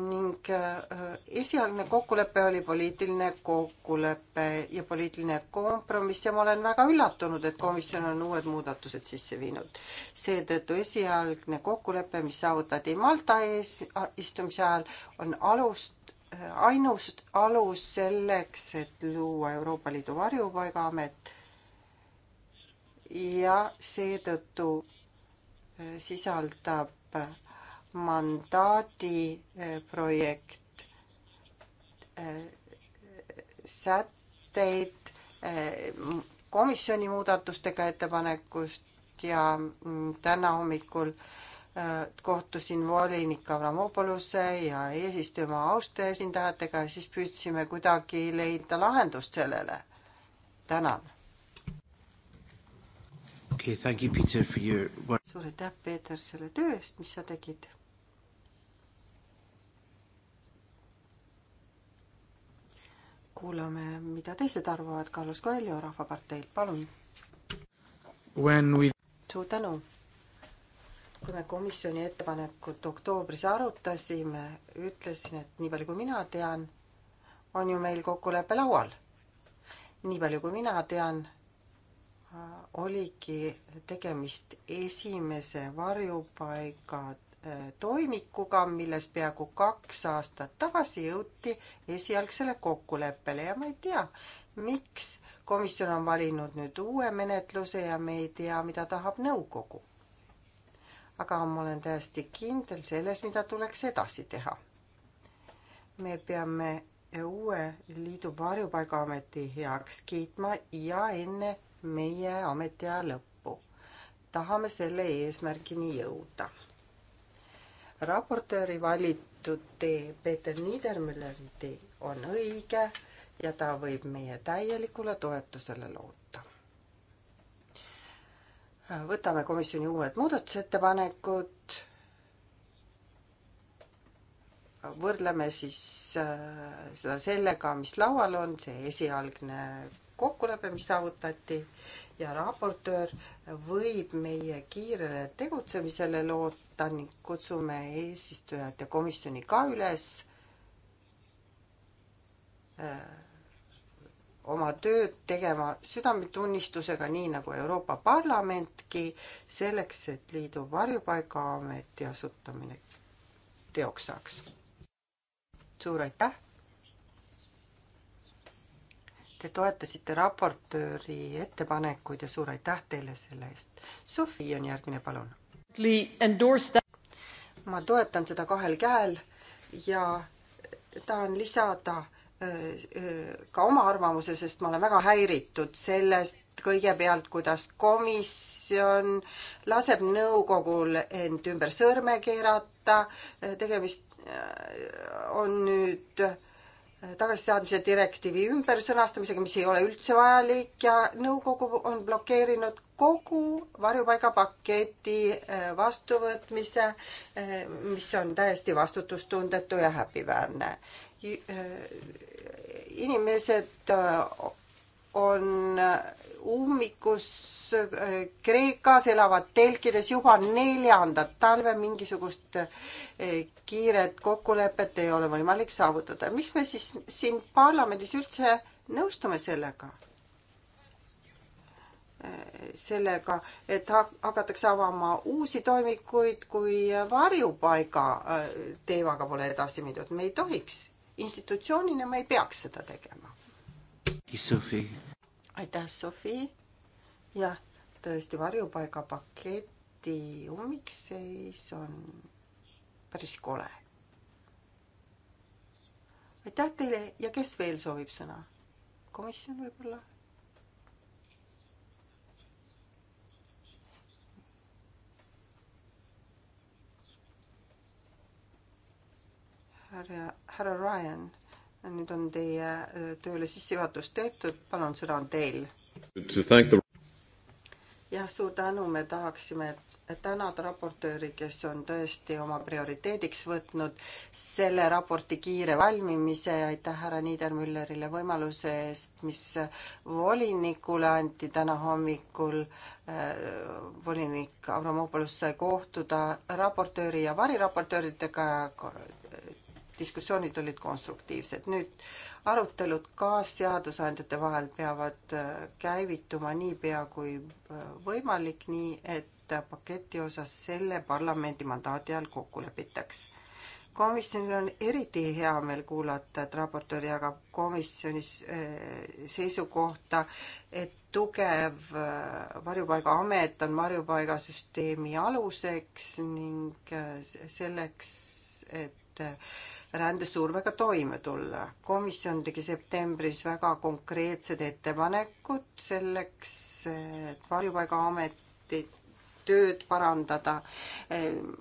ning äh, esialgne kokkulepe oli poliitiline kokkulepe ja poliitiline kompromiss ja ma olen väga üllatunud, et komisjon on uued muudatused sisse viinud. seetõttu esialgne kokkulepe, mis saavutati Malta ees äh, istumise ajal, on alust, äh, ainus alus selleks, et luua Euroopa Liidu varjupaigaamet ja seetõttu sisaldab mandaadi eh, projekt eh, sätteid eh, komisjoni muudatustega ettepanekust ja mm, täna hommikul kohtusin volinik Avramopoluse ja eesistujamaa Austria esindajatega ja siis püüdsime kuidagi leida lahendust sellele. tänan. Okay, thank you, Peter, for your work suur aitäh, Peeter, selle töö eest, mis sa tegid. kuulame, mida teised arvavad Carlos Coelho Rahvaparteilt, palun. We... suur tänu. kui me komisjoni ettepanekut oktoobris arutasime, ütlesin, et nii palju kui mina tean, on ju meil kokkulepe laual. nii palju kui mina tean oligi tegemist esimese varjupaiga äh, toimikuga, milles peaaegu kaks aastat tagasi jõuti esialgsele kokkuleppele ja ma ei tea, miks komisjon on valinud nüüd uue menetluse ja me ei tea, mida tahab nõukogu. aga ma olen täiesti kindel selles, mida tuleks edasi teha. me peame uue liidu varjupaigaameti heaks kiitma ja enne meie ametiaja lõppu. tahame selle eesmärgini jõuda. raportööri valitud tee, Peeter Niedermülleri tee on õige ja ta võib meie täielikule toetusele loota. võtame komisjoni uued muudatusettepanekud, võrdleme siis äh, seda sellega, mis laual on, see esialgne kokkulepe, mis saavutati ja raportöör võib meie kiirele tegutsemisele loota ning kutsume eesistujat ja komisjoni ka üles äh, oma tööd tegema südametunnistusega, nii nagu Euroopa Parlamentki, selleks, et liidu varjupaigaameti asutamine teoks saaks. suur aitäh! Te toetasite raportööri ettepanekuid ja suur aitäh teile selle eest. Sofi on järgmine, palun. ma toetan seda kahel käel ja tahan lisada äh, äh, ka oma arvamuse, sest ma olen väga häiritud sellest, kõigepealt, kuidas komisjon laseb nõukogul end ümber sõrme keerata, äh, tegemist on nüüd äh, tagasisaatmise direktiivi ümbersõnastamisega, mis ei ole üldse vajalik ja nõukogu on blokeerinud kogu varjupaigapaketi eh, vastuvõtmise, eh, mis on täiesti vastutustundetu ja häbiväärne. Eh, inimesed on ummikus äh, Kreekas, elavad telkides juba neljandat talve, mingisugust äh, kiiret kokkulepet ei ole võimalik saavutada. miks me siis siin parlamendis üldse nõustume sellega? Äh, sellega, et hakatakse avama uusi toimikuid, kui varjupaiga teemaga pole edasi mindud, me ei tohiks, institutsioonina me ei peaks seda tegema. Sophie aitäh, Sofi. jah, tõesti varjupaigapaketi ummikseis on päris kole. aitäh teile ja kes veel soovib sõna? komisjon võib-olla? härra, härra Ryan nüüd on teie äh, tööle sissejuhatus tehtud, palun, sõna on teil. jah, suur tänu, me tahaksime tänada raportööri, kes on tõesti oma prioriteediks võtnud selle raporti kiire valmimise ja aitäh härra Niedermüllerile võimaluse eest, mis volinikule anti täna hommikul. Äh, volinik Avramopoulos sai kohtuda raportööri ja variraportööridega ja diskussioonid olid konstruktiivsed. nüüd arutelud kaasseadusandjate vahel peavad äh, käivituma niipea kui äh, võimalik, nii et paketi osas selle parlamendi mandaadi all kokku lepitaks komisjonil on eriti hea meel kuulata, et raportöör jagab komisjonis äh, seisukohta, et tugev varjupaigaamet on varjupaigasüsteemi aluseks ning selleks, et rändesurvega toime tulla. komisjon tegi septembris väga konkreetsed ettepanekud selleks, et varjupaigaametit tööd parandada.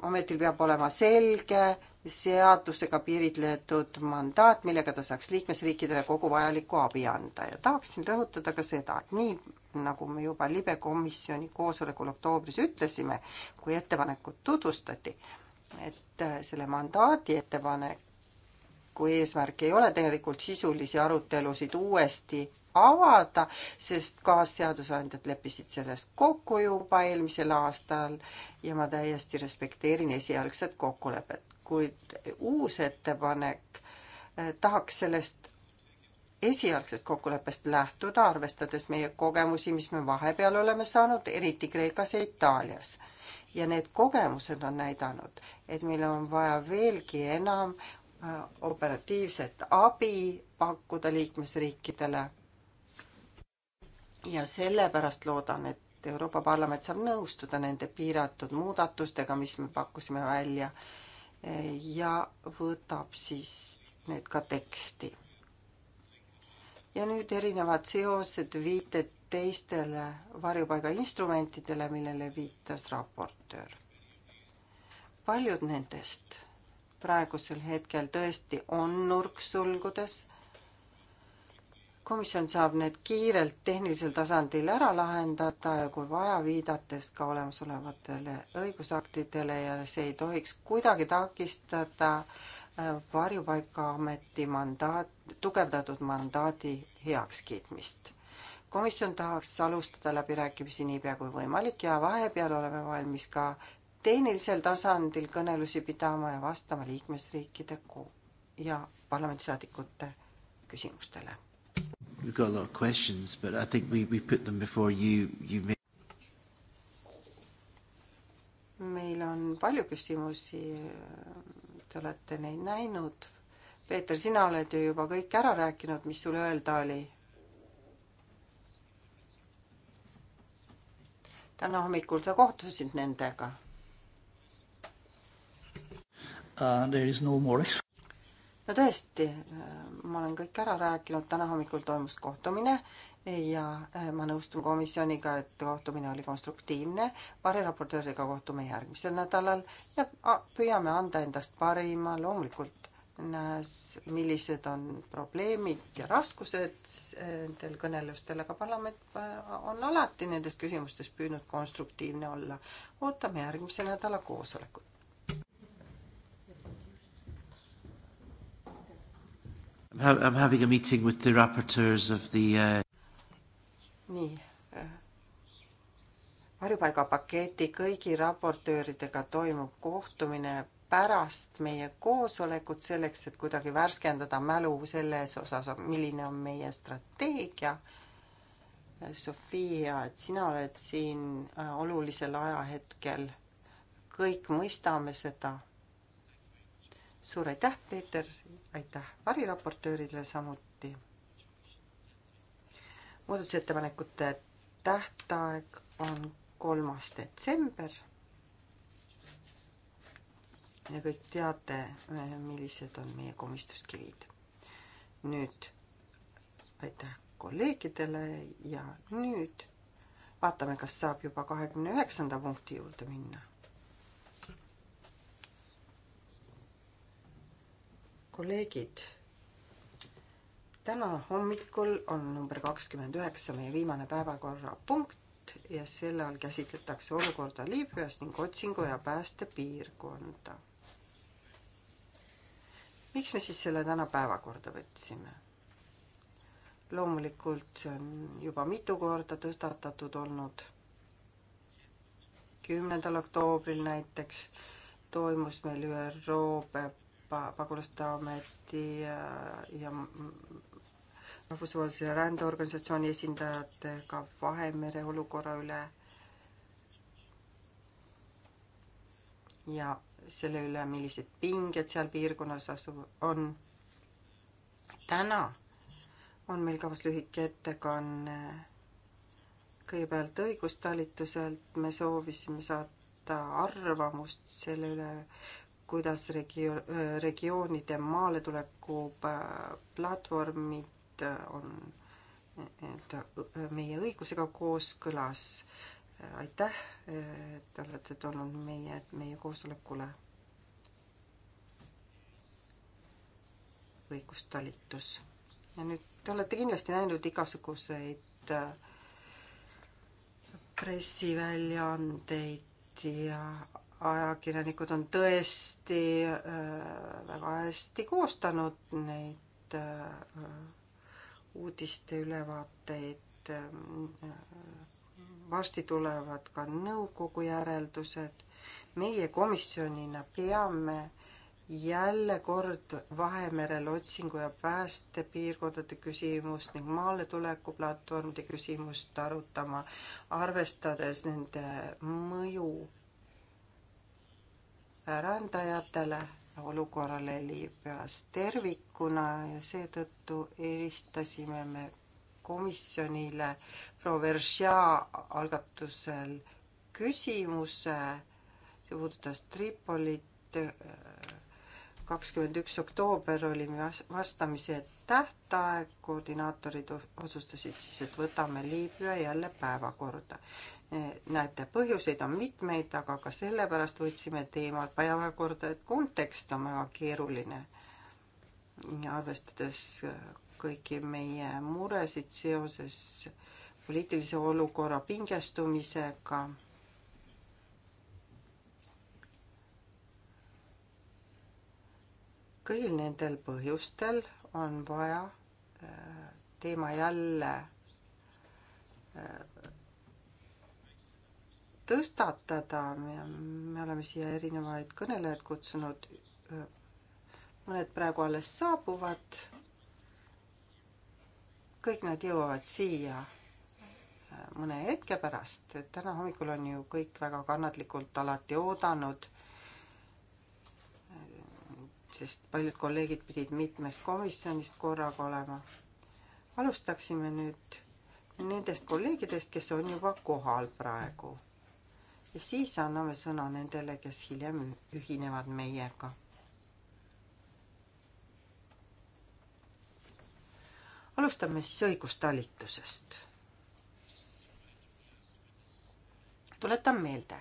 ametil peab olema selge seadusega piiritletud mandaat, millega ta saaks liikmesriikidele kogu vajalikku abi anda ja tahaksin rõhutada ka seda, et nii nagu me juba libe komisjoni koosolekul oktoobris ütlesime, kui ettepanekut tutvustati, et selle mandaadi ettepanek kui eesmärk ei ole tegelikult sisulisi arutelusid uuesti avada, sest kaasseadusandjad leppisid selles kokku juba eelmisel aastal ja ma täiesti respekteerin esialgset kokkulepet, kuid uus ettepanek eh, tahaks sellest esialgsest kokkuleppest lähtuda, arvestades meie kogemusi, mis me vahepeal oleme saanud, eriti Kreekas ja Itaalias. ja need kogemused on näidanud, et meil on vaja veelgi enam Äh, operatiivset abi pakkuda liikmesriikidele. ja sellepärast loodan, et Euroopa Parlament saab nõustuda nende piiratud muudatustega, mis me pakkusime välja eh, ja võtab siis need ka teksti. ja nüüd erinevad seosed, viited teistele varjupaiga instrumentidele, millele viitas raportöör. paljud nendest praegusel hetkel tõesti on nurksulgudes. komisjon saab need kiirelt tehnilisel tasandil ära lahendada ja kui vaja, viidates ka olemasolevatele õigusaktidele ja see ei tohiks kuidagi takistada äh, varjupaigaameti mandaat, tugevdatud mandaadi heakskiitmist komisjon tahaks alustada läbirääkimisi niipea kui võimalik ja vahepeal oleme valmis ka tehnilisel tasandil kõnelusi pidama ja vastama liikmesriikide ja parlamendisaadikute küsimustele. We've got a lot of questions, but I think we, we put them before you, you may meil on palju küsimusi, te olete neid näinud. Peeter, sina oled ju juba kõik ära rääkinud, mis sul öelda oli. täna hommikul sa kohtusid nendega Uh, there is no more no tõesti, äh, ma olen kõik ära rääkinud, täna hommikul toimus kohtumine ja äh, ma nõustun komisjoniga, et kohtumine oli konstruktiivne. variraportööriga kohtume järgmisel nädalal ja püüame anda endast parima, loomulikult näes, millised on probleemid ja raskused nendel kõnelustel, aga parlament äh, on alati nendes küsimustes püüdnud konstruktiivne olla. ootame järgmise nädala koosolekut. I'm having a meeting with the raportöörs of the uh... nii. Äh, varjupaigapaketi kõigi raportööridega toimub kohtumine pärast meie koosolekut selleks, et kuidagi värskendada mälu selles osas, milline on meie strateegia. Sofia, et sina oled siin äh, olulisel ajahetkel, kõik mõistame seda suur aitäh, Peeter, aitäh variraportöörile samuti. muudatusettepanekute tähtaeg on kolmas detsember. ja kõik teate, millised on meie komistuskivid. nüüd aitäh kolleegidele ja nüüd vaatame, kas saab juba kahekümne üheksanda punkti juurde minna. kolleegid, täna hommikul on number kakskümmend üheksa meie viimane päevakorrapunkt ja selle all käsitletakse olukorda Liibüas ning otsingu- ja päästepiirkonda. miks me siis selle täna päevakorda võtsime? loomulikult see on juba mitu korda tõstatatud olnud. kümnendal oktoobril näiteks toimus meil ÜRO pa-, pagulaste ameti äh, ja, ja rahvusvahelise rändeorganisatsiooni esindajatega Vahemere olukorra üle ja selle üle, millised pinged seal piirkonnas asu-, on. täna on meil kavas lühike ettekanne kõigepealt õigustalituselt, me soovisime saata arvamust selle üle, kuidas regio-, regioonide maaletuleku äh, platvormid äh, on nii-öelda äh, meie õigusega kooskõlas. aitäh, et olete tulnud meie, meie koosolekule. õigustalitus. ja nüüd te olete kindlasti näinud igasuguseid pressiväljaandeid ja ajakirjanikud on tõesti äh, väga hästi koostanud neid äh, uudiste ülevaateid. varsti tulevad ka nõukogu järeldused. meie komisjonina peame jälle kord Vahemerel otsingu ja päästepiirkondade küsimust ning maaletuleku platvormide küsimust arutama, arvestades nende mõju rändajatele, olukorrale Liibüas tervikuna ja seetõttu eelistasime me komisjonile Proversia algatusel küsimuse, see puudutas Tripolit, kakskümmend üks oktoober oli vastamise tähtaeg, koordinaatorid otsustasid siis, et võtame Liibüa jälle päevakorda näete, põhjuseid on mitmeid, aga ka sellepärast võtsime teema päevakorda, et kontekst on väga keeruline. arvestades kõiki meie muresid seoses poliitilise olukorra pingestumisega kõigil nendel põhjustel on vaja äh, teema jälle äh, tõstatada, me oleme siia erinevaid kõnelejaid kutsunud, mõned praegu alles saabuvad, kõik nad jõuavad siia äh, mõne hetke pärast, et täna hommikul on ju kõik väga kannatlikult alati oodanud, sest paljud kolleegid pidid mitmest komisjonist korraga olema. alustaksime nüüd nendest kolleegidest, kes on juba kohal praegu ja siis anname sõna nendele, kes hiljem ühinevad meiega. alustame siis õigustalitusest. tuletan meelde,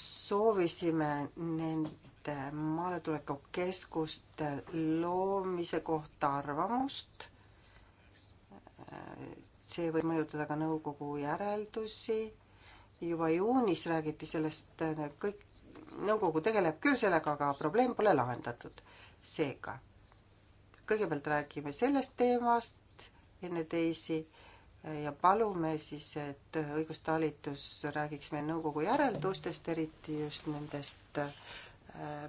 soovisime nende maaletulekukeskuste loomise kohta arvamust. see võib mõjutada ka nõukogu järeldusi juba juunis räägiti sellest, kõik, nõukogu tegeleb küll sellega, aga probleem pole lahendatud. seega, kõigepealt räägime sellest teemast enne teisi ja palume siis, et õigustalitus räägiks meil nõukogu järeldustest, eriti just nendest äh,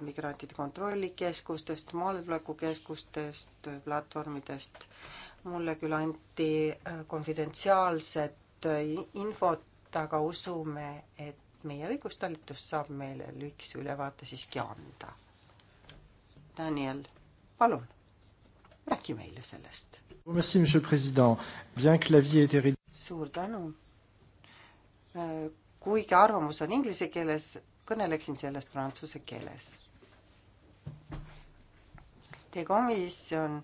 migrantide kontrollikeskustest, maaletulekukeskustest, platvormidest. mulle küll anti äh, konfidentsiaalset äh, infot aga usume, et meie õigustalitus saab meile lühikese ülevaate siiski anda. Daniel, palun, räägi meile sellest. suur tänu. Äh, kuigi arvamus on inglise keeles, kõneleksin sellest prantsuse keeles. Teie komisjon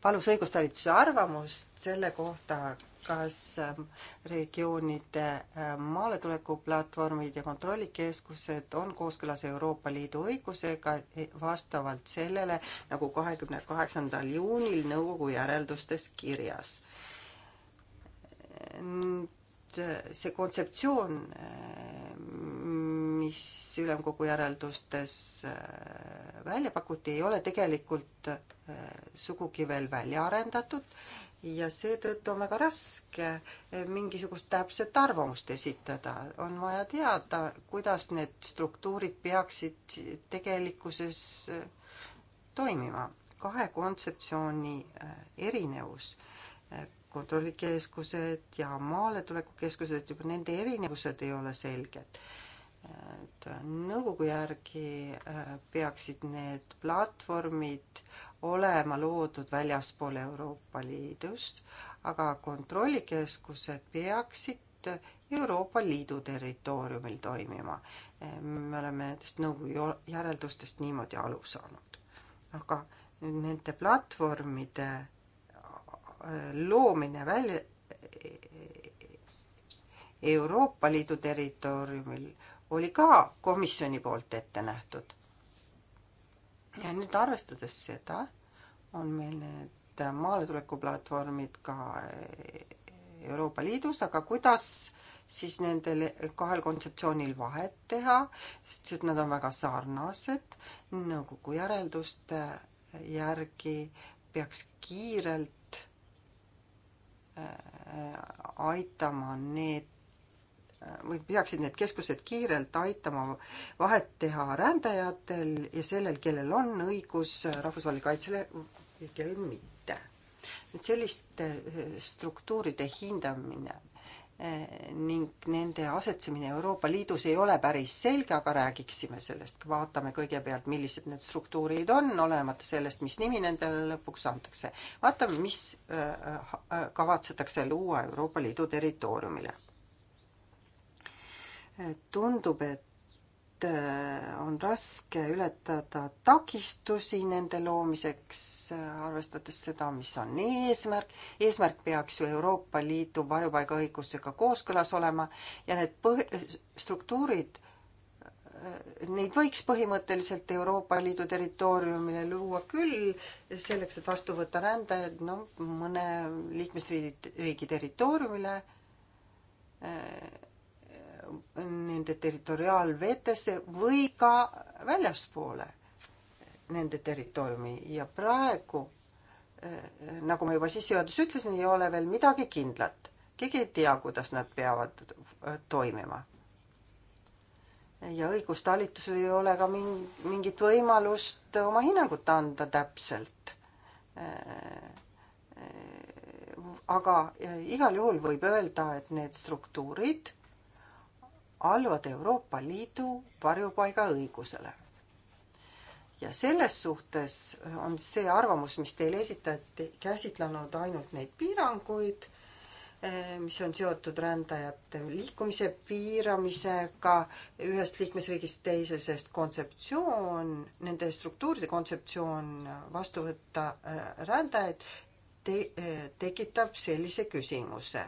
palus õigustalituse arvamust selle kohta, Aafrikas, ähm, regioonide ähm, maaletulekuplatvormid ja kontrollikeskused on kooskõlas Euroopa Liidu õigusega e, vastavalt sellele, nagu kahekümne kaheksandal juunil nõukogu järeldustes kirjas. Äh, see kontseptsioon, äh, mis ülemkogu järeldustes äh, välja pakuti, ei ole tegelikult sugugi veel välja arendatud ja seetõttu on väga raske eh, mingisugust täpset arvamust esitada. on vaja teada, kuidas need struktuurid peaksid tegelikkuses eh, toimima. kahe kontseptsiooni eh, erinevus, kontrollikeskused ja maaletulekukeskused, juba nende erinevused ei ole selged et nõukogu järgi peaksid need platvormid olema loodud väljaspool Euroopa Liidust, aga kontrollikeskused peaksid Euroopa Liidu territooriumil toimima. me oleme nendest nõukogu järeldustest niimoodi alu saanud. aga nende platvormide loomine välja Euroopa Liidu territooriumil oli ka komisjoni poolt ette nähtud ja nüüd arvestades seda, on meil need maaletulekuplatvormid ka Euroopa Liidus, aga kuidas siis nendel kahel kontseptsioonil vahet teha, sest nad on väga sarnased, nõukogu järelduste järgi peaks kiirelt äh, aitama need või peaksid need keskused kiirelt aitama vahet teha rändajatel ja sellel, kellel on õigus rahvusvahelisele kaitsele ja kellel mitte. nüüd selliste eh, struktuuride hindamine eh, ning nende asetsemine Euroopa Liidus ei ole päris selge, aga räägiksime sellest. vaatame kõigepealt, millised need struktuurid on, olenemata sellest, mis nimi nendele lõpuks antakse. vaatame, mis eh, kavatsetakse luua Euroopa Liidu territooriumile tundub, et äh, on raske ületada takistusi nende loomiseks, äh, arvestades seda, mis on eesmärk. eesmärk peaks ju Euroopa Liidu varjupaigaõigusega kooskõlas olema ja need põh-, struktuurid, äh, neid võiks põhimõtteliselt Euroopa Liidu territooriumile luua küll, selleks, et vastu võtta rändajaid, noh, mõne liikmesriigi territooriumile nende territoriaalvetesse või ka väljaspoole nende territooriumi ja praegu eh, nagu ma juba sissejuhatuses ütlesin, ei ole veel midagi kindlat. keegi ei tea, kuidas nad peavad eh, toimima. ja õigustalitusel ei ole ka mingit võimalust oma hinnangut anda täpselt. Eh, aga igal juhul võib öelda, et need struktuurid alluvad Euroopa Liidu varjupaigaõigusele. ja selles suhtes on see arvamus, mis teile esitati, käsitlenud ainult neid piiranguid, eh, mis on seotud rändajate liikumise piiramisega ühest liikmesriigist teise, sest kontseptsioon, nende struktuuride kontseptsioon vastu võtta eh, rändajaid te, eh, tekitab sellise küsimuse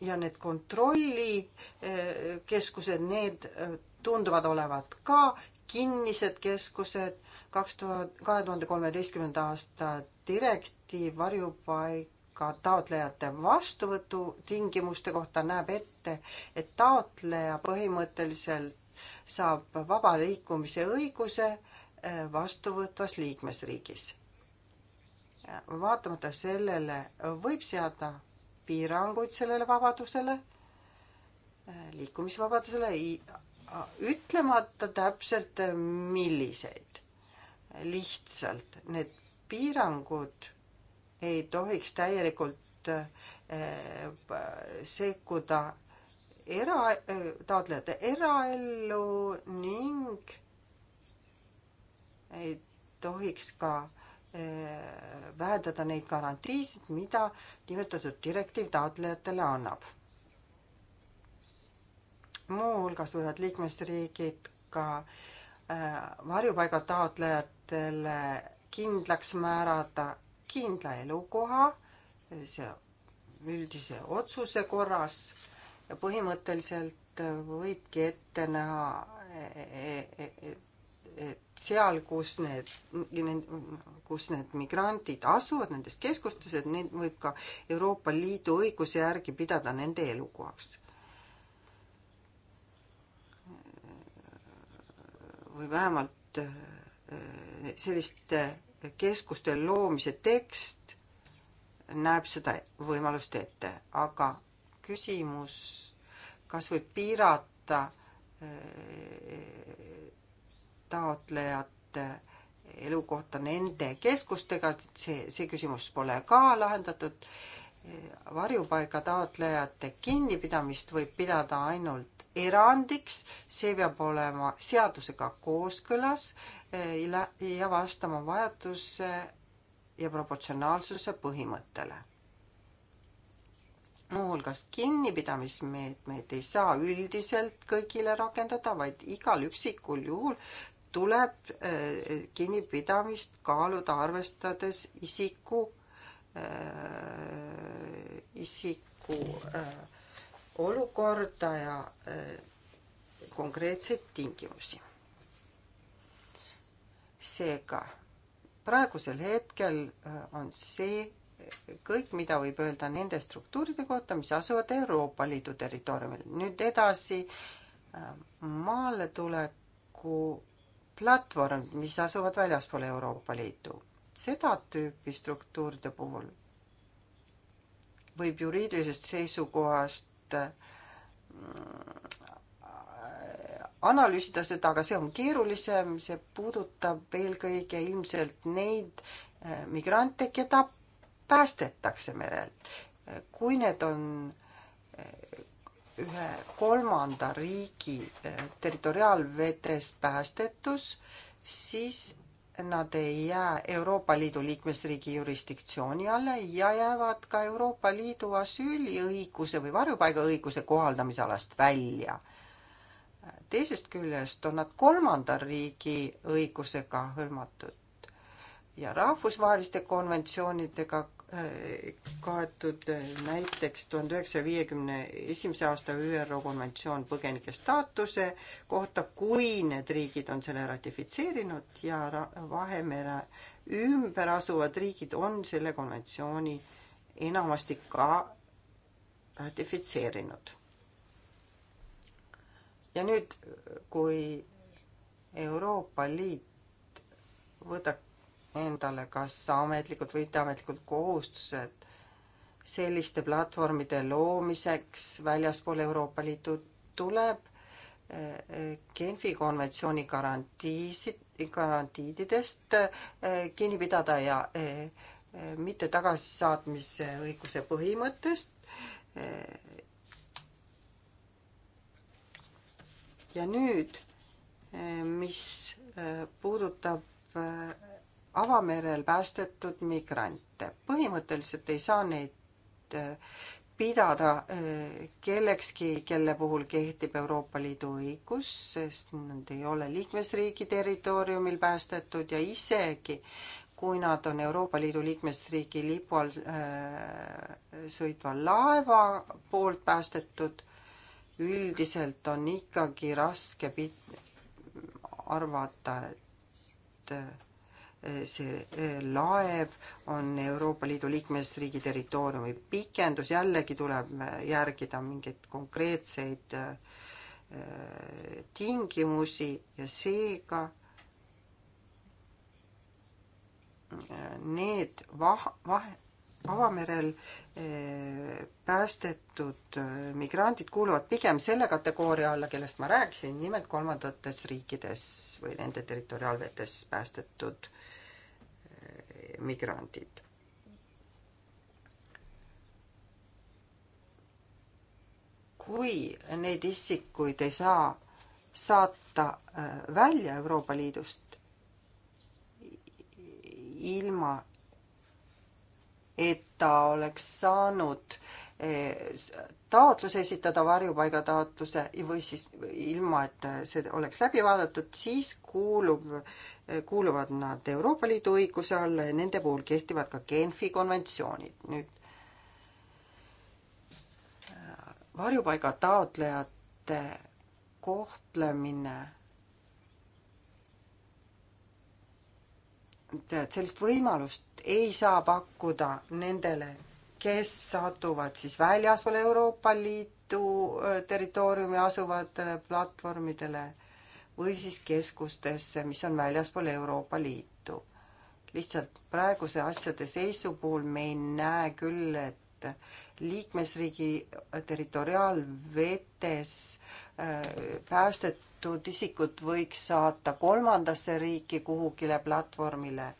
ja need kontrollikeskused, need äh, tunduvad olevat ka kinnised keskused. kaks tuhat, kahe tuhande kolmeteistkümnenda aasta direktiiv varjupaiga taotlejate vastuvõtu tingimuste kohta näeb ette, et taotleja põhimõtteliselt saab vaba liikumise õiguse äh, vastuvõtvas liikmesriigis. vaatamata sellele võib seada piiranguid sellele vabadusele, liikumisvabadusele, ütlemata täpselt, milliseid. lihtsalt need piirangud ei tohiks täielikult eh, sekkuda era, taotlejate eraellu ning ei tohiks ka äh, Äh, vähendada neid garantiisid, mida nimetatud direktiiv taotlejatele annab. muuhulgas võivad liikmesriigid ka äh, varjupaiga taotlejatele kindlaks määrata kindla elukoha, see üldise otsuse korras ja põhimõtteliselt võibki ette näha e, e, e, et seal, kus need, kus need migrandid asuvad, nendes keskustes, et neid võib ka Euroopa Liidu õiguse järgi pidada nende elukohaks. või vähemalt eh, selliste keskuste loomise tekst näeb seda võimalust ette, aga küsimus, kas võib piirata eh, taotlejate elukohta nende keskustega, see, see küsimus pole ka lahendatud. varjupaiga taotlejate kinnipidamist võib pidada ainult erandiks, see peab olema seadusega kooskõlas eh, ja vastama vajaduse ja proportsionaalsuse põhimõttele muuhulgas kinnipidamismeetmeid ei saa üldiselt kõigile rakendada, vaid igal üksikul juhul tuleb äh, kinnipidamist kaaluda, arvestades isiku, äh, isiku äh, olukorda ja konkreetseid tingimusi. seega praegusel hetkel on see kõik, mida võib öelda nende struktuuride kohta, mis asuvad Euroopa Liidu territooriumil. nüüd edasi maaletuleku platvorm, mis asuvad väljaspool Euroopa Liitu. seda tüüpi struktuuride puhul võib juriidilisest seisukohast äh, analüüsida seda, aga see on keerulisem, see puudutab eelkõige ilmselt neid äh, migrante, keda päästetakse merelt. kui need on äh, ühe kolmanda riigi eh, territoriaalvetes päästetus, siis nad ei jää Euroopa Liidu liikmesriigi jurisdiktsiooni alla ja jäävad ka Euroopa Liidu asüüliõiguse või varjupaigaõiguse kohaldamisalast välja. teisest küljest on nad kolmanda riigi õigusega hõlmatud ja rahvusvaheliste konventsioonidega kaetud näiteks tuhande üheksasaja viiekümne esimese aasta ÜRO konventsioon põgenike staatuse kohta, kui need riigid on selle ratifitseerinud ja Vahemere ümber asuvad riigid on selle konventsiooni enamasti ka ratifitseerinud. ja nüüd, kui Euroopa Liit võtab endale kas ametlikud või mitteametlikud kohustused selliste platvormide loomiseks väljaspool Euroopa Liitu tuleb eh, Genfi konventsiooni garantiisid, garantiididest eh, kinni pidada ja eh, mitte tagasisaatmise õiguse põhimõttest. ja nüüd, mis puudutab avamerel päästetud migrante. põhimõtteliselt ei saa neid eh, pidada eh, kellekski, kelle puhul kehtib Euroopa Liidu õigus, sest nad ei ole liikmesriigi territooriumil päästetud ja isegi kui nad on Euroopa Liidu liikmesriigi lipu all äh, sõitva laeva poolt päästetud, üldiselt on ikkagi raske pit-, arvata, et see e, laev on Euroopa Liidu liikmesriigi territooriumi pikendus, jällegi tuleb e, järgida mingeid konkreetseid e, tingimusi ja seega need vah-, vahe, avamerel päästetud migrandid kuuluvad pigem selle kategooria alla, kellest ma rääkisin, nimelt kolmandates riikides või nende territoriaalvetes päästetud migrandid. kui neid isikuid ei saa saata äh, välja Euroopa Liidust ilma, et ta oleks saanud äh, taotluse esitada, varjupaigataotluse või siis ilma, et see oleks läbi vaadatud, siis kuulub, kuuluvad nad Euroopa Liidu õiguse alla ja nende puhul kehtivad ka Genfi konventsioonid. nüüd varjupaiga taotlejate kohtlemine tead, sellist võimalust ei saa pakkuda nendele kes satuvad siis väljaspool Euroopa Liidu territooriumi asuvatele platvormidele või siis keskustesse, mis on väljaspool Euroopa Liitu. lihtsalt praeguse asjade seisu puhul me ei näe küll, et liikmesriigi territoriaalvetes päästetud isikut võiks saata kolmandasse riiki kuhugile platvormile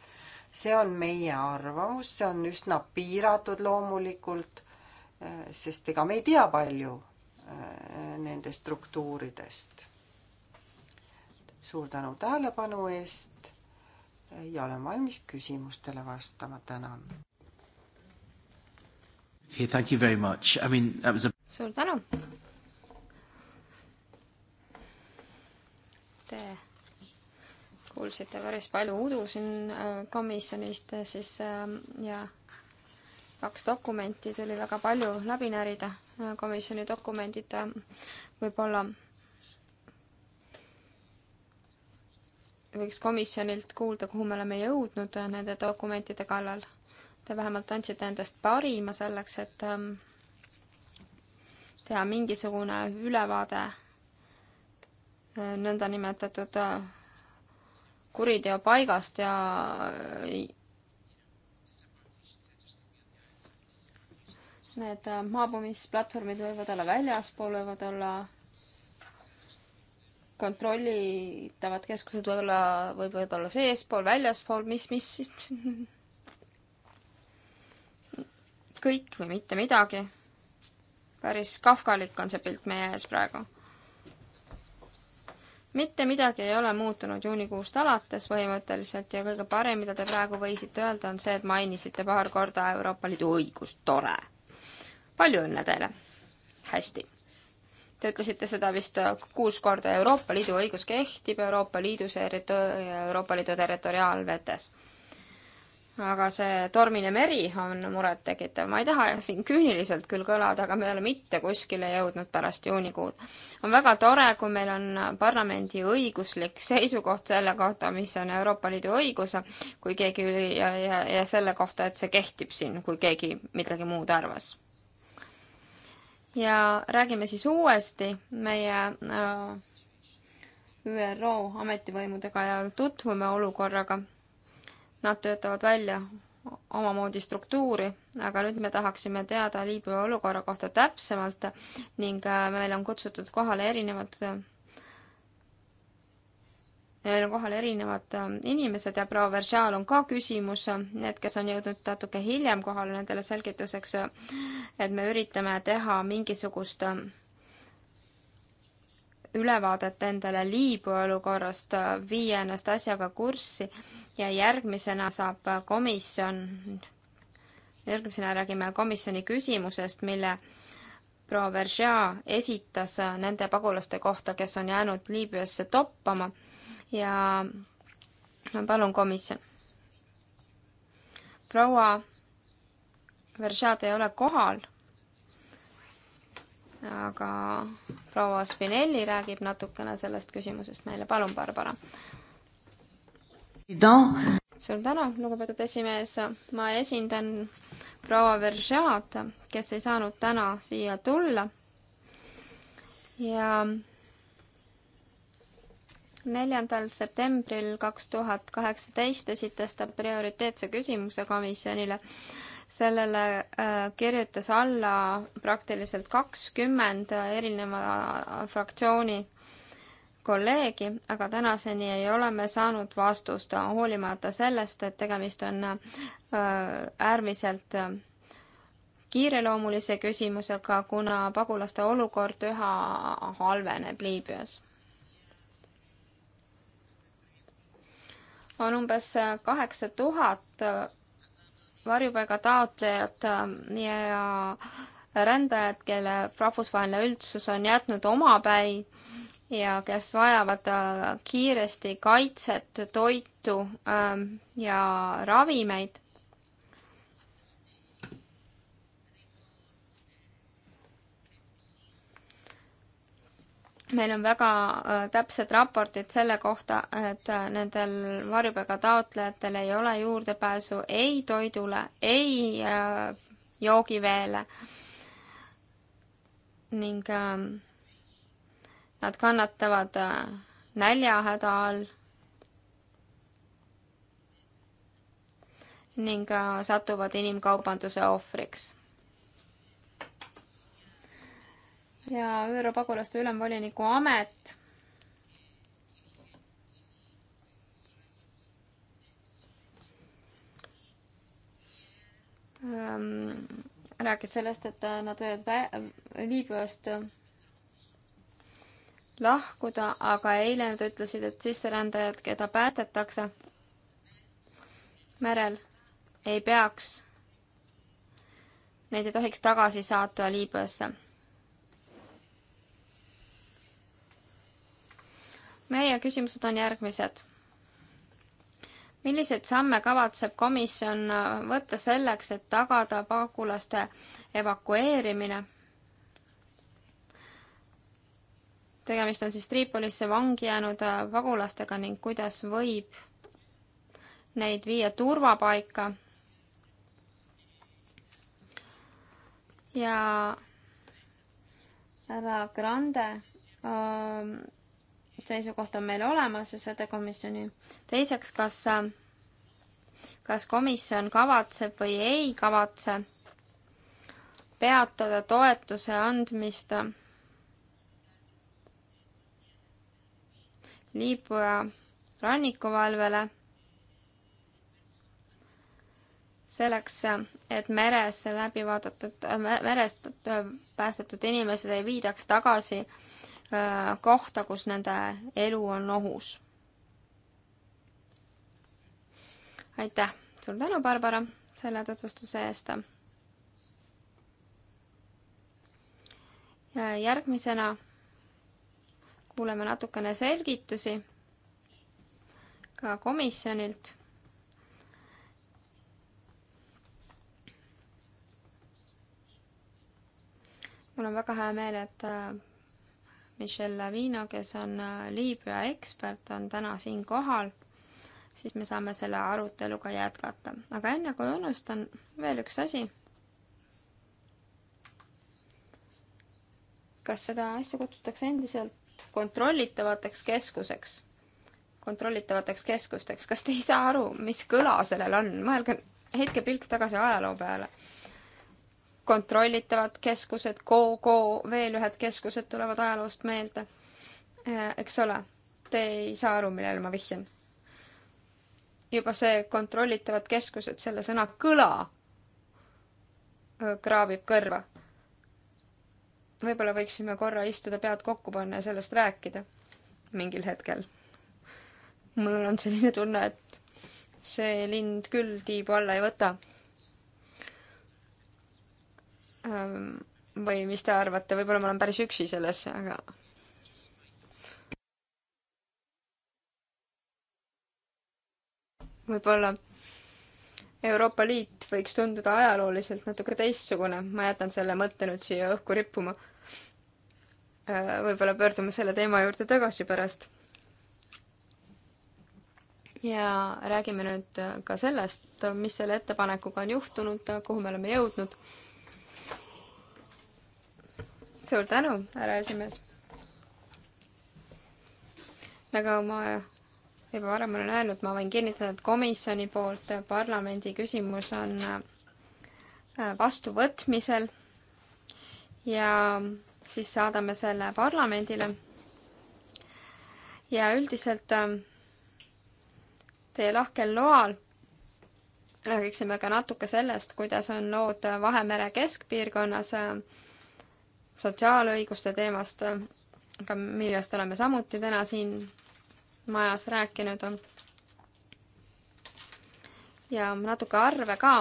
see on meie arvamus, see on üsna piiratud loomulikult, eh, sest ega me ei tea palju eh, nende struktuuridest. suur tänu tähelepanu eest eh, ja olen valmis küsimustele vastama, tänan. Okay, thank you very much. I mean, that was a... suur tänu. Te kuulsite päris palju udu siin äh, komisjonist, äh, siis äh, ja kaks dokumenti tuli väga palju läbi närida. komisjoni dokumendid võib-olla võiks komisjonilt kuulda, kuhu me oleme jõudnud nende dokumentide kallal. Te vähemalt andsite endast parima selleks, et ähm, teha mingisugune ülevaade nõndanimetatud kuriteo paigast ja need maabumisplatvormid võivad olla väljaspool, võivad olla kontrollitavad keskused võivad olla, võivad olla seespool, väljaspool, mis, mis siis kõik või mitte midagi. päris kafkalik on see pilt meie ees praegu mitte midagi ei ole muutunud juunikuust alates põhimõtteliselt ja kõige parem, mida te praegu võisite öelda, on see, et mainisite paar korda Euroopa Liidu õigust. tore! palju õnne teile! hästi. Te ütlesite seda vist äh, kuus korda, Euroopa Liidu õigus kehtib Euroopa Liidus ja Euroopa Liidu territoriaalvetes aga see tormine meri on murettekitav. ma ei taha siin küüniliselt küll kõlada, aga me ei ole mitte kuskile jõudnud pärast juunikuud. on väga tore, kui meil on parlamendi õiguslik seisukoht selle kohta, mis on Euroopa Liidu õigus, kui keegi ja, ja, ja selle kohta, et see kehtib siin, kui keegi midagi muud arvas. ja räägime siis uuesti meie äh, ÜRO ametivõimudega ja tutvume olukorraga Nad töötavad välja omamoodi struktuuri, aga nüüd me tahaksime teada Liibüa olukorra kohta täpsemalt ning äh, meil on kutsutud kohale erinevad meil on kohal erinevad äh, inimesed ja proua Veržal on ka küsimus, need, kes on jõudnud natuke hiljem kohale nendele selgituseks, äh, et me üritame teha mingisugust ülevaadet endale Liibüa olukorrast, viia ennast asjaga kurssi ja järgmisena saab komisjon, järgmisena räägime komisjoni küsimusest, mille proua Vergea esitas nende pagulaste kohta, kes on jäänud Liibüasse toppama ja palun komisjon. proua Vergea, te ei ole kohal aga proua Spinelli räägib natukene sellest küsimusest meile, palun, Barbara. suur tänu, lugupeetud esimees, ma esindan proua Veržat, kes ei saanud täna siia tulla. ja neljandal septembril kaks tuhat kaheksateist esitas ta prioriteetse küsimuse komisjonile äh, sellele äh, kirjutas alla praktiliselt kakskümmend äh, erineva äh, fraktsiooni kolleegi, aga tänaseni ei ole me saanud vastust, hoolimata sellest, et tegemist on äärmiselt kiireloomulise küsimusega, kuna pagulaste olukord üha halveneb Liibüas. on umbes kaheksa tuhat varjupaiga taotlejad ähm, ja rändajad, kelle rahvusvaheline üldsus on jätnud omapäi ja kes vajavad äh, kiiresti kaitset, toitu ähm, ja ravimeid meil on väga äh, täpsed raportid selle kohta, et äh, nendel varjupaiga taotlejatel ei ole juurdepääsu ei toidule, ei äh, joogiveele ning nad kannatavad näljahäda all ning satuvad inimkaubanduse ohvriks ja ÜRO pagulaste ülemvoliniku amet ähm, rääkis sellest, et nad võivad vä-, äh, Liibüast lahkuda, aga eile nad ütlesid, et sisserändajad, keda päästetakse merel, ei peaks, neid ei tohiks tagasi saata Liibüasse meie küsimused on järgmised. milliseid samme kavatseb komisjon võtta selleks, et tagada pagulaste evakueerimine? tegemist on siis Tripolisse vangi jäänud äh, pagulastega ning kuidas võib neid viia turvapaika. ja härra Grande öö, ähm, seisukoht on meil olemas ja seda komisjoni. teiseks, kas, kas komisjon kavatseb või ei kavatse peatada toetuse andmist Liibüa rannikuvalvele selleks, et meres läbi vaadatud, merest päästetud inimesed ei viidaks tagasi Äh, kohta, kus nende elu on ohus. aitäh, suur tänu, Barbara, selle tutvustuse eest. järgmisena kuuleme natukene selgitusi ka komisjonilt mul on väga hea meel, et äh, Michel Lavino, kes on äh, Liibüa ekspert, on täna siin kohal, siis me saame selle aruteluga jätkata. aga enne kui unustan, veel üks asi. kas seda asja kutsutakse endiselt kontrollitavateks keskuseks? kontrollitavateks keskusteks, kas te ei saa aru, mis kõla sellel on? mõelge hetkepilk tagasi ajaloo peale kontrollitavad keskused, GoGo, veel ühed keskused tulevad ajaloost meelde. Äh, eks ole, te ei saa aru, millele ma vihjan. juba see kontrollitavad keskused, selle sõna kõla äh, kraabib kõrva. võib-olla võiksime korra istuda, pead kokku panna ja sellest rääkida mingil hetkel. mul on selline tunne, et see lind küll tiibu alla ei võta Ähm, või mis te arvate, võib-olla ma olen päris üksi selles, aga võib-olla Euroopa Liit võiks tunduda ajalooliselt natuke teistsugune, ma jätan selle mõtte nüüd siia õhku rippuma. Äh, võib-olla pöördume selle teema juurde tagasi pärast. ja räägime nüüd ka sellest, mis selle ettepanekuga on juhtunud, kuhu me oleme jõudnud suur tänu, härra esimees. nagu ma juba varem olen öelnud, ma võin kinnitada, et komisjoni poolt parlamendi küsimus on äh, vastuvõtmisel ja siis saadame selle parlamendile. ja üldiselt äh, teie lahkel loal räägiksime ka natuke sellest, kuidas on lood Vahemere keskpiirkonnas äh, sotsiaalõiguste teemast, aga millest oleme samuti täna siin majas rääkinud. ja natuke arve ka.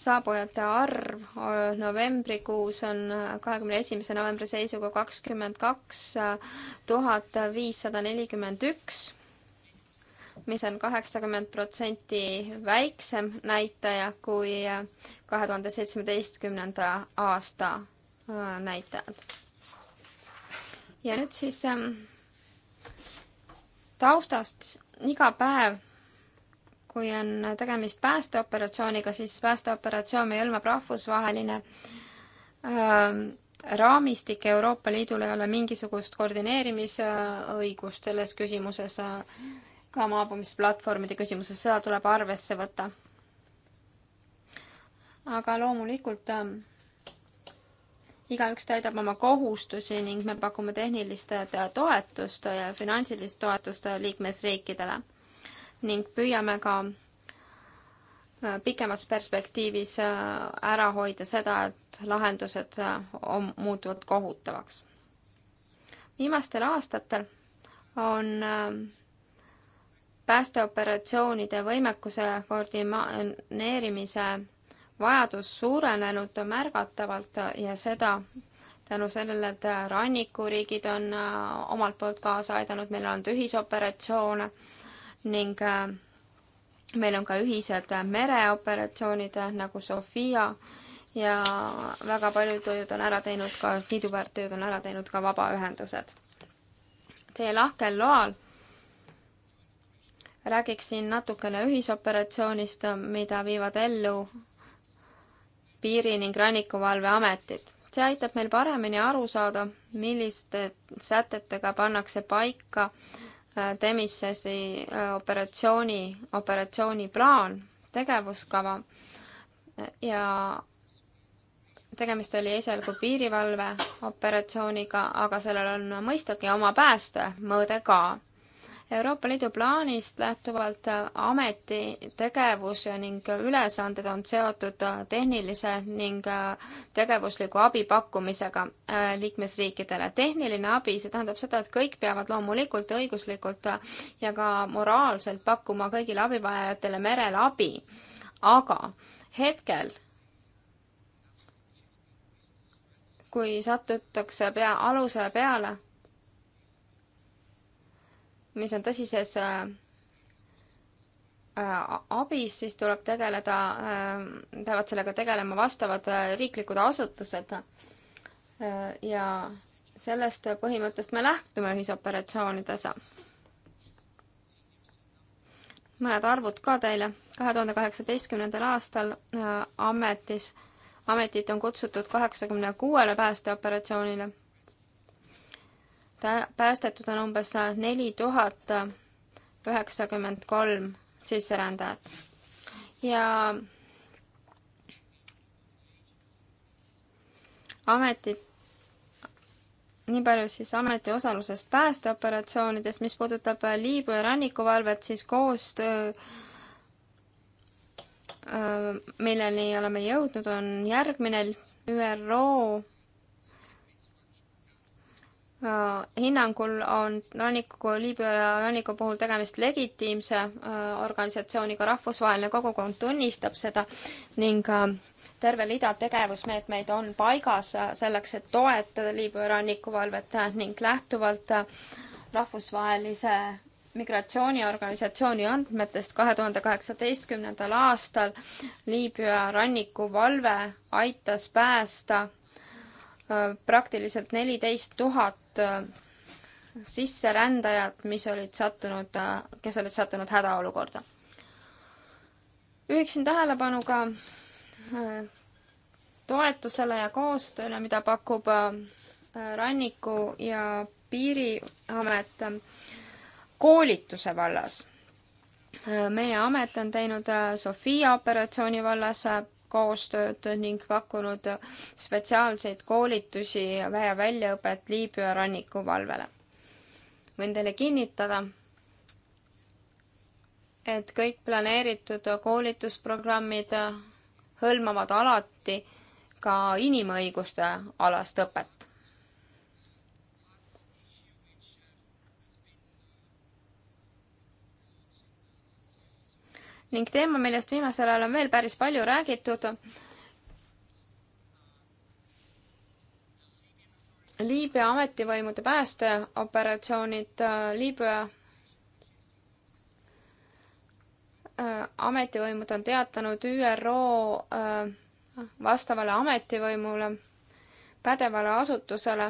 saabujate arv novembrikuus on kahekümne esimese novembri seisuga kakskümmend kaks tuhat viissada nelikümmend üks mis on kaheksakümmend protsenti väiksem näitaja kui kahe tuhande seitsmeteistkümnenda aasta äh, näitajad. ja nüüd siis ähm, taustast iga päev, kui on tegemist päästeoperatsiooniga, siis päästeoperatsioon meil hõlmab rahvusvaheline ähm, raamistik Euroopa Liidul ei ole mingisugust koordineerimisõigust selles küsimuses äh, ka maabumisplatvormide küsimuses, seda tuleb arvesse võtta. aga loomulikult äh, igaüks täidab oma kohustusi ning me pakume tehnilist toetust ja finantsilist toetust liikmesriikidele ning püüame ka äh, pikemas perspektiivis äh, ära hoida seda, et lahendused äh, on, muutuvad kohutavaks. viimastel aastatel on ähm, päästeoperatsioonide võimekuse koordineerimise vajadus suurenenud märgatavalt ja seda tänu sellele, et rannikuriigid on äh, omalt poolt kaasa aidanud, meil on ühisoperatsioone ning äh, meil on ka ühised mereoperatsioonid äh, nagu Sofia ja väga paljud tööd on ära teinud ka, kiiduväärt tööd on ära teinud ka vabaühendused. Teie lahkel loal räägiksin natukene ühisoperatsioonist, mida viivad ellu Piiri- ning Rannikuvalveametid. see aitab meil paremini aru saada, milliste sätetega pannakse paika Demisesi äh, äh, operatsiooni, operatsiooniplaan, tegevuskava ja tegemist oli esialgu piirivalveoperatsiooniga, aga sellel on mõistagi oma päästemõõde ka Euroopa Liidu plaanist lähtuvalt ameti tegevus ning ülesanded on seotud tehnilise ning tegevusliku abi pakkumisega äh, liikmesriikidele. tehniline abi, see tähendab seda, et kõik peavad loomulikult õiguslikult ja ka moraalselt pakkuma kõigile abivajajatele merel abi. aga hetkel kui satutakse pea, aluse peale mis on tõsises äh, äh, abis, siis tuleb tegeleda, äh, peavad sellega tegelema vastavad riiklikud asutused. ja sellest põhimõttest me lähtume ühisoperatsioonides. mõned arvud ka teile. kahe tuhande kaheksateistkümnendal aastal ametis, ametit on kutsutud kaheksakümne kuuele päästeoperatsioonile päästetud on umbes neli tuhat üheksakümmend kolm sisserändajat. ja ametit, nii palju siis ameti osalusest päästeoperatsioonides, mis puudutab Liibüa rannikuvalvet, siis koostöö, milleni oleme jõudnud, on järgmine ÜRO Äh, hinnangul on ranniku, Liibüa ranniku puhul tegemist legitiimse äh, organisatsiooniga, rahvusvaheline kogukond tunnistab seda ning äh, terve rida tegevusmeetmeid on paigas selleks, et toetada Liibüa rannikuvalvet ning lähtuvalt rahvusvahelise migratsiooniorganisatsiooni andmetest kahe tuhande kaheksateistkümnendal aastal Liibüa rannikuvalve aitas päästa praktiliselt neliteist tuhat Äh, sisserändajad, mis olid sattunud, äh, kes olid sattunud hädaolukorda. juhiksin tähelepanu ka äh, toetusele ja koostööle, mida pakub Ranniku ja Piiriamet koolituse vallas. meie amet on teinud Sofia operatsiooni vallas koostööd ning pakkunud spetsiaalseid koolitusi ja väljaõpet Liibüa rannikuvalvele. võin teile kinnitada, et kõik planeeritud koolitusprogrammid hõlmavad alati ka inimõiguste alast õpet ning teema, millest viimasel ajal on veel päris palju räägitud, Liibüa ametivõimude päästeoperatsioonid, Liibüa äh, ametivõimud on teatanud ÜRO äh, vastavale ametivõimule, pädevale asutusele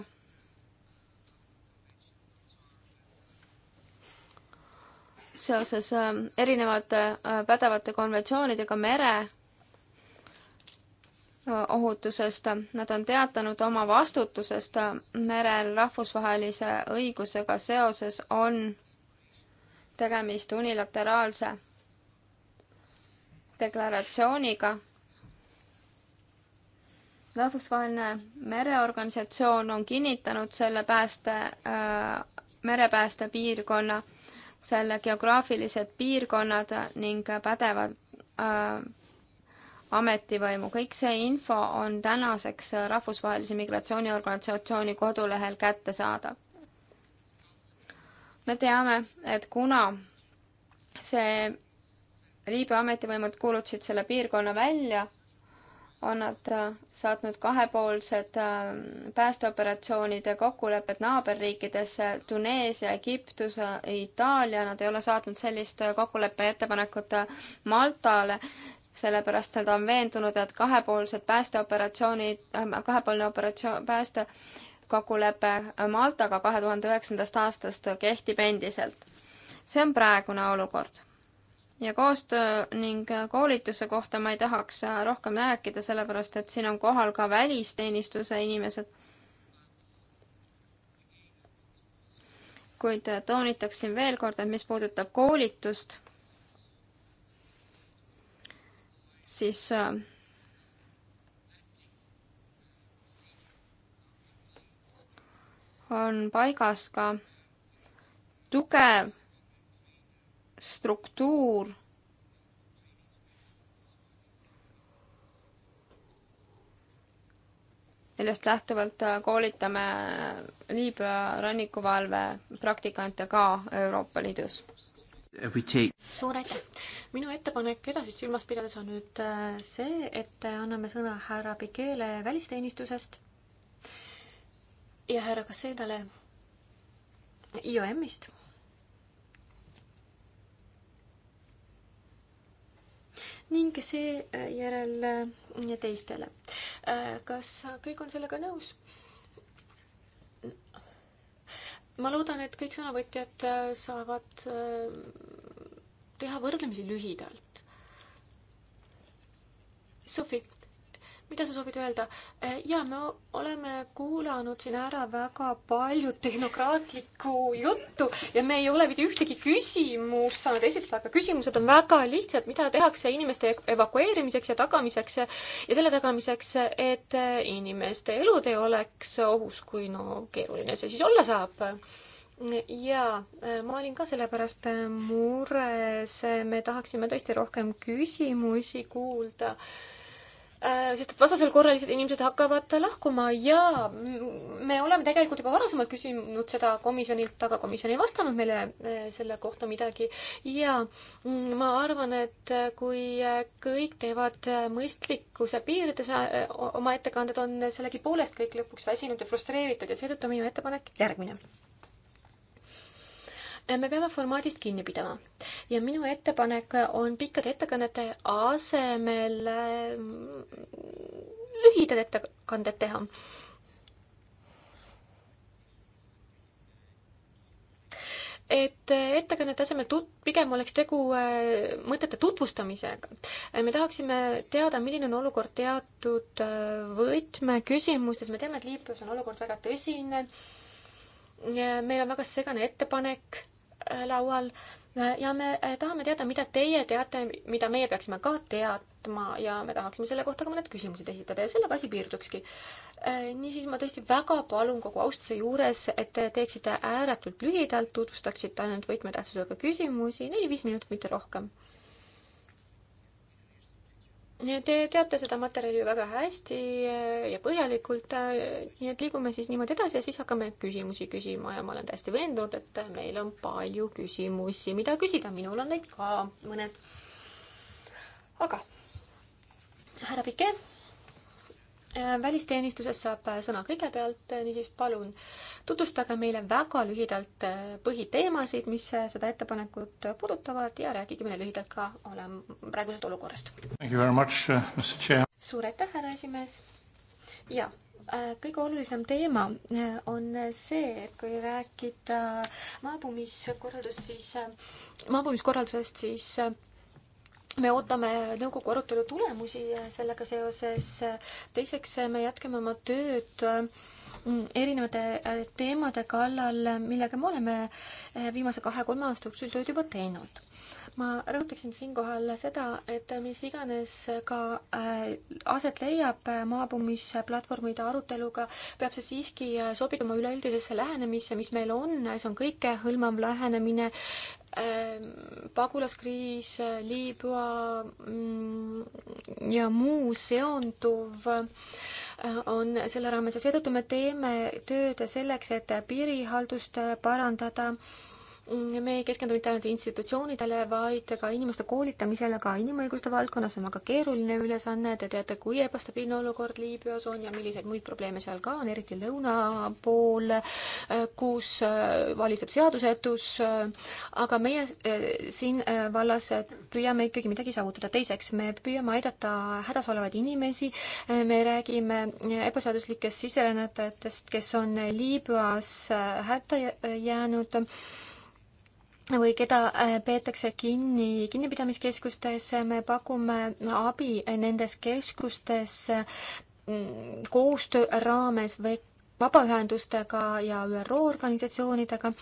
seoses äh, erinevate äh, pädevate konventsioonidega mere äh, ohutusest. Nad on teatanud oma vastutusest merel rahvusvahelise õigusega seoses on tegemist unilateraalse deklaratsiooniga. rahvusvaheline mereorganisatsioon on kinnitanud selle pääste, merepäästepiirkonna selle geograafilised piirkonnad ning pädevad äh, ametivõimu. kõik see info on tänaseks Rahvusvahelise Migratsiooniorganisatsiooni kodulehel kättesaadav. me teame, et kuna see Liibüa ametivõimud kuulutasid selle piirkonna välja, on nad äh, saatnud kahepoolsed äh, päästeoperatsioonide kokkulepped naaberriikidesse Tuneesia, Egiptus, äh, Itaalia, nad ei ole saatnud sellist kokkuleppe ettepanekut Maltale, sellepärast nad on veendunud, et kahepoolsed päästeoperatsioonid, kahepoolne operatsioon, pääste kokkulepe Maltaga kahe tuhande üheksandast aastast kehtib endiselt. see on praegune olukord ja koostöö ning koolituse kohta ma ei tahaks rohkem rääkida, sellepärast et siin on kohal ka välisteenistuse inimesed. kuid toonitaksin veel kord, et mis puudutab koolitust, siis äh, on paigas ka tugev struktuur sellest lähtuvalt äh, koolitame äh, Liibüa rannikuvalve praktikante ka Euroopa Liidus. suur aitäh! minu ettepanek edasist silmas pidades on nüüd äh, see, et anname sõna härra Pikele välisteenistusest ja härra Kassedale IOM-ist ning seejärel teistele. Äh, kas kõik on sellega nõus? ma loodan, et kõik sõnavõtjad äh, saavad äh, teha võrdlemisi lühidalt. Sofi, mida sa soovid öelda? Eh, ja me oleme kuulanud siin ära väga palju tehnokraatlikku juttu ja me ei ole mitte ühtegi küsimust saanud esitada, aga küsimused on väga lihtsad, mida tehakse inimeste evakueerimiseks ja tagamiseks ja selle tagamiseks, et inimeste elud ei oleks ohus, kui no keeruline see siis olla saab jaa, eh, ma olin ka selle pärast eh, mures, me tahaksime tõesti rohkem küsimusi kuulda Äh, sest et vastasel korral lihtsalt inimesed hakkavad lahkuma ja me oleme tegelikult juba varasemalt küsinud seda komisjonilt, aga komisjon ei vastanud meile äh, selle kohta midagi. ja mm, ma arvan, et äh, kui kõik teevad mõistlikkuse piirides oma ettekanded, on sellegipoolest kõik lõpuks väsinud ja frustreeritud ja seetõttu minu ettepanek järgmine me peame formaadist kinni pidama ja minu ettepanek on pikkade ettekannete asemel mm, lühidad ettekanded teha. et ettekannete asemel tut-, pigem oleks tegu äh, mõtete tutvustamisega. Äh, me tahaksime teada, milline on olukord teatud äh, võtmeküsimustes, me teame, et Liibüas on olukord väga tõsine, meil on väga segane ettepanek Äh, laual äh, ja me äh, tahame teada, mida teie teate, mida meie peaksime ka teadma ja me tahaksime selle kohta ka mõned küsimused esitada ja sellega asi piirdukski. niisiis ma tõesti väga palun kogu austuse juures, et te teeksite ääretult lühidalt, tutvustaksite ainult võtmetähtsusega küsimusi, neli-viis minutit, mitte rohkem. Te teate seda materjali väga hästi äh, ja põhjalikult, äh, nii et liigume siis niimoodi edasi ja siis hakkame küsimusi küsima ja ma olen täiesti veendunud, et meil on palju küsimusi, mida küsida, minul on neid ka mõned. aga härra Pike Äh, välisteenistuses saab äh, sõna kõigepealt, äh, niisiis palun tutvustage meile väga lühidalt põhiteemasid, mis seda ettepanekut puudutavad ja rääkige meile lühidalt ka olem-, praegusest olukorrast. Uh, suur aitäh, härra esimees! jaa, kõige olulisem teema on see, et kui rääkida maabumiskorraldust, siis, maabumiskorraldusest, siis me ootame nõukogu arutelu tulemusi sellega seoses. teiseks, me jätkame oma tööd mm, erinevate äh, teemade kallal, millega me oleme äh, viimase kahe-kolme aasta jooksul tööd juba teinud ma rõhutaksin siinkohal seda, et mis iganes ka äh, aset leiab maabumisplatvormide aruteluga, peab see siiski sobituma üleüldisesse lähenemisse, mis meil on, see on kõikehõlmav lähenemine, Ehm, pagulaskriis, Liibüa mm, ja muu seonduv äh, on selle raames ja seetõttu me teeme tööd selleks, et piirihaldust äh, parandada me ei keskendu mitte ainult institutsioonidele, vaid ka inimeste koolitamisele, ka inimõiguste valdkonnas on väga keeruline ülesanne, te teate, kui ebastabiilne olukord Liibüas on ja milliseid muid probleeme seal ka on, eriti lõuna pool, kus äh, valitseb seadusetus, aga meie äh, siin äh, vallas püüame ikkagi midagi saavutada. teiseks, me püüame aidata hädas olevaid inimesi, me räägime ebaseaduslikest sisserännajatest, kes on Liibüas hätta jäänud või keda äh, peetakse kinni kinnipidamiskeskustes, me pakume abi nendes keskustes mm, koostöö raames või vabaühendustega ja ÜRO organisatsioonidega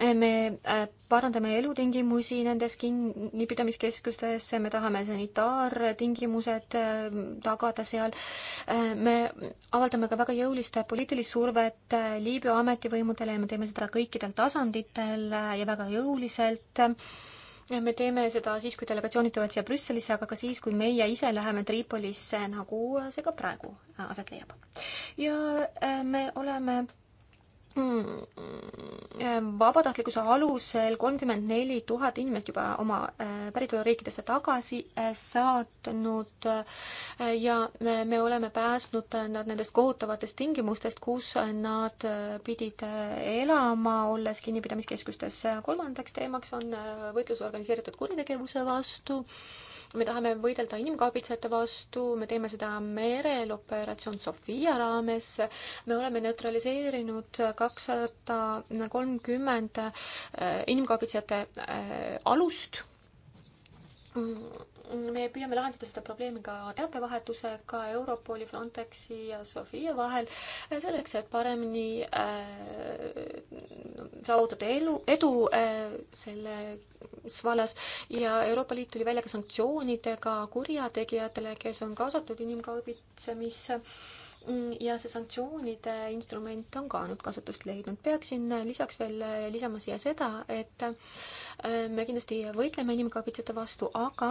me äh, parandame elutingimusi nendes kinnipidamiskeskustes, me tahame sanitaartingimused äh, tagada seal. Äh, me avaldame ka väga jõulist poliitilist survet Liibüa ametivõimudele ja me teeme seda kõikidel tasanditel ja väga jõuliselt me teeme seda siis, kui delegatsioonid tulevad siia Brüsselisse, aga ka siis, kui meie ise läheme Tripolisse, nagu see ka praegu aset leiab. ja me oleme Hmm, eh, vabatahtlikkuse alusel kolmkümmend neli tuhat inimest juba oma eh, päritoluriikidesse tagasi eh, saatnud ja me oleme päästnud nad nendest kohutavatest tingimustest, kus nad pidid elama, olles kinnipidamiskeskustes. kolmandaks teemaks on võitlus organiseeritud kuritegevuse vastu me tahame võidelda inimkaubitsejate vastu, me teeme seda merel operatsioon Sofia raames, me oleme neutraliseerinud kakssada kolmkümmend äh, inimkaubitsejate äh, alust me püüame lahendada seda probleemi ka teabevahetusega Europoli, Frontexi ja Sofia vahel, eh, selleks, et paremini äh, saavutada elu, edu äh, selles vallas ja Euroopa Liit tuli välja ka sanktsioonidega kurjategijatele, kes on kaasatud inimkaubitsemisse äh, ja see sanktsioonide instrument on ka nüüd kasutust leidnud. peaksin lisaks veel lisama siia seda, et äh, me kindlasti võitleme inimkaubitsejate vastu, aga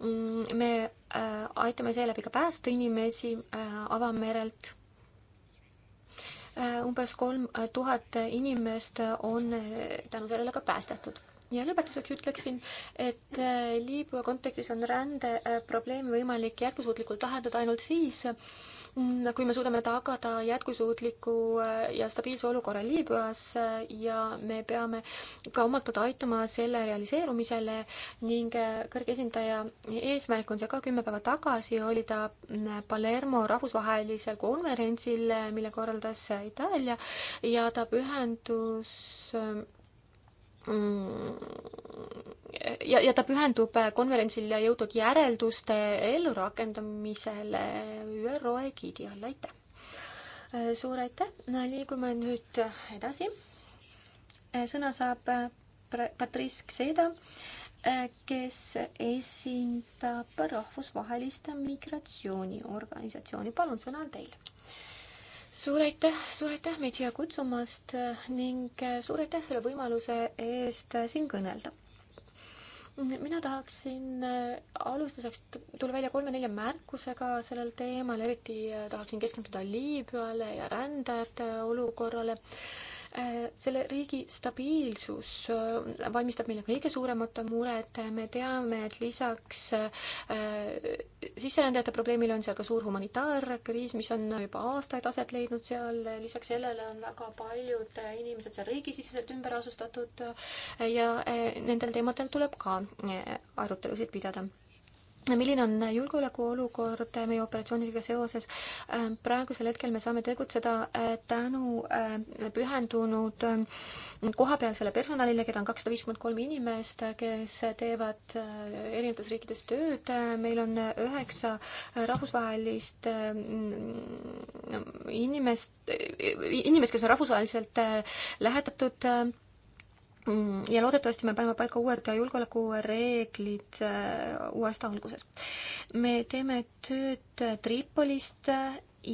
mm, me äh, aitame seeläbi ka päästa inimesi äh, avamerelt. umbes kolm tuhat inimest on tänu sellele ka päästetud ja lõpetuseks ütleksin, et Liibüa kontekstis on rändeprobleemi võimalik jätkusuutlikult lahendada ainult siis, Mm, kui me suudame tagada jätkusuutliku äh, ja stabiilse olukorra Liibüas äh, ja me peame ka omalt poolt aitama selle realiseerumisele ning äh, kõrge esindaja eesmärk on see ka kümme päeva tagasi oli ta mm, Palermo rahvusvahelisel konverentsil, mille korraldas Itaalia ja ta pühendus Mm, ja, ja ta pühendub äh, konverentsil jõudnud järelduste ellurakendamisele ÜRO egiidi all, aitäh! Äh, suur aitäh, no liigume nüüd edasi. Äh, sõna saab Patrice Kseda, kes esindab rahvusvahelist migratsiooniorganisatsiooni, palun, sõna on teil suur aitäh, suur aitäh meid siia kutsumast ning äh, suur aitäh selle võimaluse eest äh, siin kõnelda. mina tahaksin äh, alustuseks tulla välja kolme-nelja märkusega sellel teemal, eriti tahaksin keskenduda Liibüale ja rändajate olukorrale selle riigi stabiilsus äh, valmistab meile kõige suuremat muret, me teame, et lisaks äh, sisserändajate probleemile on seal ka suur humanitaarkriis, mis on juba aastaid aset leidnud seal, lisaks sellele on väga paljud inimesed seal riigisiseselt ümber asustatud äh, ja nendel teemadel tuleb ka arutelusid pidada milline on julgeolekuolukord meie operatsioonidega seoses? Ähm, praegusel hetkel me saame tegutseda äh, tänu äh, pühendunud ähm, kohapealsele personalile, keda on kakssada viiskümmend kolm inimest, äh, kes teevad erinevates riikides tööd. meil on üheksa rahvusvahelist inimest, inimest, kes on rahvusvaheliselt lähetatud Mm, ja loodetavasti me paneme paika uued julgeolekureeglid äh, uue aasta alguses. me teeme tööd Tripolist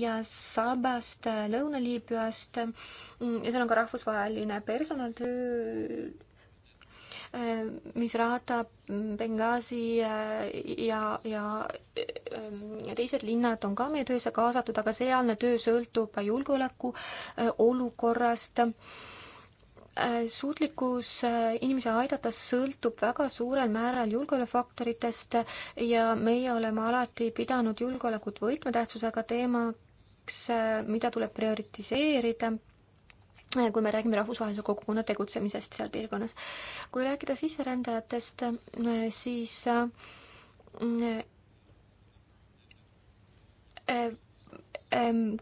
ja Sabast äh, Lõuna-Liibüast mm, ja seal on ka rahvusvaheline personaltöö, äh, mis rahatab Benghazi ja, ja, ja teised linnad on ka meie töösse kaasatud, aga sealne töö sõltub julgeoleku olukorrast Äh, suutlikkus äh, inimesi aidata sõltub väga suurel määral julgeolekufaktoritest ja meie oleme alati pidanud julgeolekut võtmetähtsusega teemaks, äh, mida tuleb prioritiseerida, kui me räägime rahvusvahelise kogukonna tegutsemisest seal piirkonnas. kui rääkida sisserändajatest, siis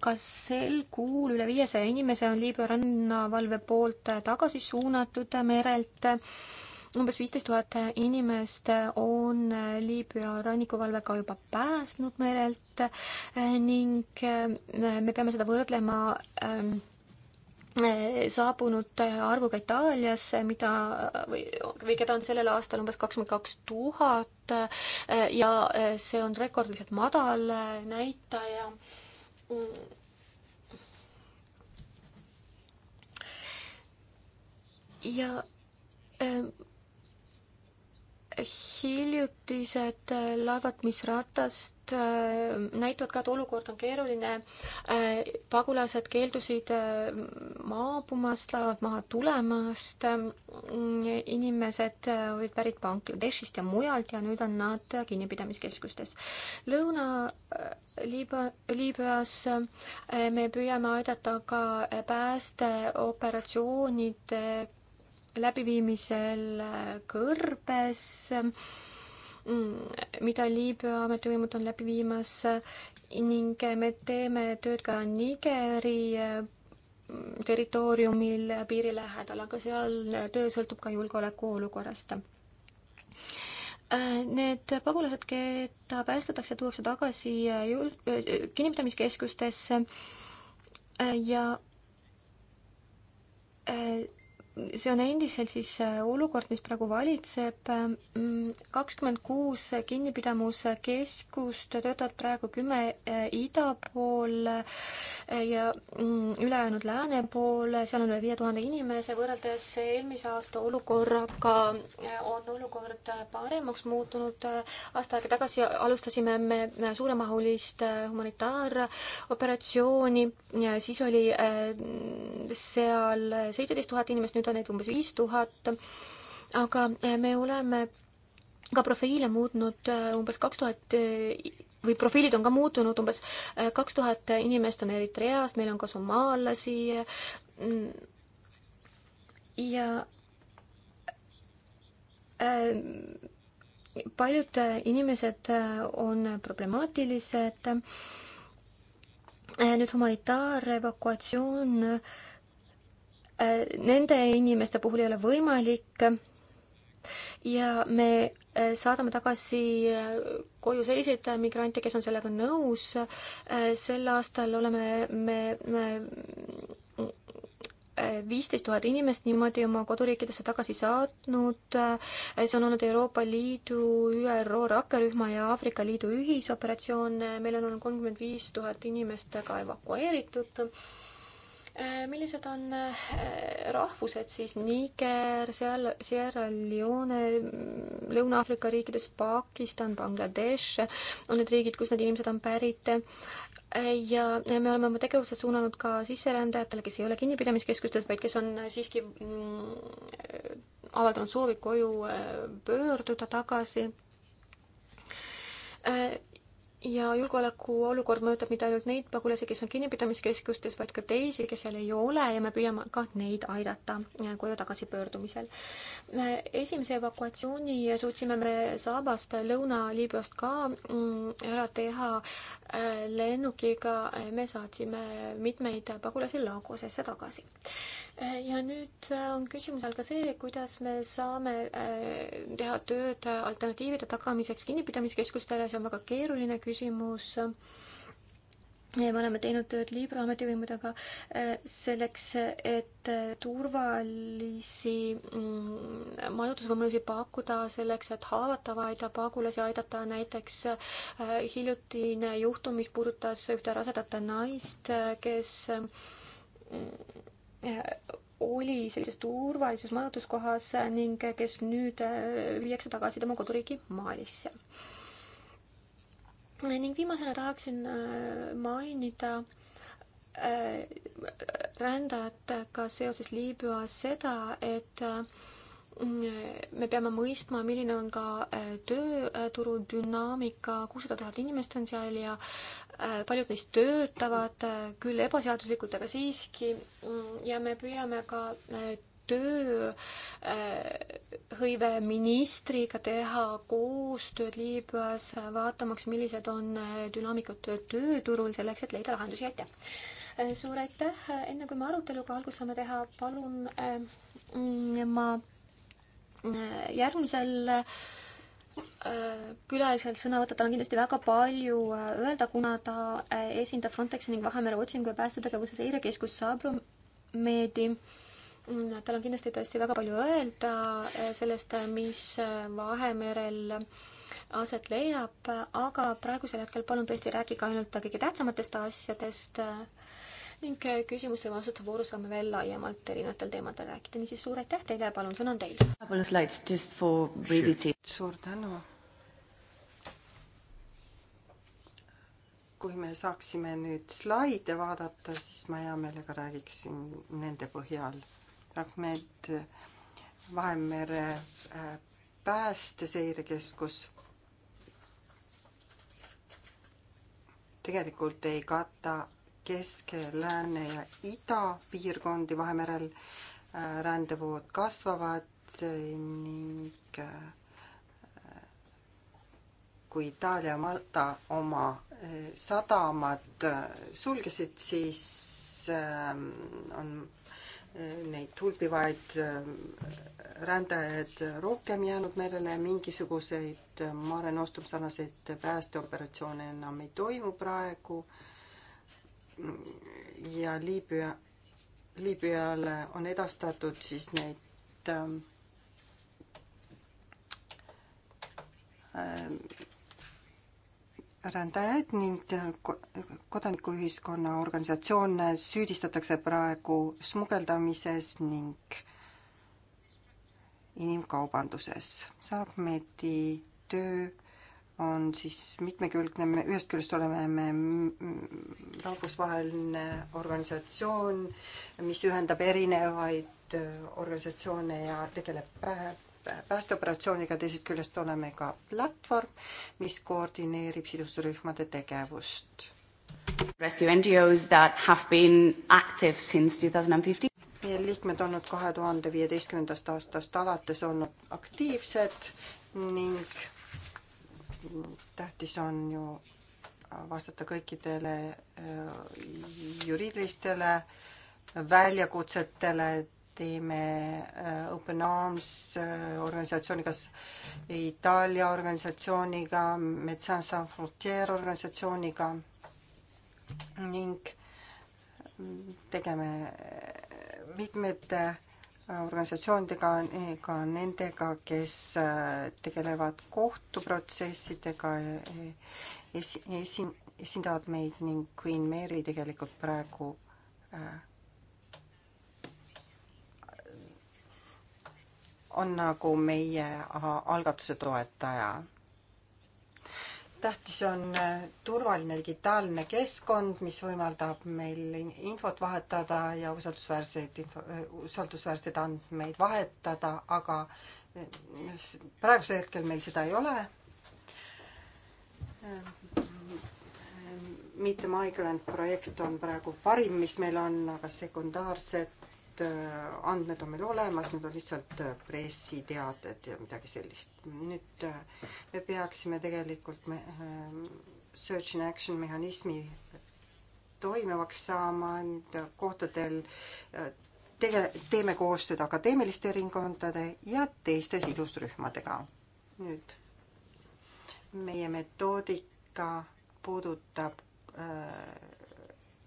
kas sel kuul üle viiesaja inimese on Liibüa rannavalve poolt tagasi suunatud merelt? umbes viisteist tuhat inimest on Liibüa rannikuvalve ka juba päästnud merelt eh, ning eh, me peame seda võrdlema eh, saabunute arvuga Itaaliasse, mida või, või keda on sellel aastal umbes kakskümmend kaks tuhat ja see on rekordiliselt madal näitaja ja hiljutised äh, laevad, mis ratast äh, näitavad ka, et olukord on keeruline. Äh, pagulased keeldusid maabumast, laevad maha tulemast. Mm, inimesed olid pärit Bangladeshist ja mujalt ja nüüd on nad kinnipidamiskeskustes. Lõuna-Liibüas me püüame aidata ka päästeoperatsioonidega läbiviimisel äh, kõrbes, mm, mida Liibüa ametivõimud on läbi viimas äh, ning äh, me teeme tööd ka Nigeri territooriumil piiri lähedal, aga seal töö sõltub ka julgeolekuolukorrast. Need pagulased, keda päästetakse, tuuakse tagasi jul-, kinnipidamiskeskustesse ja see on endiselt siis äh, olukord, mis praegu valitseb. Mm, kakskümmend kuus kinnipidamuskeskust töötavad praegu kümme äh, ida pool äh, ja mm, ülejäänud lääne pool, seal on üle viie tuhande inimese, võrreldes eelmise aasta olukorraga on olukord paremaks muutunud. aasta aega tagasi alustasime me suuremahulist humanitaaroperatsiooni ja siis oli seal seitseteist tuhat inimest, nüüd on neid umbes viis tuhat, aga eh, me oleme ka profiile muutnud eh, umbes kaks tuhat eh, või profiilid on ka muutunud, umbes kaks tuhat inimest on Eritreast, meil on ka somaallasi ja paljud inimesed on problemaatilised. nüüd humanitaarevakuatsioon äh, Äh, nende inimeste puhul ei ole võimalik ja me äh, saadame tagasi äh, koju selliseid migrante, kes on sellega nõus. sel aastal oleme me, me viisteist tuhat inimest niimoodi oma koduriikidesse tagasi saatnud. see on olnud Euroopa Liidu, ÜRO rakkerühma ja Aafrika Liidu ühisoperatsioon. meil on olnud kolmkümmend viis tuhat inimest ka evakueeritud Äh, millised on äh, rahvused siis Niger, seal Sierra Leone, Lõuna-Aafrika riikides, Pakistan, Bangladesh on need riigid, kust need inimesed on pärit. Äh, ja me oleme oma tegevused suunanud ka sisserändajatele, kes ei ole kinnipidamiskeskustes, vaid kes on siiski mm, avaldanud soovi koju pöörduda tagasi ja julgeolekuolukord mõjutab mitte ainult neid pagulasi, kes on kinnipidamiskeskustes, vaid ka teisi, kes seal ei ole ja me püüame ka neid aidata äh, koju tagasipöördumisel. esimese evakuatsiooni suutsime me Saabast äh, Lõuna-Liibüast ka mm, ära teha äh, lennukiga, me saatsime mitmeid pagulasi Lagosesse tagasi Äh, ja nüüd äh, on küsimuse all ka see, kuidas me saame äh, teha tööd alternatiivide tagamiseks kinnipidamiskeskustele, see on väga keeruline küsimus. me oleme teinud tööd Liibüa ametivõimudega selleks, et turvalisi mm, majutusvõimalusi pakkuda, selleks, et haavatavaid pagulasi aidata, näiteks hiljutine juhtum, mis puudutas ühte rasedat naist, kes mm, oli sellises turvalises majutuskohas ning kes nüüd äh, viiakse tagasi tema koduriigi Malisse. ning viimasena tahaksin äh, mainida äh, rändajatega seoses Liibüas seda, et me peame mõistma, milline on ka äh, tööturu dünaamika, kuussada tuhat inimest on seal ja äh, paljud neist töötavad äh, küll ebaseaduslikult, aga siiski ja me püüame ka tööhõiveministriga teha koostööd Liibüas, vaatamaks, millised on dünaamikud tööturul selleks, et leida lahendusi, aitäh! suur aitäh, enne kui me aruteluga algust saame teha, palun mm, ma järgmisel äh, külalisel sõnavõtta, tal on kindlasti väga palju äh, öelda, kuna ta äh, esindab Frontexi ning Vahemere otsingu ja päästetegevuse seirekeskust Sabromedi. Mm, tal on kindlasti tõesti väga palju öelda sellest, mis Vahemerel aset leiab, aga praegusel hetkel palun tõesti rääkige ainult kõige tähtsamatest asjadest ning äh, küsimuste ja vastuste voorus saame veel laiemalt erinevatel teemadel rääkida, niisiis suur aitäh teile ja palun, sõna on teil. suur tänu. kui me saaksime nüüd slaide vaadata, siis ma hea meelega räägiksin nende põhjal. fragment Vahemere äh, päästeseirekeskus tegelikult ei kata Keske, Lääne ja Ida piirkondi Vahemerel. Äh, rändevood kasvavad äh, ning äh, kui Itaalia ja Malta oma sadamad sulgesid, siis on neid hulbivaid rändajaid rohkem jäänud merele, mingisuguseid Mare Nostrum sarnaseid päästeoperatsioone enam ei toimu praegu ja Liibüa, Liibüale on edastatud siis neid ähm, ähm, rändajaid ning kodanikuühiskonna organisatsioone süüdistatakse praegu smugeldamises ning inimkaubanduses. Saab Medi töö on siis mitmekülgne, me ühest küljest oleme me rahvusvaheline organisatsioon, mis ühendab erinevaid äh, organisatsioone ja tegeleb päästeoperatsiooniga, teisest küljest oleme ka platvorm, mis koordineerib sidusrühmade tegevust. Rescue NGO-s that have been active since two thousand and fifteen. meie liikmed olnud kahe tuhande viieteistkümnendast aastast alates olnud aktiivsed ning tähtis on ju vastata kõikidele äh, juriidilistele väljakutsetele, teeme äh, Open Arms äh, organisatsiooniga, Itaalia organisatsiooniga, Médecins Sans Frontières organisatsiooniga ning mm, tegeme mitmete organisatsioonidega, ka nendega, kes äh, tegelevad kohtuprotsessidega, äh, esi-, esi-, esindavad meid ning Queen Mary tegelikult praegu äh, on nagu meie algatuse toetaja tähtis on äh, turvaline digitaalne keskkond, mis võimaldab meil infot vahetada ja usaldusväärseid info, äh, usaldusväärseid andmeid vahetada, aga äh, praegusel hetkel meil seda ei ole. Meet the Migrant projekt on praegu parim, mis meil on, aga sekundaarsed Äh, andmed on meil olemas, need on lihtsalt äh, pressiteated ja midagi sellist. nüüd äh, me peaksime tegelikult me, search and action mehhanismi toimivaks saama, kohtadel tege-, teeme koostööd akadeemiliste ringkondade ja teiste sidusrühmadega. nüüd meie metoodika puudutab äh,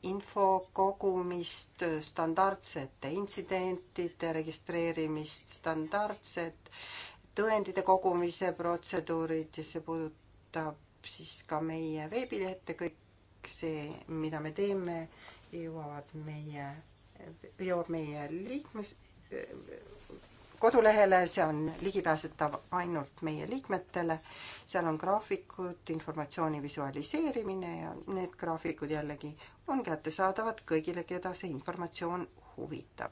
info kogumist, standardsete intsidentide registreerimist, standardsed tõendite kogumise protseduurid ja see puudutab siis ka meie veebilehte, kõik see, mida me teeme, jõuavad meie, jõuab meie liikmes, kodulehele, see on ligipääsetav ainult meie liikmetele. seal on graafikud, informatsiooni visualiseerimine ja need graafikud jällegi on kättesaadavad kõigile, keda see informatsioon huvitab.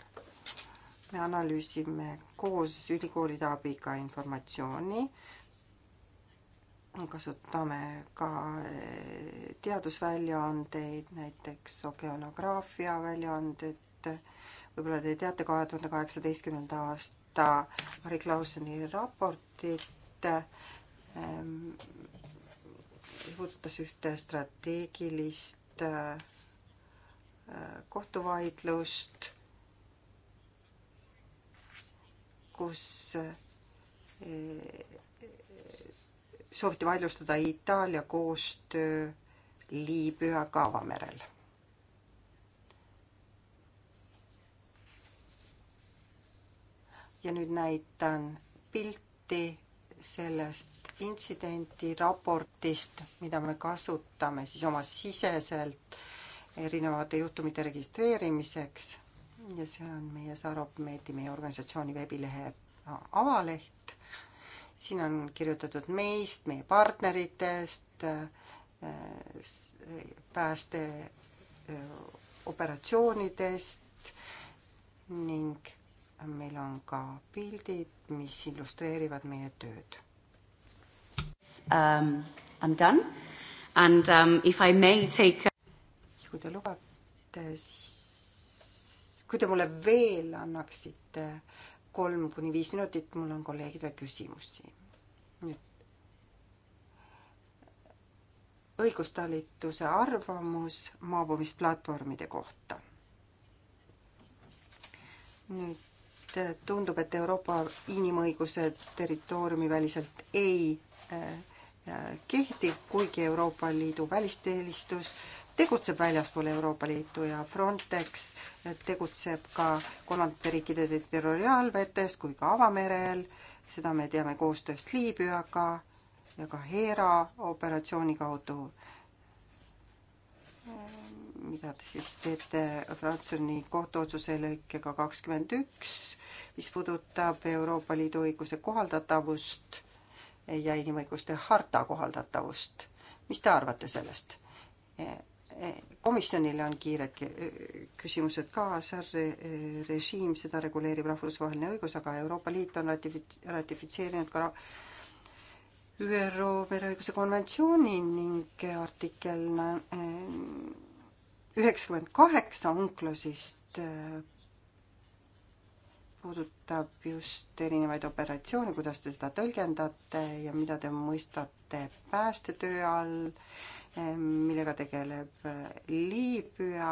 me analüüsime koos ülikoolide abiga informatsiooni kasutame ka eh, teadusväljaandeid, näiteks okeanograafia väljaanded, võib-olla te teate, kahe tuhande kaheksateistkümnenda aasta võtta Mari Klauseni raportit ähm,, puudutas ühte strateegilist äh, kohtuvaidlust, kus äh, sooviti vaidlustada Itaalia koostöö Liibüaga avamerel ja nüüd näitan pilti sellest intsidenti raportist, mida me kasutame siis oma siseselt erinevate juhtumite registreerimiseks ja see on meie Saropmeedi, meie organisatsiooni veebilehe avaleht. siin on kirjutatud meist, meie partneritest, päästeoperatsioonidest ning meil on ka pildid, mis illustreerivad meie tööd um,. I m done and um, if I may take. kui te lubate, siis kui te mulle veel annaksite kolm kuni viis minutit, mul on kolleegidele küsimusi. nüüd õigustalituse arvamus maabumisplatvormide kohta. nüüd tundub, et Euroopa inimõigused territooriumiväliselt ei äh, äh, kehti, kuigi Euroopa Liidu välisteenistus tegutseb väljaspool Euroopa Liitu ja Frontex tegutseb ka kolmandate riikide territoriaalvetes kui ka avamerel, seda me teame koostööst Liibüaga ja ka Heera operatsiooni kaudu mida te siis teete Fratsoni kohtuotsuse lõikega kakskümmend üks, mis puudutab Euroopa Liidu õiguse kohaldatavust ja inimõiguste harta kohaldatavust. mis te arvate sellest? E, e, komisjonile on kiired küsimused ka, SR režiim, seda reguleerib rahvusvaheline õigus, aga Euroopa Liit on ratifits-, ratifitseerinud ka ÜRO mereõiguse konventsiooni ning artikkel üheksakümmend kaheksa unklusist äh, puudutab just erinevaid operatsioone, kuidas te seda tõlgendate ja mida te mõistate päästetöö all, äh, millega tegeleb äh, Liibüa,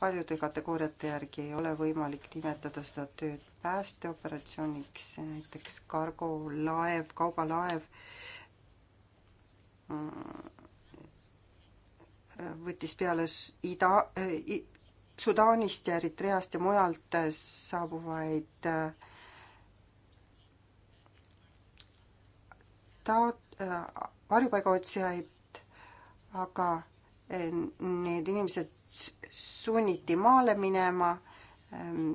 paljude kategooriate järgi ei ole võimalik nimetada seda tööd päästeoperatsiooniks, näiteks kargolaev, kaubalaev mm võttis peale ida, Sudaanist ja Eritreast ja mujalt äh, saabuvaid äh, taot-, äh, varjupaigaotsijaid, aga need inimesed sunniti maale minema ähm,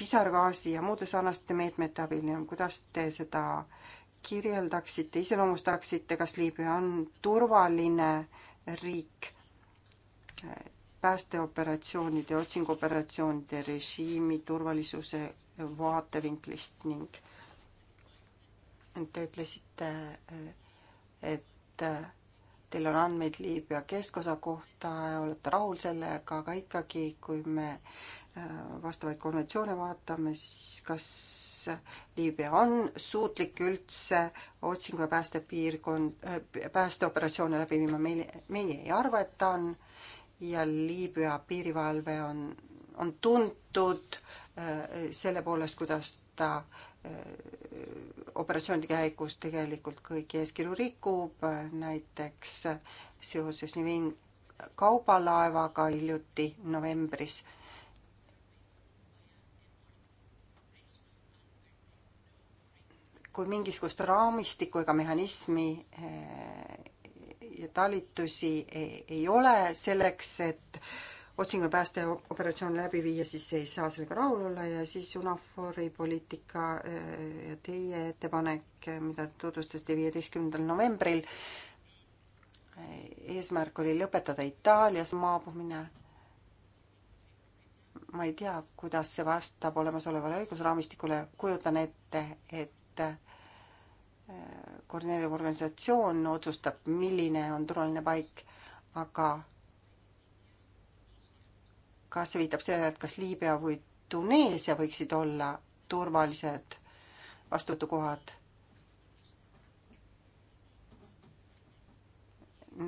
pisargaasi ja muude sarnaste meetmete abil ja kuidas te seda kirjeldaksite, iseloomustaksite, kas Liibüa on turvaline riik päästeoperatsioonide, otsinguoperatsioonide režiimi turvalisuse vaatevinklist ning te ütlesite, et teil on andmeid Liibüa keskosa kohta ja olete rahul sellega, aga ikkagi, kui me äh, vastavaid konventsioone vaatame, siis kas Liibüa on suutlik üldse otsingu- ja päästepiirkond, äh, päästeoperatsioone läbi viima, meie, meie ei arva, et ta on ja Liibüa piirivalve on, on tuntud äh, selle poolest, kuidas ta äh, operatsioonide käigus tegelikult kõiki eeskirju rikub, äh, näiteks seoses Nivin kaubalaevaga hiljuti novembris. kui mingisugust raamistikku ega mehhanismi ja talitusi ei, ei ole selleks, et otsingu päästeoperatsioon läbi viia, siis ei saa sellega rahul olla ja siis UNAFOR-i poliitika e, ja teie ettepanek, e, mida tutvustasite viieteistkümnendal novembril, e, eesmärk oli lõpetada Itaalias maapõhmine. ma ei tea, kuidas see vastab olemasolevale õigusraamistikule, kujutan ette, et koordineeriv organisatsioon otsustab, milline on turvaline paik, aga kas see viitab sellele, et kas Liibüa või Tuneesia võiksid olla turvalised vastuvõtukohad?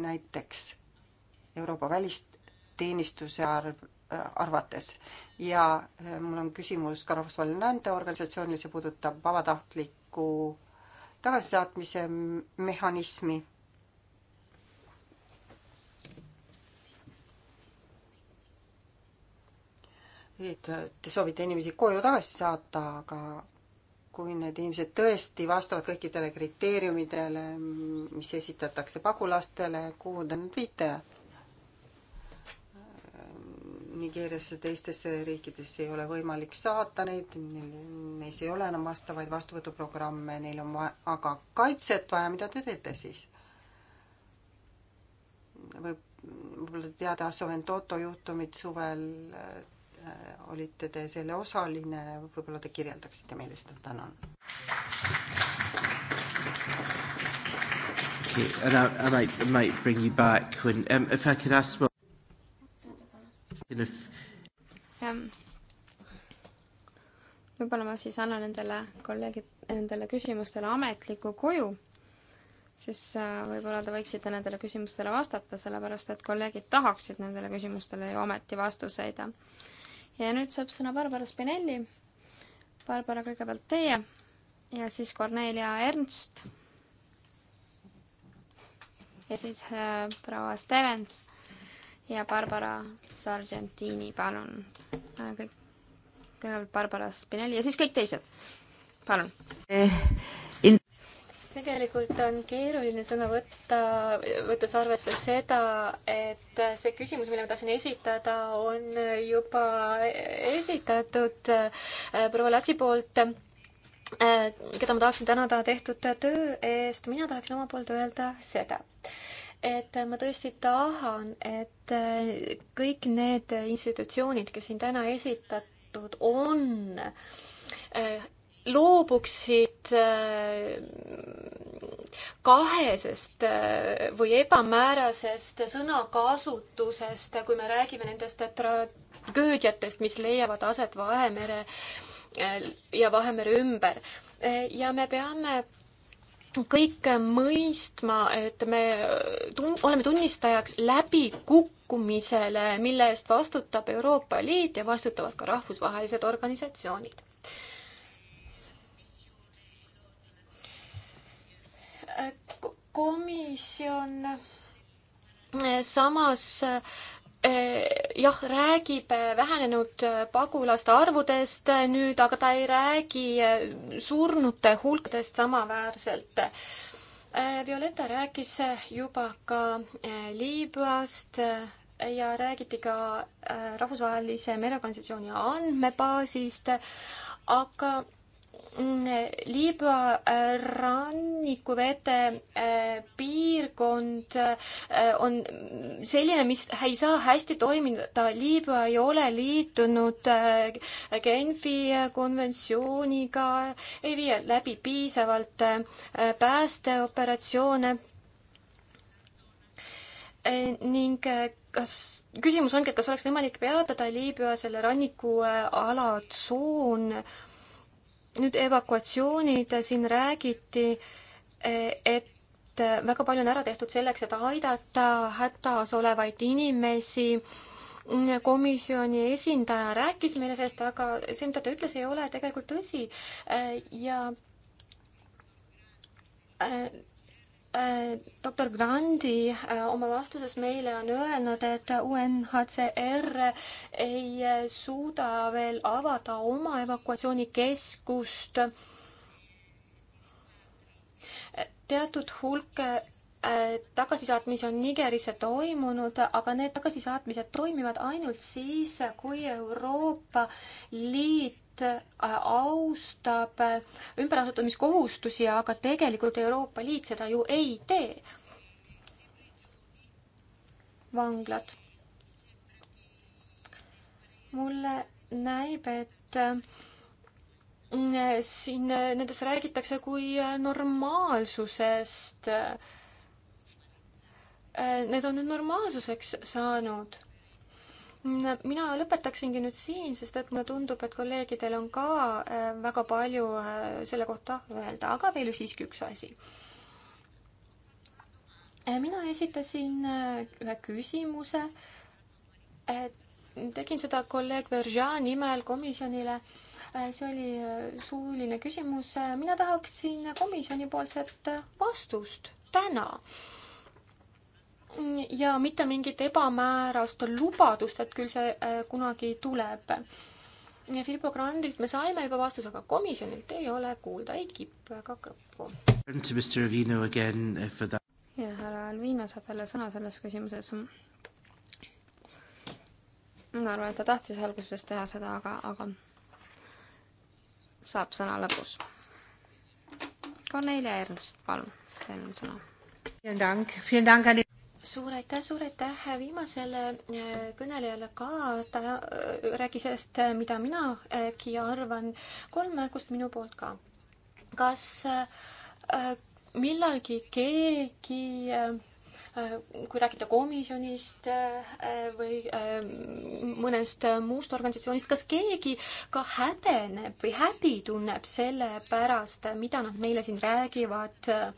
näiteks Euroopa välisteenistuse arv, äh, arvates ja äh, mul on küsimus ka rahvusvaheline rändeorganisatsioonile, see puudutab vabatahtlikku tagasisaatmise mehhanismi. et te soovite inimesi koju tagasi saata, aga kui need inimesed tõesti vastavad kõikidele kriteeriumidele, mis esitatakse pagulastele, kuhu te nüüd viite? Nigeeriasse, teistesse riikidesse ei ole võimalik saata neid, neis ei ole enam vastavaid vastuvõtuprogramme, neil on vaja, aga kaitset vaja, mida te teete siis? võib, võib-olla teada Soventoto juhtumit suvel äh, olite te selle osaline, võib-olla te kirjeldaksite meile seda, tänan okay,. And I, I might, might bring you back when um, if I could ask my võib-olla ma siis annan nendele kolleegid, nendele küsimustele ametliku koju, siis äh, võib-olla te võiksite nendele küsimustele vastata, sellepärast et kolleegid tahaksid nendele küsimustele ju ometi vastuseid. ja nüüd saab sõna Barbara Spinelli. Barbara, kõigepealt teie ja siis Cornelia Ernst. ja siis äh, proua Stevens ja Barbara Sargentini, palun. Äh, kõik, kõigepealt Barbara Spinelli ja siis kõik teised. palun eh,. In... tegelikult on keeruline sõna võtta, võttes arvesse seda, et see küsimus, mille ma tahtsin esitada, on juba esitatud äh, proua Lätsi poolt äh, keda ma tahaksin tänada tehtud töö eest, mina tahaksin oma poolt öelda seda, et ma tõesti tahan, et äh, kõik need institutsioonid, kes siin täna esitatud on, äh, loobuksid äh, kahesest või ebamäärasest sõnakasutusest, kui me räägime nendest tragöödiatest, mis leiavad aset Vahemere ja Vahemere ümber. ja me peame kõik mõistma, et me tun-, oleme tunnistajaks läbikukkumisele, mille eest vastutab Euroopa Liit ja vastutavad ka rahvusvahelised organisatsioonid. komisjon samas Äh, jah, räägib äh, vähenenud äh, pagulaste arvudest nüüd, aga ta ei räägi surnute hulkadest samaväärselt. Violetta rääkis juba ka Liibüast ja räägiti ka rahvusvahelise mereorganisatsiooni andmebaasist, aga Liibüa äh, rannikuvete äh, piirkond äh, on selline, mis ei saa hästi toimida. Liibüa ei ole liitunud Genfi konventsiooniga, ei vii läbi piisavalt päästeoperatsioone. ning kas, küsimus ongi, et kas oleks võimalik peatada Liibüa selle rannikuala tsoon äh, nüüd evakuatsioonid, siin räägiti, e, et väga palju on ära tehtud selleks, et aidata hädas olevaid inimesi. komisjoni esindaja rääkis meile sellest, aga see, mida ta ütles, ei ole tegelikult tõsi. E, ja e, Äh, doktor Grandi äh, oma vastuses meile on öelnud, et UNHCR ei äh, suuda veel avada oma evakuatsioonikeskust. teatud hulk tagasisaatmisi on Nigerisse toimunud, aga need tagasisaatmised toimivad ainult siis, kui Euroopa Liit Äh, austab äh, ümberasutamiskohustusi, aga tegelikult Euroopa Liit seda ju ei tee. vanglad. mulle näib, et äh, siin nendest räägitakse kui normaalsusest. Need on nüüd normaalsuseks saanud mina lõpetaksingi nüüd siin, sest et mulle tundub, et kolleegidel on ka äh, väga palju äh, selle kohta öelda, aga veel siiski üks asi. Äh, mina esitasin ühe küsimuse. tegin seda kolleeg Veržaa nimel komisjonile see oli suuline küsimus. mina tahaksin komisjonipoolset vastust täna ja mitte mingit ebamäärast lubadust, et küll see äh, kunagi tuleb. Filippo Grandilt me saime juba vastuse, aga komisjonilt ei ole kuulda ei kippu ega kõppu. Eh, ja härra Alvino saab jälle sõna selles küsimuses. ma arvan, et ta tahtis alguses teha seda, aga, aga saab sõna lõpus. Cornelia Ernst, palun, teil on sõna suur aitäh, suur aitäh viimasele äh, kõnelejale ka, ta äh, rääkis sellest, äh, mida minagi arvan. kolm märkust minu poolt ka. kas millalgi keegi kui rääkida komisjonist või mõnest muust organisatsioonist, kas keegi ka häbeneb või häbi tunneb selle pärast, mida nad meile siin räägivad äh,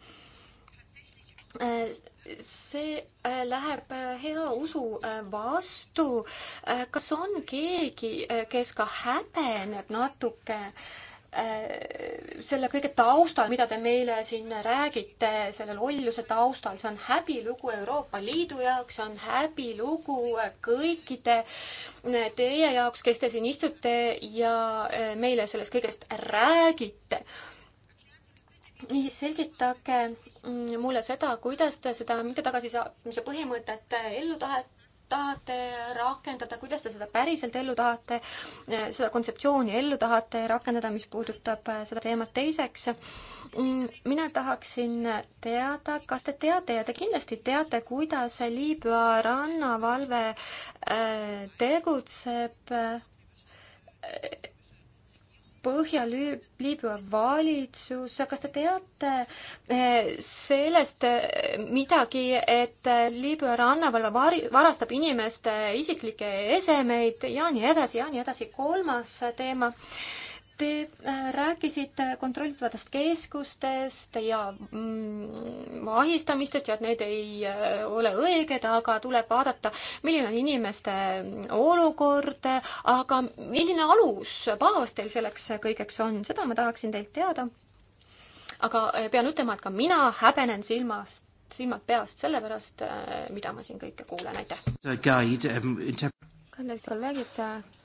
Äh, see äh, läheb äh, hea usu vastu. kas on keegi, kes ka häbeneb natuke selle kõige taustal, mida te meile siin räägite, selle lolluse taustal, see on häbilugu Euroopa Liidu jaoks, see on häbilugu kõikide teie jaoks, kes te siin istute ja meile sellest kõigest räägite nii, selgitage Mm, mulle seda, kuidas te seda mittetagasisaatmise põhimõtet ellu tahate tahate rakendada, kuidas te seda päriselt ellu tahate, seda kontseptsiooni ellu tahate rakendada, mis puudutab äh, seda teemat. teiseks, mm, mina tahaksin teada, kas te teate ja te kindlasti teate, kuidas Liibüa rannavalve äh, tegutseb äh, Põhja-Liibüa valitsus, kas te teate eh, sellest eh, midagi, et eh, Liibüa rannavalve varastab inimeste isiklikke esemeid ja nii edasi ja nii edasi. kolmas teema Te äh, rääkisite kontrollitavatest keskustest ja mm, ahistamistest ja et need ei äh, ole õiged, aga tuleb vaadata, milline on inimeste mm, olukord, aga milline alus, baas teil selleks kõigeks on, seda ma tahaksin teilt teada. aga äh, pean ütlema, et ka mina häbenen silmast silmad peast selle pärast, mida ma siin kõike kuulen, aitäh! Um, kallid kolleegid,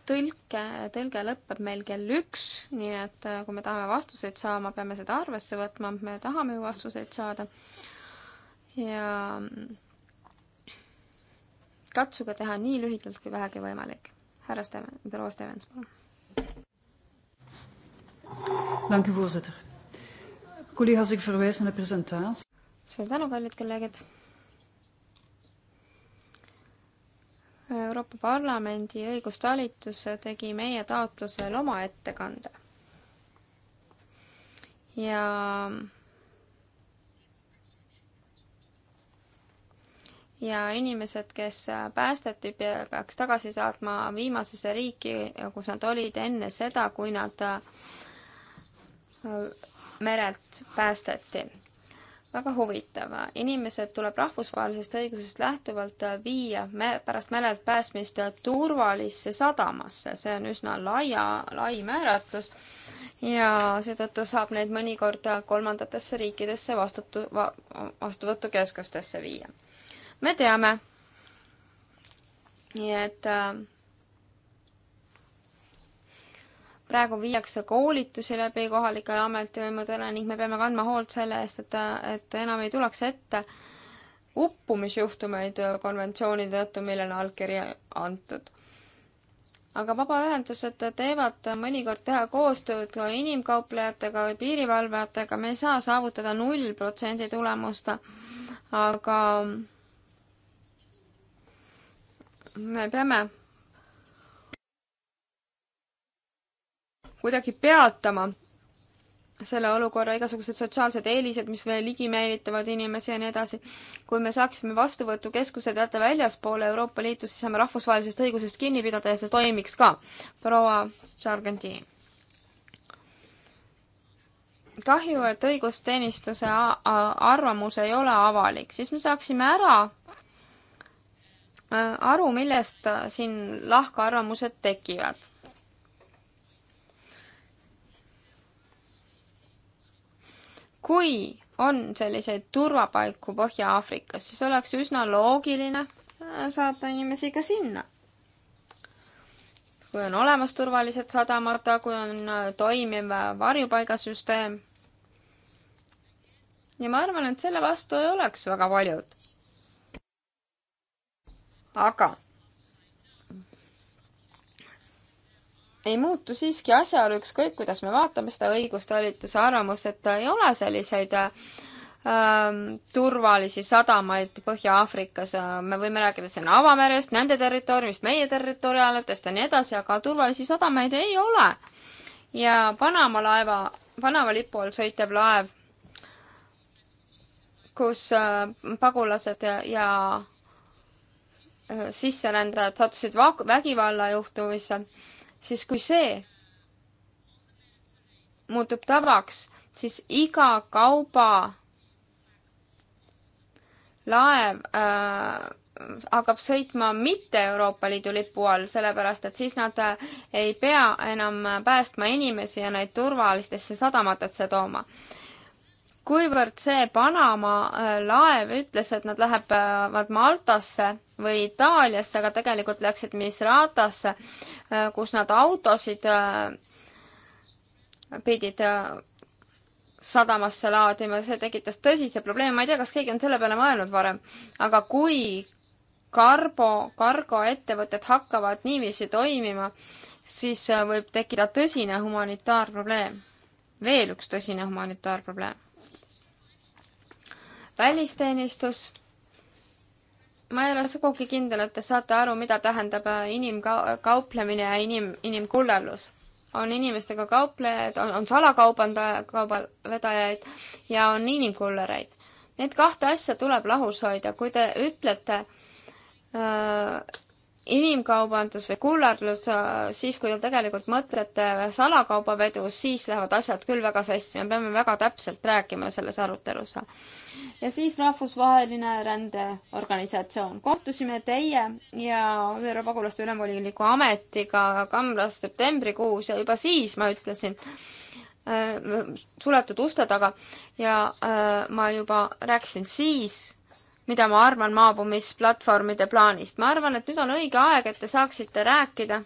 tõlke, tõlge lõpeb meil kell üks, nii et äh, kui me tahame vastuseid saama, peame seda arvesse võtma, me tahame ju vastuseid saada. ja mm, katsuge teha nii lühidalt kui vähegi võimalik. härra Steven, proua Stevens, palun. suur tänu, kallid kolleegid Euroopa Parlamendi õigustalitus tegi meie taotlusel oma ettekande. ja ja inimesed, kes päästeti, peaks tagasi saatma viimasesse riiki, kus nad olid enne seda, kui nad äh, merelt päästeti väga huvitav. inimesed tuleb rahvusvahelisest õigusest lähtuvalt viia me, pärast merelt päästmist turvalisse sadamasse, see on üsna laia, lai määratlus ja seetõttu saab neid mõnikord kolmandatesse riikidesse vastutu va,, vastuvõtukeskustesse viia. me teame, et äh, praegu viiakse koolitusi läbi kohalikele ametivõimudele ning me peame kandma hoolt selle eest, et, et enam ei tuleks ette uppumisjuhtumeid konventsiooni tõttu, millele on allkiri antud. aga vabaühendused teevad mõnikord teha koostööd ka inimkauplejatega või piirivalvajatega, me ei saa saavutada null protsendi tulemust, aga me peame kuidagi peatama selle olukorra igasugused sotsiaalsed eelised, mis veel ligi meelitavad inimesi ja nii edasi. kui me saaksime vastuvõtukeskused jätta väljaspoole Euroopa Liitu, siis saame rahvusvahelisest õigusest kinni pidada ja see toimiks ka. proua Sargentini. kahju, et õigusteenistuse arvamus ei ole avalik, siis me saaksime ära äh, aru, millest siin lahkarvamused tekivad kui on selliseid turvapaiku Põhja-Aafrikas, siis oleks üsna loogiline äh, saata inimesi ka sinna. kui on olemas turvalised sadamad, kui on äh, toimiv äh, varjupaigasüsteem. ja ma arvan, et selle vastu ei oleks väga paljud. aga ei muutu siiski asjaolu, ükskõik kuidas me vaatame seda õigustalituse arvamust, et ei ole selliseid ähm, turvalisi sadamaid Põhja-Aafrikas, me võime rääkida siin avamerest, nende territooriumist, meie territoriaalsetest ja nii edasi, aga turvalisi sadamaid ei ole. ja Panama laeva, Panama lipu all sõitev laev, kus äh, pagulased ja, ja äh, sisserändajad sattusid vägivallajuhtumisse siis kui see muutub tavaks, siis iga kauba laev äh, hakkab sõitma mitte Euroopa Liidu lipu all, sellepärast et siis nad äh, ei pea enam päästma inimesi ja neid turvalistesse sadamatesse tooma kuivõrd see Panama äh, laev ütles, et nad lähevad Maltasse või Itaaliasse, aga tegelikult läksid Misratasse, äh, kus nad autosid äh, pidid sadamasse laadima, see tekitas tõsise probleemi, ma ei tea, kas keegi on selle peale mõelnud varem, aga kui karbo, kargoettevõtted hakkavad niiviisi toimima, siis võib tekkida tõsine humanitaarprobleem. veel üks tõsine humanitaarprobleem välisteenistus. ma ei ole sugugi kindel, et te saate aru, mida tähendab äh, inimkauplemine ja inim, inimkullerlus. on inimestega kauplejaid, on, on salakaubandaja, kaubavedajaid ja on inimkullereid. Need kahte asja tuleb lahus hoida, kui te ütlete öö, äh, inimkaubandus või kullerlus, siis kui te tegelikult mõtlete salakaubavedu, siis lähevad asjad küll väga sassi, me peame väga täpselt rääkima selles arutelus. ja siis Rahvusvaheline Rändeorganisatsioon. kohtusime teie ja ÜRO Pagulaste Ülemvoliniku Ametiga Kambras septembrikuus ja juba siis ma ütlesin, äh, suletud uste taga ja äh, ma juba rääkisin siis mida ma arvan maabumisplatvormide plaanist. ma arvan, et nüüd on õige aeg, et te saaksite rääkida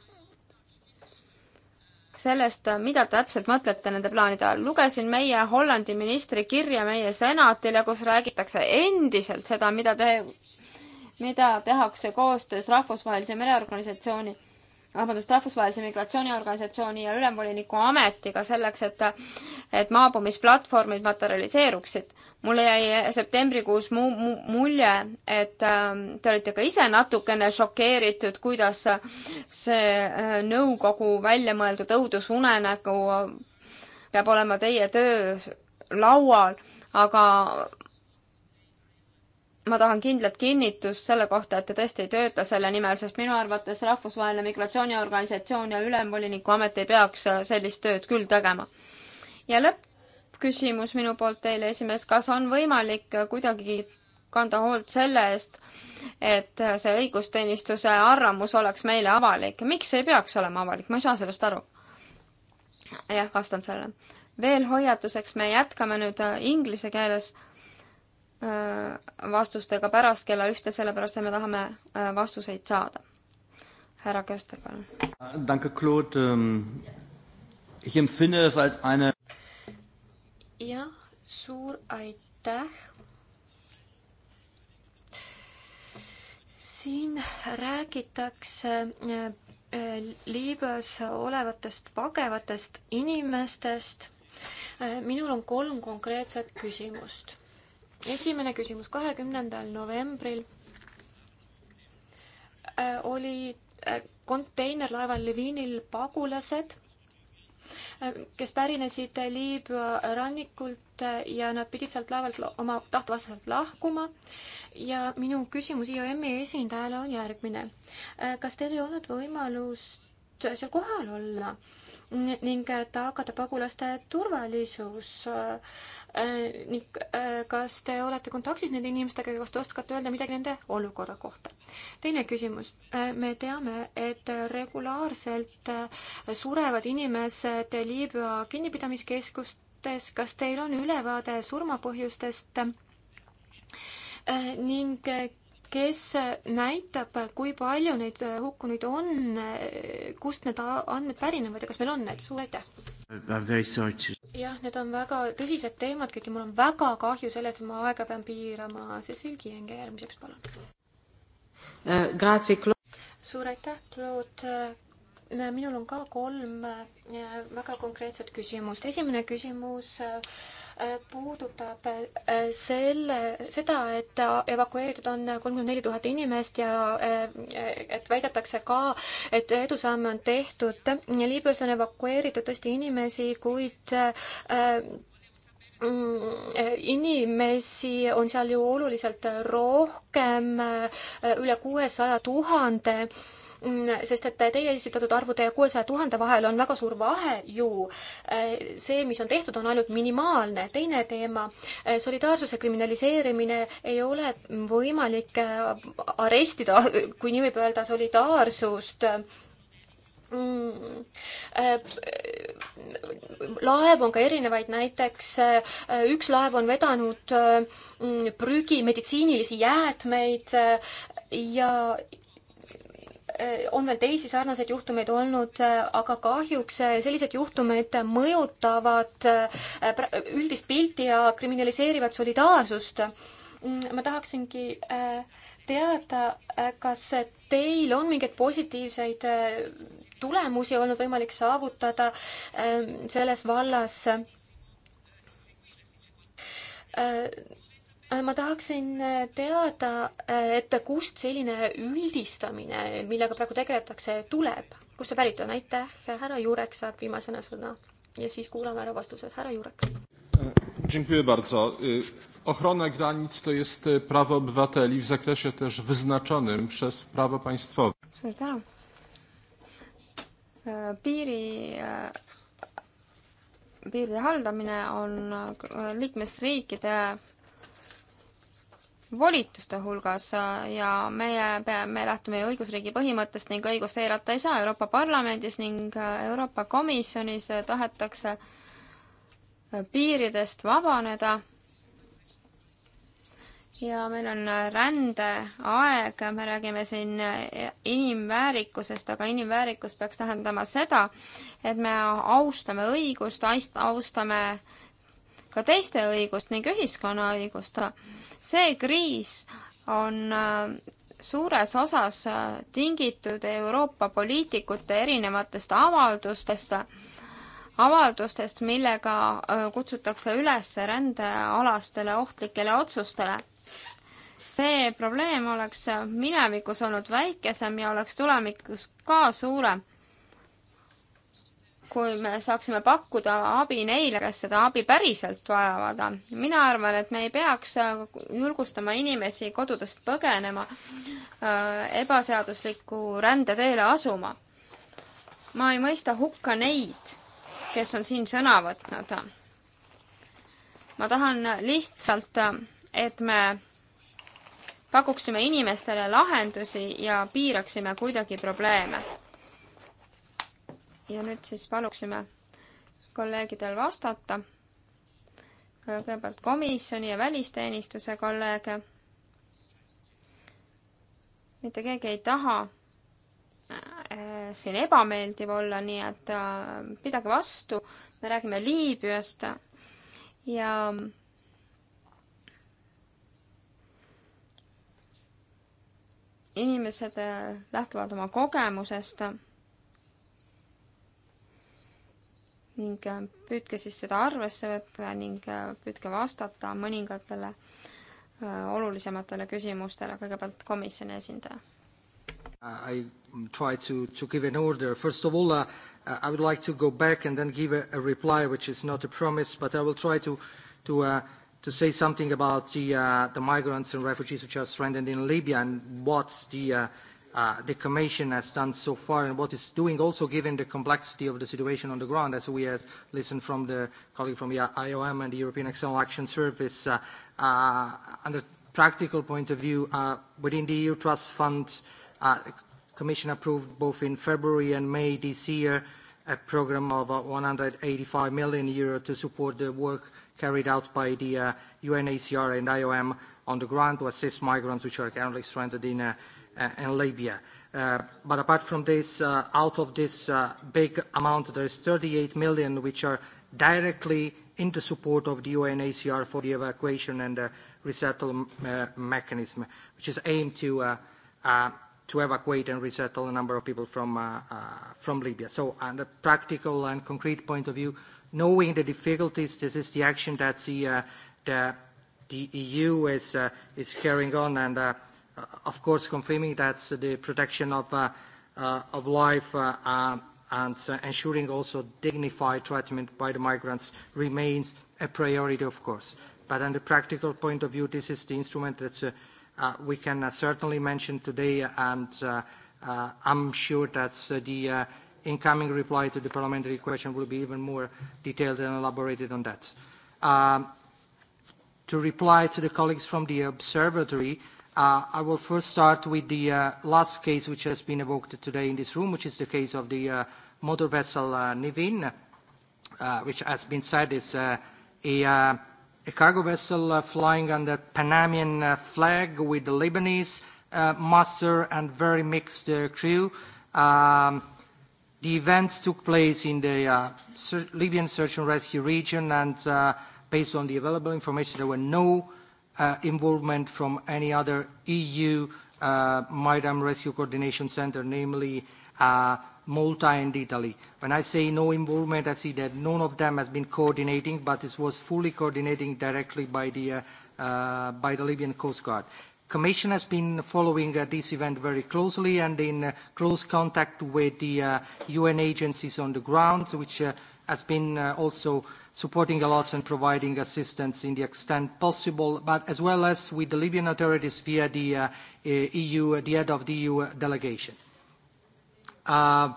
sellest, mida täpselt mõtlete nende plaanide all. lugesin meie Hollandi ministri kirja meie senatile, kus räägitakse endiselt seda, mida te, mida tehakse koostöös Rahvusvahelise Mereorganisatsiooni vabandust, Rahvusvahelise Migratsiooniorganisatsiooni ja Ülemvoliniku Ametiga selleks, et, et maabumisplatvormid materialiseeruksid. mulle jäi septembrikuus mu-, mu-, mulje, et äh, te olite ka ise natukene šokeeritud, kuidas see äh, nõukogu välja mõeldud õudusunenägu peab olema teie töö laual, aga ma tahan kindlat kinnitust selle kohta, et te tõesti ei tööta selle nimel, sest minu arvates Rahvusvaheline Migratsiooniorganisatsioon ja Ülemvoliniku Amet ei peaks äh, sellist tööd küll tegema. ja lõppküsimus minu poolt teile, esimees, kas on võimalik äh, kuidagi kanda hoolt selle eest, et äh, see õigusteenistuse arvamus oleks meile avalik. miks ei peaks olema avalik, ma ei saa sellest aru. jah, vastan sellele. veel hoiatuseks, me jätkame nüüd inglise keeles Äh, vastustega pärast kella ühte, sellepärast et me tahame äh, vastuseid saada. härra Köster, palun. Danke, Claude. Ähm, ich empfinde es als eine. jah, suur aitäh. siin räägitakse äh, Liibüas olevatest pagevatest inimestest. minul on kolm konkreetset küsimust esimene küsimus, kahekümnendal novembril äh, oli äh, konteinerlaeval Levinil pagulased, äh, kes pärinesid Liibüa rannikult ja nad pidid sealt laevalt oma tahte vastaselt lahkuma. ja minu küsimus IOM-i esindajale on järgmine. kas teil ei olnud võimalust seal kohal olla ning tagada pagulaste turvalisus äh, Äh, ning äh, kas te olete kontaktis nende inimestega ja kas te oskate öelda midagi nende olukorra kohta? teine küsimus. Äh, me teame, et regulaarselt surevad inimesed Liibüa kinnipidamiskeskustes. kas teil on ülevaade surmapõhjustest ning kes näitab, kui palju neid hukkunuid on, kust need andmed pärinevad ja kas meil on need? suur aitäh! jah, need on väga tõsised teemad kõik ja mul on väga kahju sellest, et ma aega pean piirama. Cecil Kienge järgmiseks, palun. Eh, suur aitäh, Claude. Eh, minul on ka kolm eh, väga konkreetset küsimust. esimene küsimus äh, puudutab äh, selle, seda, et evakueeritud on kolmkümmend neli tuhat inimest ja äh, et väidetakse ka, et edusamme on tehtud. Liibüas on evakueeritud tõesti inimesi, kuid äh, mm, inimesi on seal ju oluliselt rohkem, üle kuuesaja tuhande Mm, sest et teie esitatud arvude ja kuuesaja tuhande vahel on väga suur vahe ju. Äh, see, mis on tehtud, on ainult minimaalne. teine teema, äh, solidaarsuse kriminaliseerimine ei ole võimalik äh, arestida, kui nii võib öelda, solidaarsust mm, laev on ka erinevaid, näiteks üks laev on vedanud mm, prügi, meditsiinilisi jäätmeid ja Äh, on veel teisi sarnaseid juhtumeid olnud, äh, aga kahjuks äh, sellised juhtumid mõjutavad üldist pilti ja kriminaliseerivad solidaarsust. Mm, ma tahaksingi teada, kas teil on mingeid positiivseid tulemusi olnud võimalik saavutada selles vallas? Äh, ma tahaksin äh, teada, äh, et kust selline üldistamine, millega praegu tegeletakse, tuleb, kust see pärit on? aitäh, härra Jurek saab viimasena sõna ja siis kuulame ära vastused, härra Jurek. Dziękuję bardzo. Ochrona granic to jest prawo obywateli w zakresie też wyznaczonym przez prawo państwowe. Suur tänu. Piiri, piiride haldamine on liikmesriikide volituste hulgas äh, ja meie, me lähtume ju õigusriigi põhimõttest ning õigust eirata ei saa. Euroopa Parlamendis ning äh, Euroopa Komisjonis äh, tahetakse piiridest vabaneda. ja meil on rändeaeg, me räägime siin inimväärikusest, aga inimväärikus peaks tähendama seda, et me austame õigust, austame ka teiste õigust ning ühiskonna õigust see kriis on äh, suures osas äh, tingitud Euroopa poliitikute erinevatest avaldustest, avaldustest, millega äh, kutsutakse üles rändealastele ohtlikele otsustele. see probleem oleks minevikus olnud väikesem ja oleks tulevikus ka suurem kui me saaksime pakkuda abi neile, kes seda abi päriselt vajavad. mina arvan, et me ei peaks julgustama inimesi kodudest põgenema, äh, ebaseadusliku rände teele asuma. ma ei mõista hukka neid, kes on siin sõna võtnud. ma tahan lihtsalt, et me pakuksime inimestele lahendusi ja piiraksime kuidagi probleeme ja nüüd siis paluksime kolleegidel vastata. kõigepealt komisjoni ja välisteenistuse kolleege. mitte keegi ei taha äh, siin ebameeldiv olla, nii et äh, pidage vastu, me räägime Liibüast ja inimesed äh, lähtuvad oma kogemusest ning äh, püüdke siis seda arvesse võtta ning äh, püüdke vastata mõningatele äh, olulisematele küsimustele, kõigepealt komisjoni esindaja. I try to, to give an order. First of all uh, uh,, I would like to go back and then give a, a reply, which is not a promise, but I will try to, to uh, to say something about the, uh, the migrants and refugees which are stranded in Libya and what's the, uh, uh, the Commission has done so far and what it's doing, also given the complexity of the situation on the ground, as we have listened from the colleague from the IOM and the European External Action Service, uh, uh, under practical point of view, uh, within the EU Trust Fund, uh, Commission approved both in February and May this year a program of uh, 185 million euro to support the work carried out by the uh, UNHCR and IOM on the ground to assist migrants which are currently stranded in uh, uh, and Libya. Uh, but apart from this, uh, out of this uh, big amount, there is 38 million which are directly into support of the UNHCR for the evacuation and uh, resettle uh, mechanism, which is aimed to uh, uh, to evacuate and resettle a number of people from uh, uh, from Libya. So, on the practical and concrete point of view, knowing the difficulties, this is the action that the uh, the, the EU is uh, is carrying on and. Uh, uh, of course, confirming that the protection of, uh, uh, of life uh, uh, and uh, ensuring also dignified treatment by the migrants remains a priority, of course. But on the practical point of view, this is the instrument that uh, uh, we can uh, certainly mention today, and uh, uh, I'm sure that uh, the uh, incoming reply to the parliamentary question will be even more detailed and elaborated on that. Um, to reply to the colleagues from the observatory, uh, Uh, I will first start with the uh, last case which has been evoked today in this room, which is the case of the uh, motor vessel uh, Nivin, uh, which has been said is uh, a, uh, a cargo vessel uh, flying under Panamanian uh, flag with the Lebanese uh, master and very mixed uh, crew. Um, the events took place in the uh, Sir Libyan search and rescue region and uh, based on the available information there were no uh, uh, involvement from any other EU uh, Maritime Rescue Coordination Center, namely uh, Malta and Italy. When I say no involvement, I see that none of them has been coordinating, but this was fully coordinating directly by the, uh, uh, by the Libyan Coast Guard. Commission has been following uh, this event very closely and in uh, close contact with the uh, UN agencies on the ground, which uh, has been uh, also uh, supporting a lot and providing assistance in the extent possible, but as well as with the Libyan authorities via the uh, uh EU, uh, the head of the EU uh, delegation. Uh,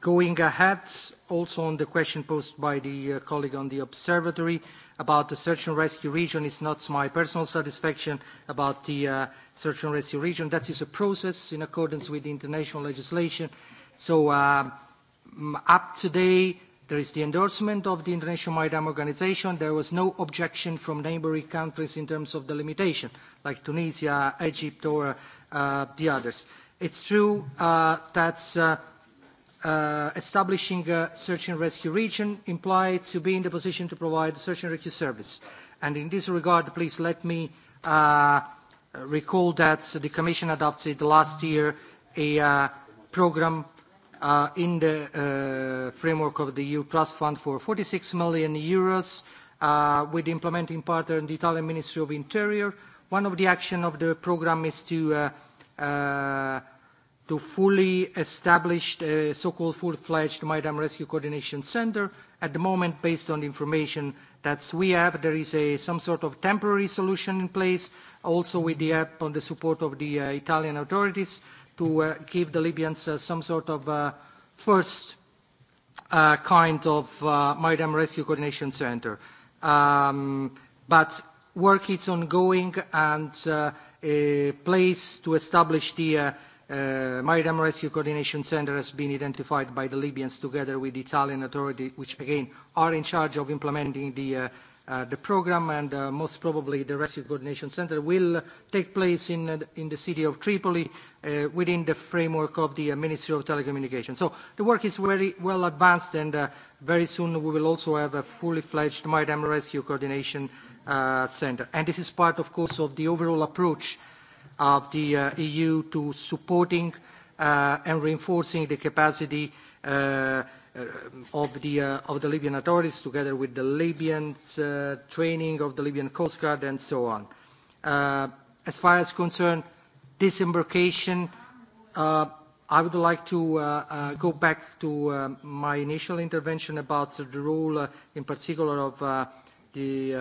going ahead, also on the question posed by the uh, colleague on the observatory about the search and rescue region, it's not my personal satisfaction about the uh, search and rescue region. That is a process in accordance with international legislation. So um, up today, There is the endorsement of the International Maritime Organization. There was no objection from neighboring countries in terms of the limitation, like Tunisia, Egypt, or uh, the others. It's true uh, that uh, uh, establishing a search and rescue region implied to be in the position to provide search and rescue service. And in this regard, please let me uh, recall that the Commission adopted last year a uh, program uh, in the uh, framework of the EU Trust Fund for 46 million euros uh, with implementing partner in the Italian Ministry of Interior. One of the action of the program is to uh, uh, to fully establish a so-called full-fledged maritime rescue coordination center. At the moment, based on the information that we have, there is a, some sort of temporary solution in place, also with the help and the support of the uh, Italian authorities. Uh, to uh, give the Libyans uh, some sort of uh, first uh, kind of uh, maritime rescue coordination center. Um, but work is ongoing and uh, a place to establish the uh, uh, Maritime Rescue Coordination Center has been identified by the Libyans together with the Italian authority, which again are in charge of implementing the uh, Uh, the program and uh, most probably the Rescue Coordination Center will take place in, uh, in the city of Tripoli uh, within the framework of the uh, Ministry of Telecommunications. So the work is very well advanced and uh, very soon we will also have a fully fledged Maritime Rescue Coordination uh, Center. And this is part, of course, of the overall approach of the uh, EU to supporting uh, and reinforcing the capacity uh, Uh, of the, uh, of the Libyan authorities together with the Libyan uh, training of the Libyan Coast Guard and so on. Uh, as far as concerned disembarkation, uh, I would like to uh, uh, go back to uh, my initial intervention about the role uh, in particular of uh, the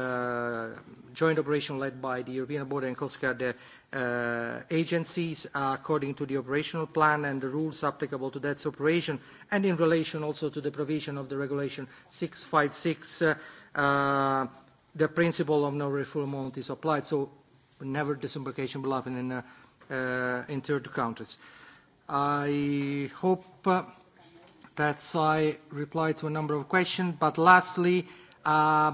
uh, joint operation led by the European Border and Coast Guard uh, uh, agencies uh, according to the operational plan and the rules applicable to that operation, and in relation also to the provision of the Regulation 656, uh, uh, the principle of no refoulement is applied, so never disembarkation will happen in, uh, uh, in third countries. I hope uh, that I replied to a number of questions, but lastly, uh,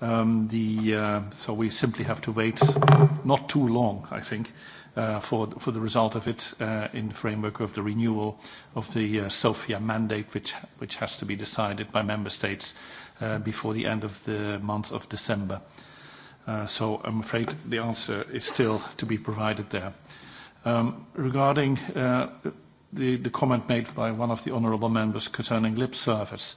Um, the, uh, so we simply have to wait not too long, I think, uh, for, for the result of it uh, in the framework of the renewal of the uh, SOFIA mandate, which, which has to be decided by member states uh, before the end of the month of December. Uh, so I'm afraid the answer is still to be provided there. Um, regarding the, the comment made by one of the honorable members concerning lip service,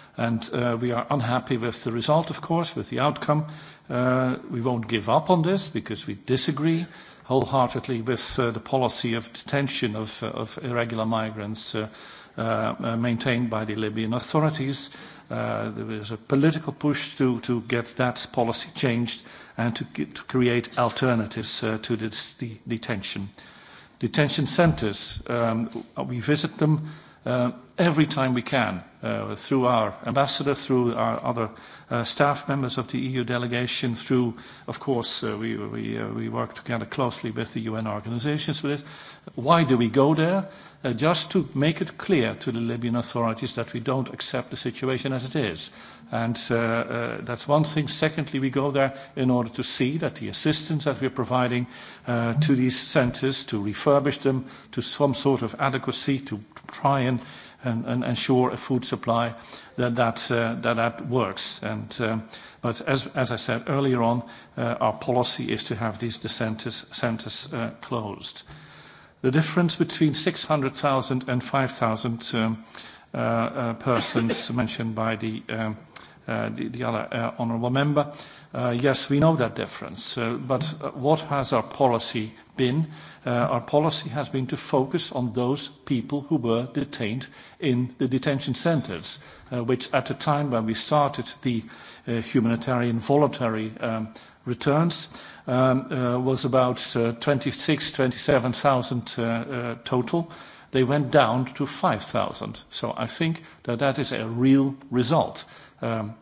And uh, we are unhappy with the result, of course, with the outcome. Uh, we won't give up on this because we disagree wholeheartedly with uh, the policy of detention of, uh, of irregular migrants uh, uh, uh maintained by the Libyan authorities. Uh, there was a political push to, to get that policy changed and to, get, to create alternatives uh, to this de- detention. Detention centres, um, we visit them uh, every time we can uh, through our ambassador, through our other uh, staff members of the EU delegation, through, of course, uh, we, we, uh, we work together closely with the UN organizations for this. Why do we go there? Uh, just to make it clear to the Libyan authorities that we don't accept the situation as it is. And uh, uh, that's one thing. Secondly, we go there in order to see that the assistance that we're providing uh, to these centers, to refurbish them to some sort of adequacy, to try and ensure a food supply that uh, works. Uh, as I said earlier on, uh, our policy is to have these centers closed. The difference between 600,000 and 5,000 um, persons mentioned by the um, other honorable member Uh, yes, we know that difference, uh, but uh, what has our policy been? Uh, our policy has been to focus on those people who were detained in the detention centers, uh, which at the time when we started the uh, humanitarian voluntary um, returns um, uh, was about uh, 26, 27,000 uh, uh, total. They went down to 5,000. So I think that that is a real result. Um,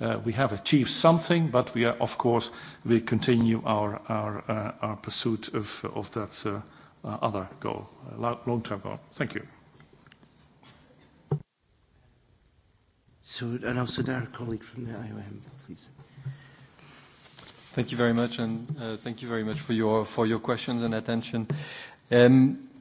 Uh, we have achieved something, but we are, of course, we continue our, our, uh, our pursuit of, of that uh, other goal, long-term goal. Thank you. And also now our colleague from the IOM, please. Thank you very much, and thank you very much for your questions and attention. Um,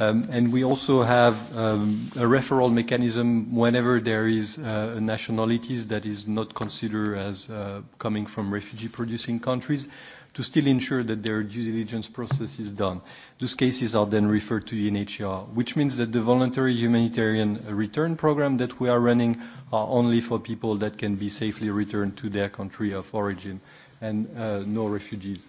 Um, and we also have um, a referral mechanism whenever there is uh, nationalities that is not considered as uh, coming from refugee-producing countries to still ensure that their due diligence process is done. Those cases are then referred to UNHCR, which means that the voluntary humanitarian return program that we are running are only for people that can be safely returned to their country of origin and uh, no refugees. Uh,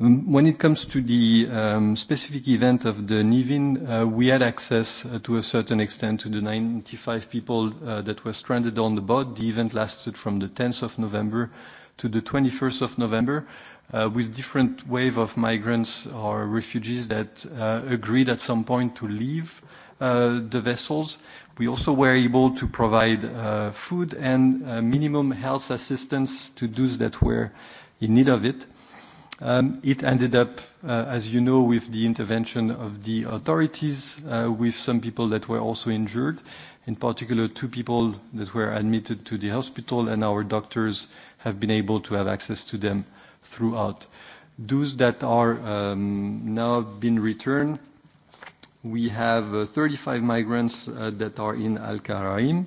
Um, when it comes to the um, specific event of the Nivin, uh, we had access uh, to a certain extent to the 95 people uh, that were stranded on the boat. The event lasted from the 10th of November to the 21st of November, uh, with different wave of migrants or refugees that uh, agreed at some point to leave uh, the vessels. We also were able to provide food and minimum health assistance to those that were in need of it. Um, it ended up, uh, as you know, with the intervention of the authorities, uh, with some people that were also injured, in particular two people that were admitted to the hospital, and our doctors have been able to have access to them throughout. Those that are um, now been returned, we have uh, 35 migrants uh, that are in Al Karaim,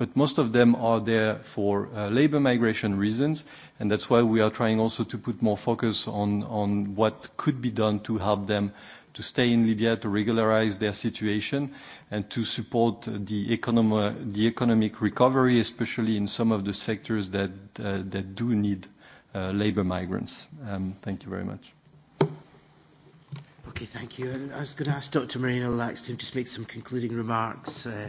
but most of them are there for uh, labor migration reasons, and that's why we are trying also to put more focus on, on what could be done to help them to stay in Libya, to regularize their situation, and to support the, econom the economic recovery, especially in some of the sectors that, uh, that do need uh, labor migrants. Um, thank you very much. Okay, thank you. And I was going to ask Dr. Moreno-Laxton to just make some concluding remarks uh,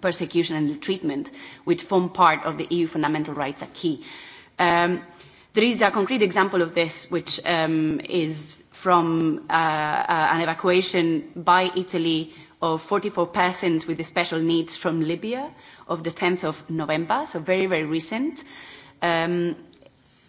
persecution and ill treatment, which form part of the EU Fundamental Rights Acquis. Um, there is a concrete example of this, which um, is from uh, uh, an evacuation by Italy of 44 persons with special needs from Libya of the 10th of November, so very, very recent. Um,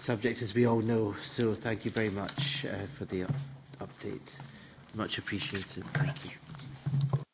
subject, as we all know. So thank you very much uh, for the up update. Much appreciated. Thank you.